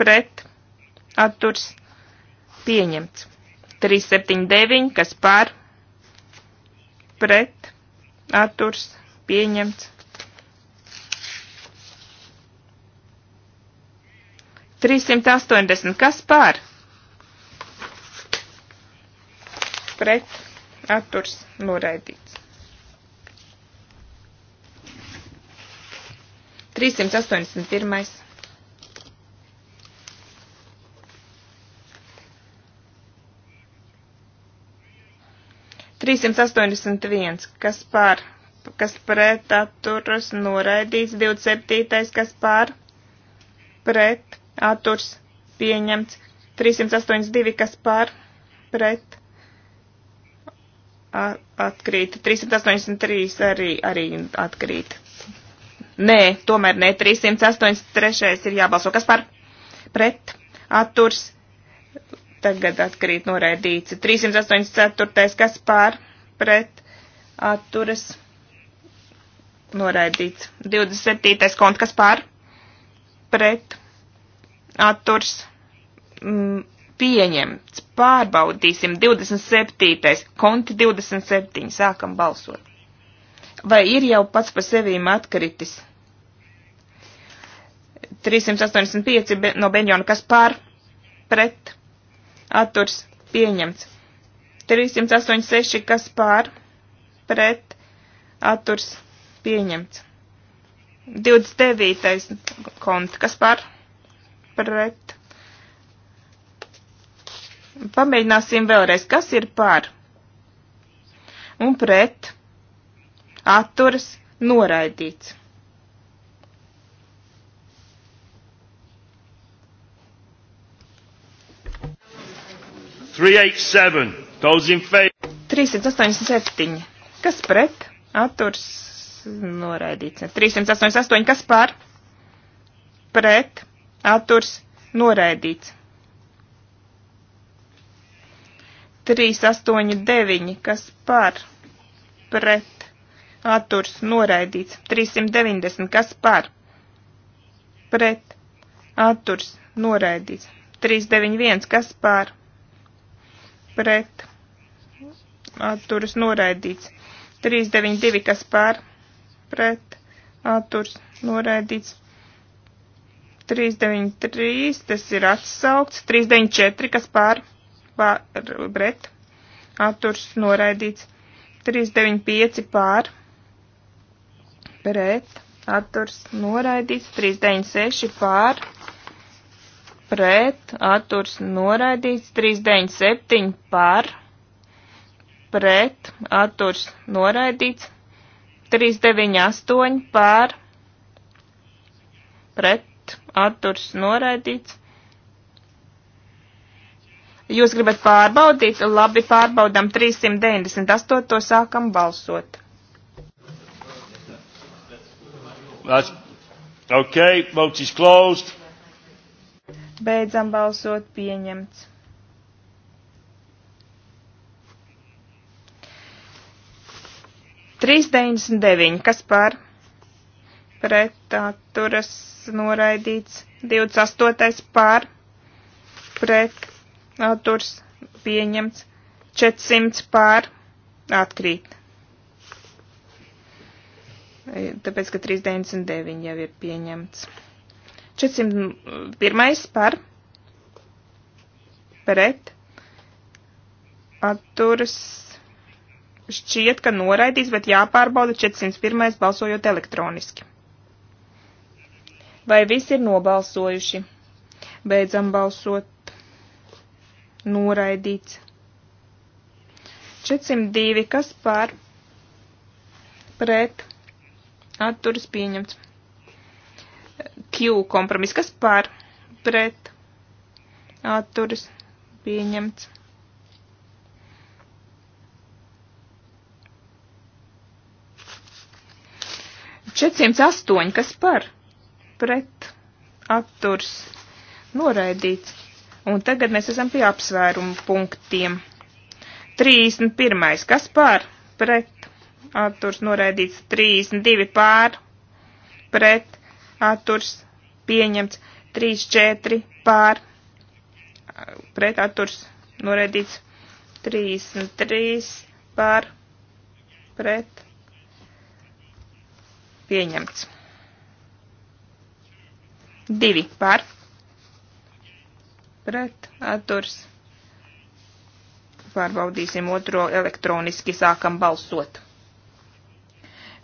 Pret. Atturs. Pieņemts. 379. Kas par? Pret. Atturs. Pieņemts. 380. Kas par? pret atturs noraidīts. 381. Trīsimt astoņdesmit viens, kas pār, kas pret atturas noraidīts, divdesmit septītais, kas pār, pret atturs pieņemts, trīsimt astoņdesmit divi, kas pār, pret atkrīt. 383 arī, arī atkrīt. Nē, tomēr nē, 383 ir jābalso. Kas par? Pret. Atturs. Tagad atkrīt noraidīts. 384. Kas par? Pret. Atturas. Noraidīts. 27. kont. Kas par? Pret. Atturs. Mm, pieņemts. Pārbaudīsim 27. konti 27. Sākam balsot. Vai ir jau pats par sevīm atkritis? 385 no Benjona, kas pār, pret, atturs, pieņemts. 386, kas pār, pret, atturs, pieņemts. 29. kont, kas pār, pret, Pamēģināsim vēlreiz, kas ir par un pret atturas noraidīts. Three eight seven. Those in favor. 387. Kas pret? Atturs noraidīts. 388. Kas pār? Pret. Atturs noraidīts. 389, kas par pret atturs noraidīts. 390, kas par pret atturs noraidīts. 391, kas par pret atturs noraidīts. 392, kas par pret atturs noraidīts. 393, tas ir atsaukts. 394, kas par pret pār, pret, atturs noraidīts. 395 pār, pret, atturs noraidīts. 396 pār, pret, atturs noraidīts. 397 pār, pret, atturs noraidīts. 398 pār, pret, atturs noraidīts. Jūs gribat pārbaudīt? Labi, pārbaudām 398. sākam balsot. That's okay, vote is closed. Beidzam balsot pieņemts. Trīs deviņdesmit deviņi, kas par pret atturas noraidīts, 28. par pret atturs pieņemts 400 pār atkrīt. Tāpēc, ka 399 jau ir pieņemts. 401 mm, par pret atturas šķiet, ka noraidīs, bet jāpārbauda 401 balsojot elektroniski. Vai visi ir nobalsojuši? Beidzam balsot noraidīts. 402, kas par pret atturas pieņemts. Q kompromiss, kas par pret atturas pieņemts. Četrsimts astoņi, kas par pret atturs noraidīts. Un tagad mēs esam pie apsvērumu punktiem. 31. Kas pār? Pret. Atturs noraidīts. 32. Pār. Pret. Atturs pieņemts. 34. Pār. Pret. Atturs noraidīts. 33. Pār. Pret. Pieņemts. 2. Pār pret atturs. Pārbaudīsim otro elektroniski, sākam balsot.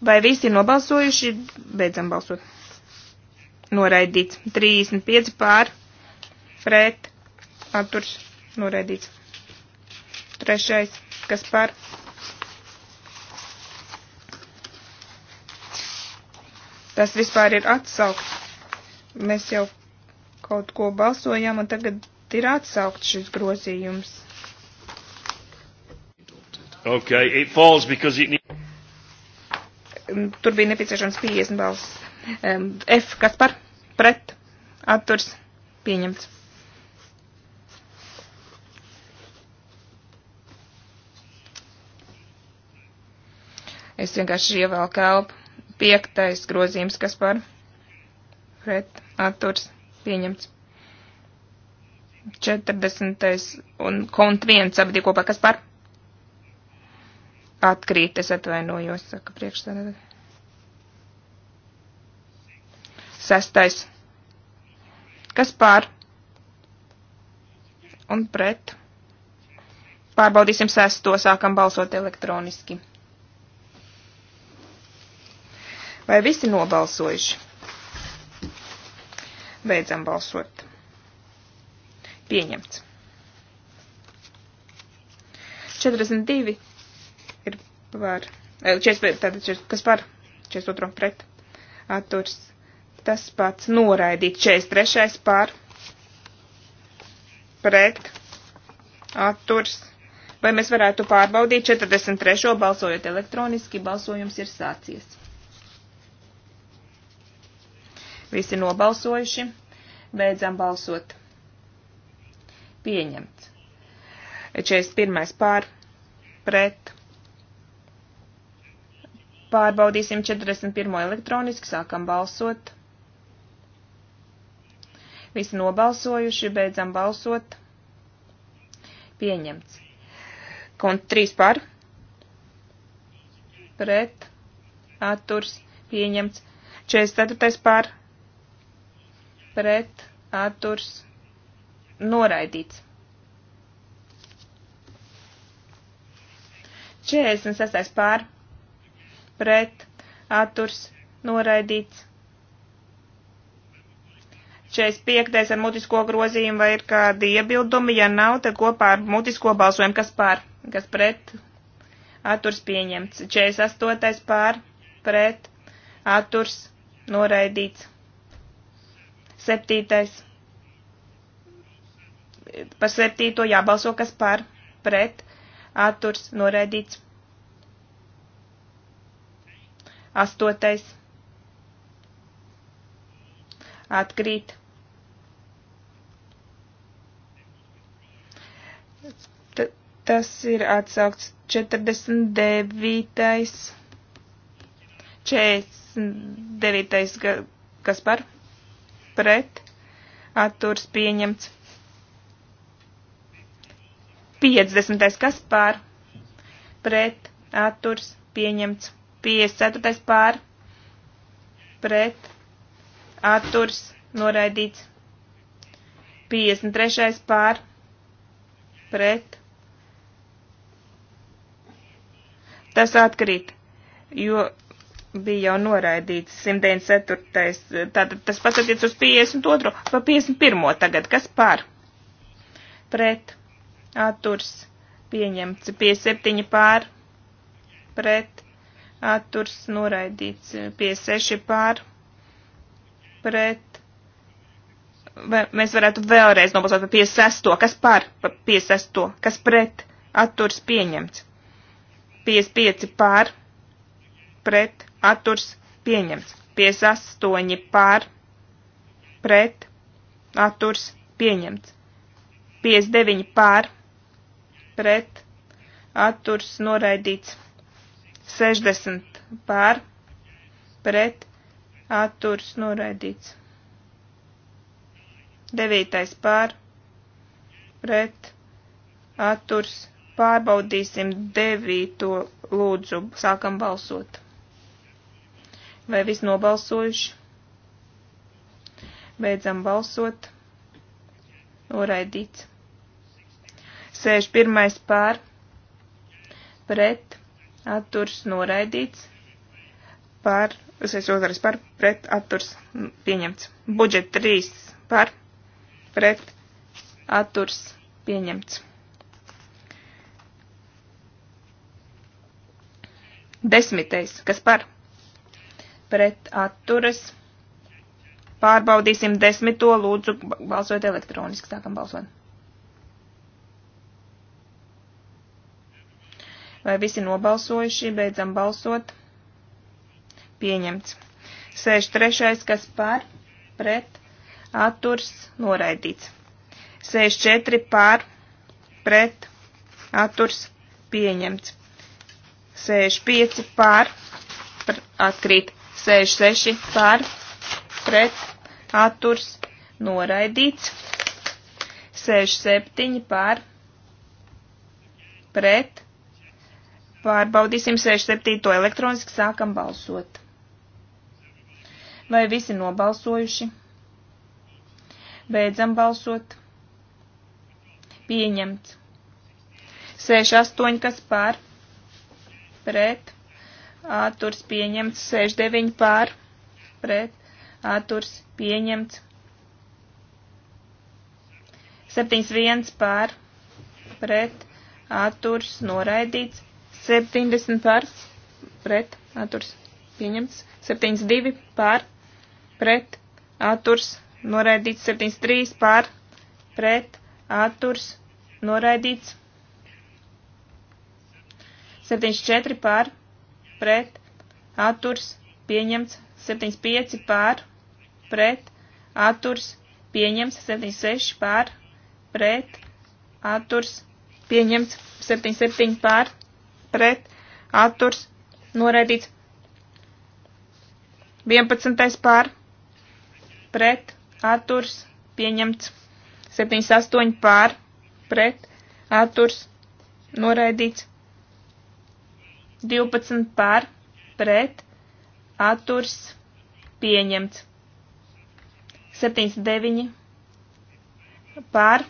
Vai visi ir nobalsojuši? Beidzam balsot. Noraidīts. 35 pār, pret, atturs, noraidīts. Trešais, kas pār? Tas vispār ir atsaukt. Mēs jau kaut ko balsojām, un tagad ir atsaukt šis grozījums. Okay, it falls because it need... Mm, tur bija nepieciešams 50 balss. F, kas par? Pret. Atturs. Pieņemts. Es vienkārši ievēlu kalpu. Piektais grozījums, kas par? Pret. Atturs pieņemts. 40. un kont 1 abi kopā, kas par? Atkrīt, es atvainojos, saka priekšsēdētāji. Sestais. Kas par? Un pret. Pārbaudīsim sesto, sākam balsot elektroniski. Vai visi nobalsojuši? Beidzam balsot. Pieņemts. 42 ir var. 45, eh, tātad, 40, kas par 42 pret atturs. Tas pats noraidīt 43 par pret atturs. Vai mēs varētu pārbaudīt 43. balsojot elektroniski, balsojums ir sācies. Visi nobalsojuši. Beidzam balsot. Pieņemts. 41. pār pret. Pārbaudīsim 41. elektroniski, sākam balsot. Visi nobalsojuši, beidzam balsot. Pieņemts. Kont 3 par. Pret. Atturs. Pieņemts. 44. par pret atturs noraidīts. 46. pār pret atturs noraidīts. 45. ar mutisko grozījumu vai ir kādi iebildumi, ja nav, tad kopā ar mutisko balsojumu, kas pār, kas pret, atturs pieņemts. 48. pār, pret, atturs noraidīts. Septītais. Par septīto jābalso, kas par, pret, atturs, noraidīts. Astotais. Atkrīt. T tas ir atsaukts 49. 49. kas par? pret atturs pieņemts. 50. kas pār pret atturs pieņemts. 54. pār pret atturs noraidīts. 53. pār pret. Tas atkrīt, jo bija jau noraidīts 194. Tātad tas pats attiec uz 52. pa 51. tagad. Kas par? Pret. Atturs. Pieņemts. 57 pār. Pret. Atturs. Noraidīts. 56 pār. Pret. Vai mēs varētu vēlreiz nobalsot par 56. Kas par? Pa 56. Kas pret? Atturs pieņemts. 55 pār pret atturs pieņemts. 58 pār pret atturs pieņemts. 59 pār pret atturs noraidīts. 60 pār pret atturs noraidīts. 9 pār pret atturs pārbaudīsim 9 lūdzu. Sākam balsot. Vai viss nobalsojuši? Beidzam balsot. Noraidīts. 61. pār. Pret. Atturs noraidīts. Pār. 62. pār. Pret. Atturs pieņemts. Budžet 3. Pār. Pret. Atturs pieņemts. Desmitais. Kas par? pret atturas. Pārbaudīsim desmito, lūdzu, balsot elektroniski, sākam balsot. Vai visi nobalsojuši, beidzam balsot? Pieņemts. 63. kas pār, pret, atturs, noraidīts. 64 pār, pret, atturs, pieņemts. 65 pār, atkrīt. 66 par pret atturs noraidīts. 67 par pret. Pārbaudīsim 67 elektroniski sākam balsot. Vai visi nobalsojuši? Beidzam balsot. Pieņemts. 68 kas par pret atturs pieņemts, 69 pār, pret, atturs pieņemts, 71 pār, pret, atturs noraidīts, 70 pār, pret, atturs pieņemts, 72 pār, pret, atturs noraidīts, 73 pār, pret, atturs noraidīts, 74 pār, pret, pret, atturs, pieņemts. 75 pār, pret, atturs, pieņemts. 76 pār, pret, atturs, pieņemts. 77 pār, pret, atturs, noraidīts. 11 pār, pret, atturs, pieņemts. 78 pār, pret, atturs, noraidīts. 12 pār pret atturs pieņemts. 79 pār.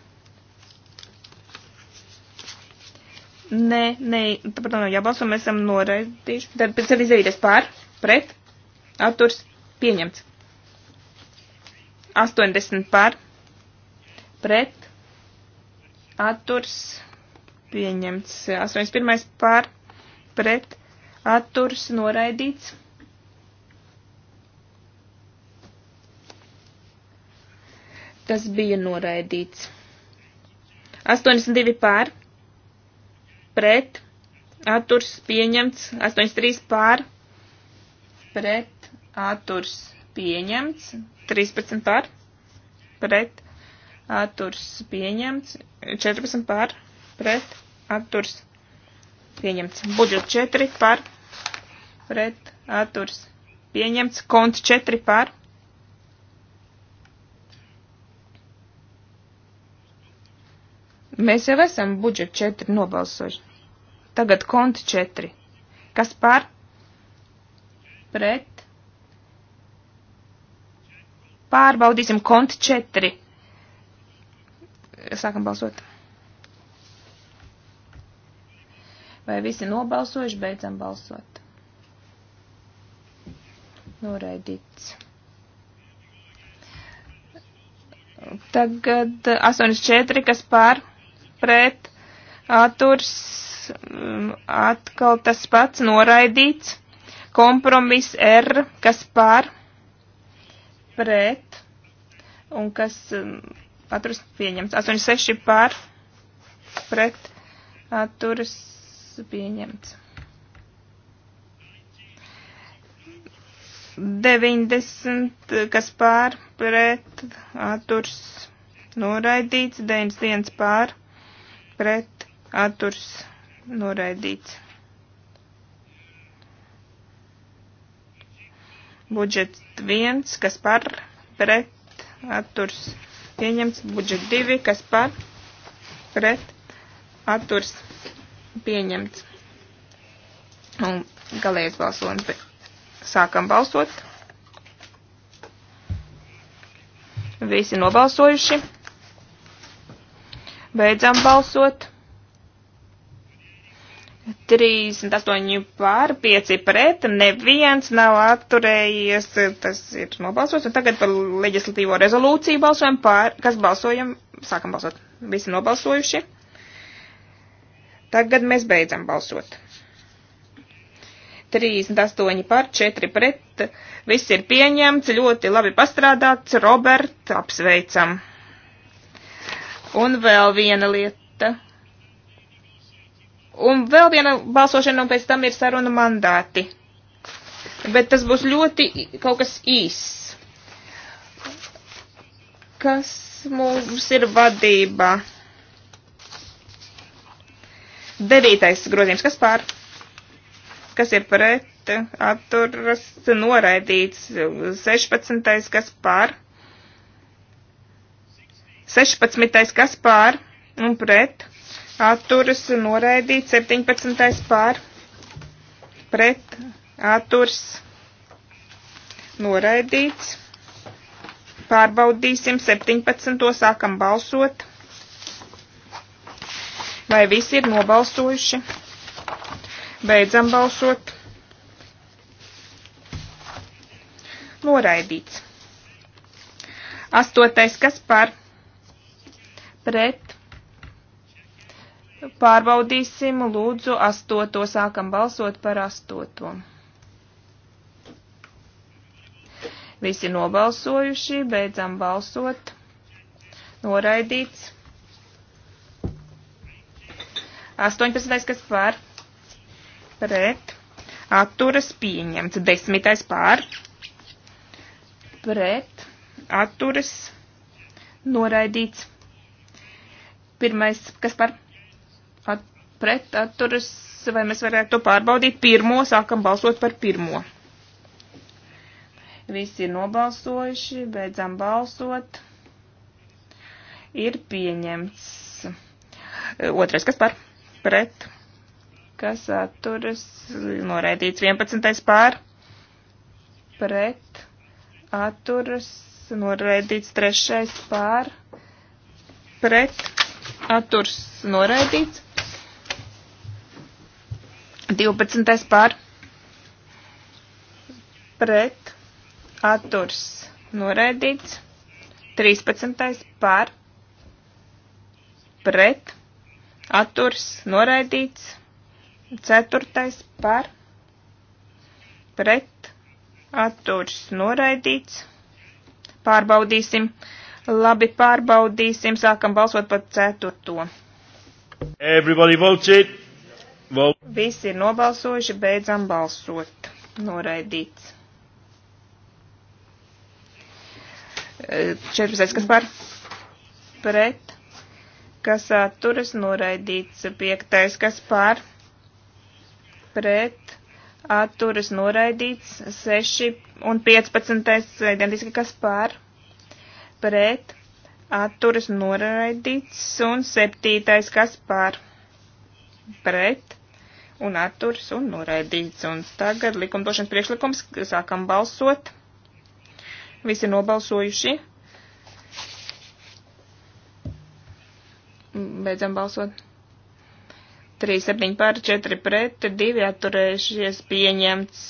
Nē, nē, tāpat nav jābalso, mēs esam noraidījuši. Tad pēc 79 pār pret atturs pieņemts. 80 pār pret atturs pieņemts. 81 pār pret pret atturs noraidīts. Tas bija noraidīts. 82 pār, pret, atturs pieņemts, 83 pār, pret, atturs pieņemts, 13 pār, pret, atturs pieņemts, 14 pār, pret, atturs pieņemts. Budžet 4 par pret atturs pieņemts. Kont 4 par Mēs jau esam budžet 4 nobalsojuši. Tagad konti 4. Kas par? Pret. Pārbaudīsim konti 4. Sākam balsot. Vai visi nobalsojuši, beidzam balsot? Noraidīts. Tagad 84, kas pār pret atturs, mm, atkal tas pats noraidīts. Kompromiss R, kas pār pret un kas mm, atturs pieņemts. 86 pār pret atturs pieņemts. 90, kas pār pret atturs noraidīts, 91 pār pret atturs noraidīts. Budžets 1, kas par pret atturs pieņemts, budžets 2, kas par pret atturs noraidīts pieņemts. Un galējais balsojums. Sākam balsot. Visi nobalsojuši. Beidzam balsot. 38 pār 5 pret, neviens nav atturējies, tas ir nobalsots, un tagad par leģislatīvo rezolūciju balsojam pār, kas balsojam, sākam balsot, visi nobalsojuši. Tagad mēs beidzam balsot. 38 par 4 pret. Viss ir pieņemts, ļoti labi pastrādāts. Robert, apsveicam. Un vēl viena lieta. Un vēl viena balsošana, un pēc tam ir saruna mandāti. Bet tas būs ļoti kaut kas īss. Kas mums ir vadībā? Devītais grozījums, kas pār, kas ir pret, atturas, noraidīts. 16. kas pār, 16. kas pār un pret, atturas, noraidīts. 17. pār, pret, atturas, noraidīts. Pārbaudīsim 17. sākam balsot. Vai visi ir nobalsojuši? Beidzam balsot. Noraidīts. Astotais, kas par pret Pārbaudīsim, lūdzu, astoto sākam balsot par astoto. Visi nobalsojuši, beidzam balsot. Noraidīts. 18. kas par pret atturas pieņemts. 10. par pret atturas noraidīts. 1. kas par at, pret atturas, vai mēs varētu to pārbaudīt. Pirmo sākam balsot par pirmo. Visi ir nobalsojuši, beidzam balsot. Ir pieņemts. Otrais, kas par? pret, kas atturas, noraidīts 11. pār, pret, atturas, noraidīts 3. pār, pret, atturas, noraidīts 12. pār, pret, atturas, noraidīts 13. pār, pret, atturs noraidīts. Ceturtais par pret atturs noraidīts. Pārbaudīsim. Labi, pārbaudīsim. Sākam balsot par ceturto. Everybody votes it. Vote. Visi ir nobalsojuši, beidzam balsot. Noraidīts. 14. kas par pret kas atturas noraidīts, piektais, kas par, pret, atturas noraidīts, seši un piecpadsmitais, identiski, kas par, pret, atturas noraidīts, un septītais, kas par, pret, un atturas un noraidīts. Un tagad likumdošanas priekšlikums, sākam balsot. Visi nobalsojuši. Beidzam balsot. 3,7 pār 4 pret, 2 atturējušies pieņemts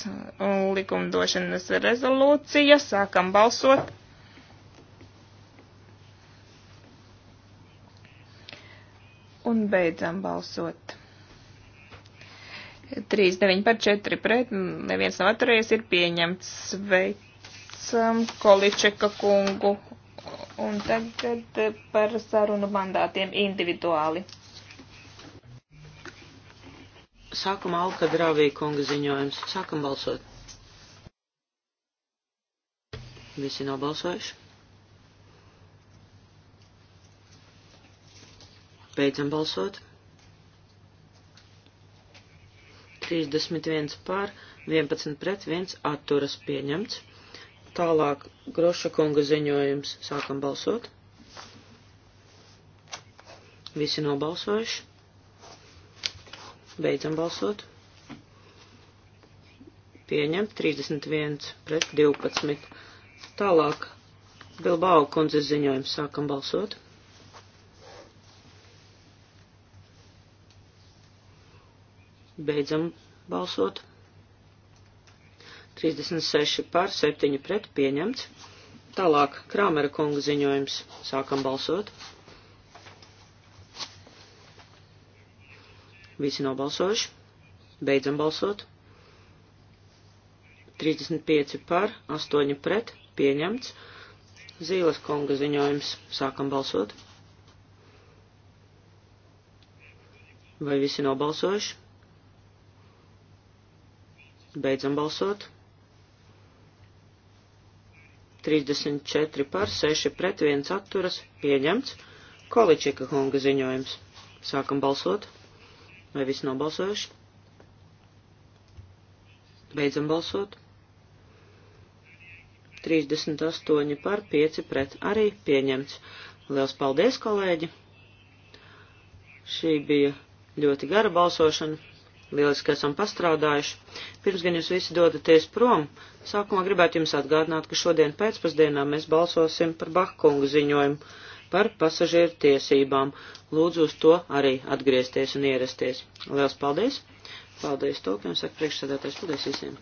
un likumdošanas rezolūcija. Sākam balsot. Un beidzam balsot. 3,9 par 4 pret, neviens nav atturējies, ir pieņemts. Sveicam Količeka kungu Un tagad eh, par sarunu mandātiem individuāli. Sākam Alka Dravī kunga ziņojums. Sākam balsot. Visi nobalsojuši. Beidzam balsot. 31 pār, 11 pret, 1 atturas pieņemts. Tālāk Groša kunga ziņojums. Sākam balsot. Visi nobalsojuši. Beidzam balsot. Pieņemt 31 pret 12. Tālāk Bilbao kundzes ziņojums. Sākam balsot. Beidzam balsot. 36 pār 7 pret pieņemts. Tālāk Krāmera kunga ziņojums. Sākam balsot. Visi nobalsojuši. Beidzam balsot. 35 par 8 pret pieņemts. Zīles kunga ziņojums. Sākam balsot. Vai visi nobalsojuši? Beidzam balsot. 34 par 6 pret 1 atturas pieņemts. Količika kunga ziņojums. Sākam balsot. Vai viss nav balsojuši? Beidzam balsot. 38 par 5 pret arī pieņemts. Liels paldies, kolēģi! Šī bija ļoti gara balsošana. Lieliski esam pastrādājuši. Pirms gan jūs visi dodaties prom, sākumā gribētu jums atgādināt, ka šodien pēcpusdienā mēs balsosim par Bahkungu ziņojumu par pasažieru tiesībām. Lūdzu uz to arī atgriezties un ierasties. Lielas paldies! Paldies, Tūkiem, saka priekšsēdētājs, paldies visiem!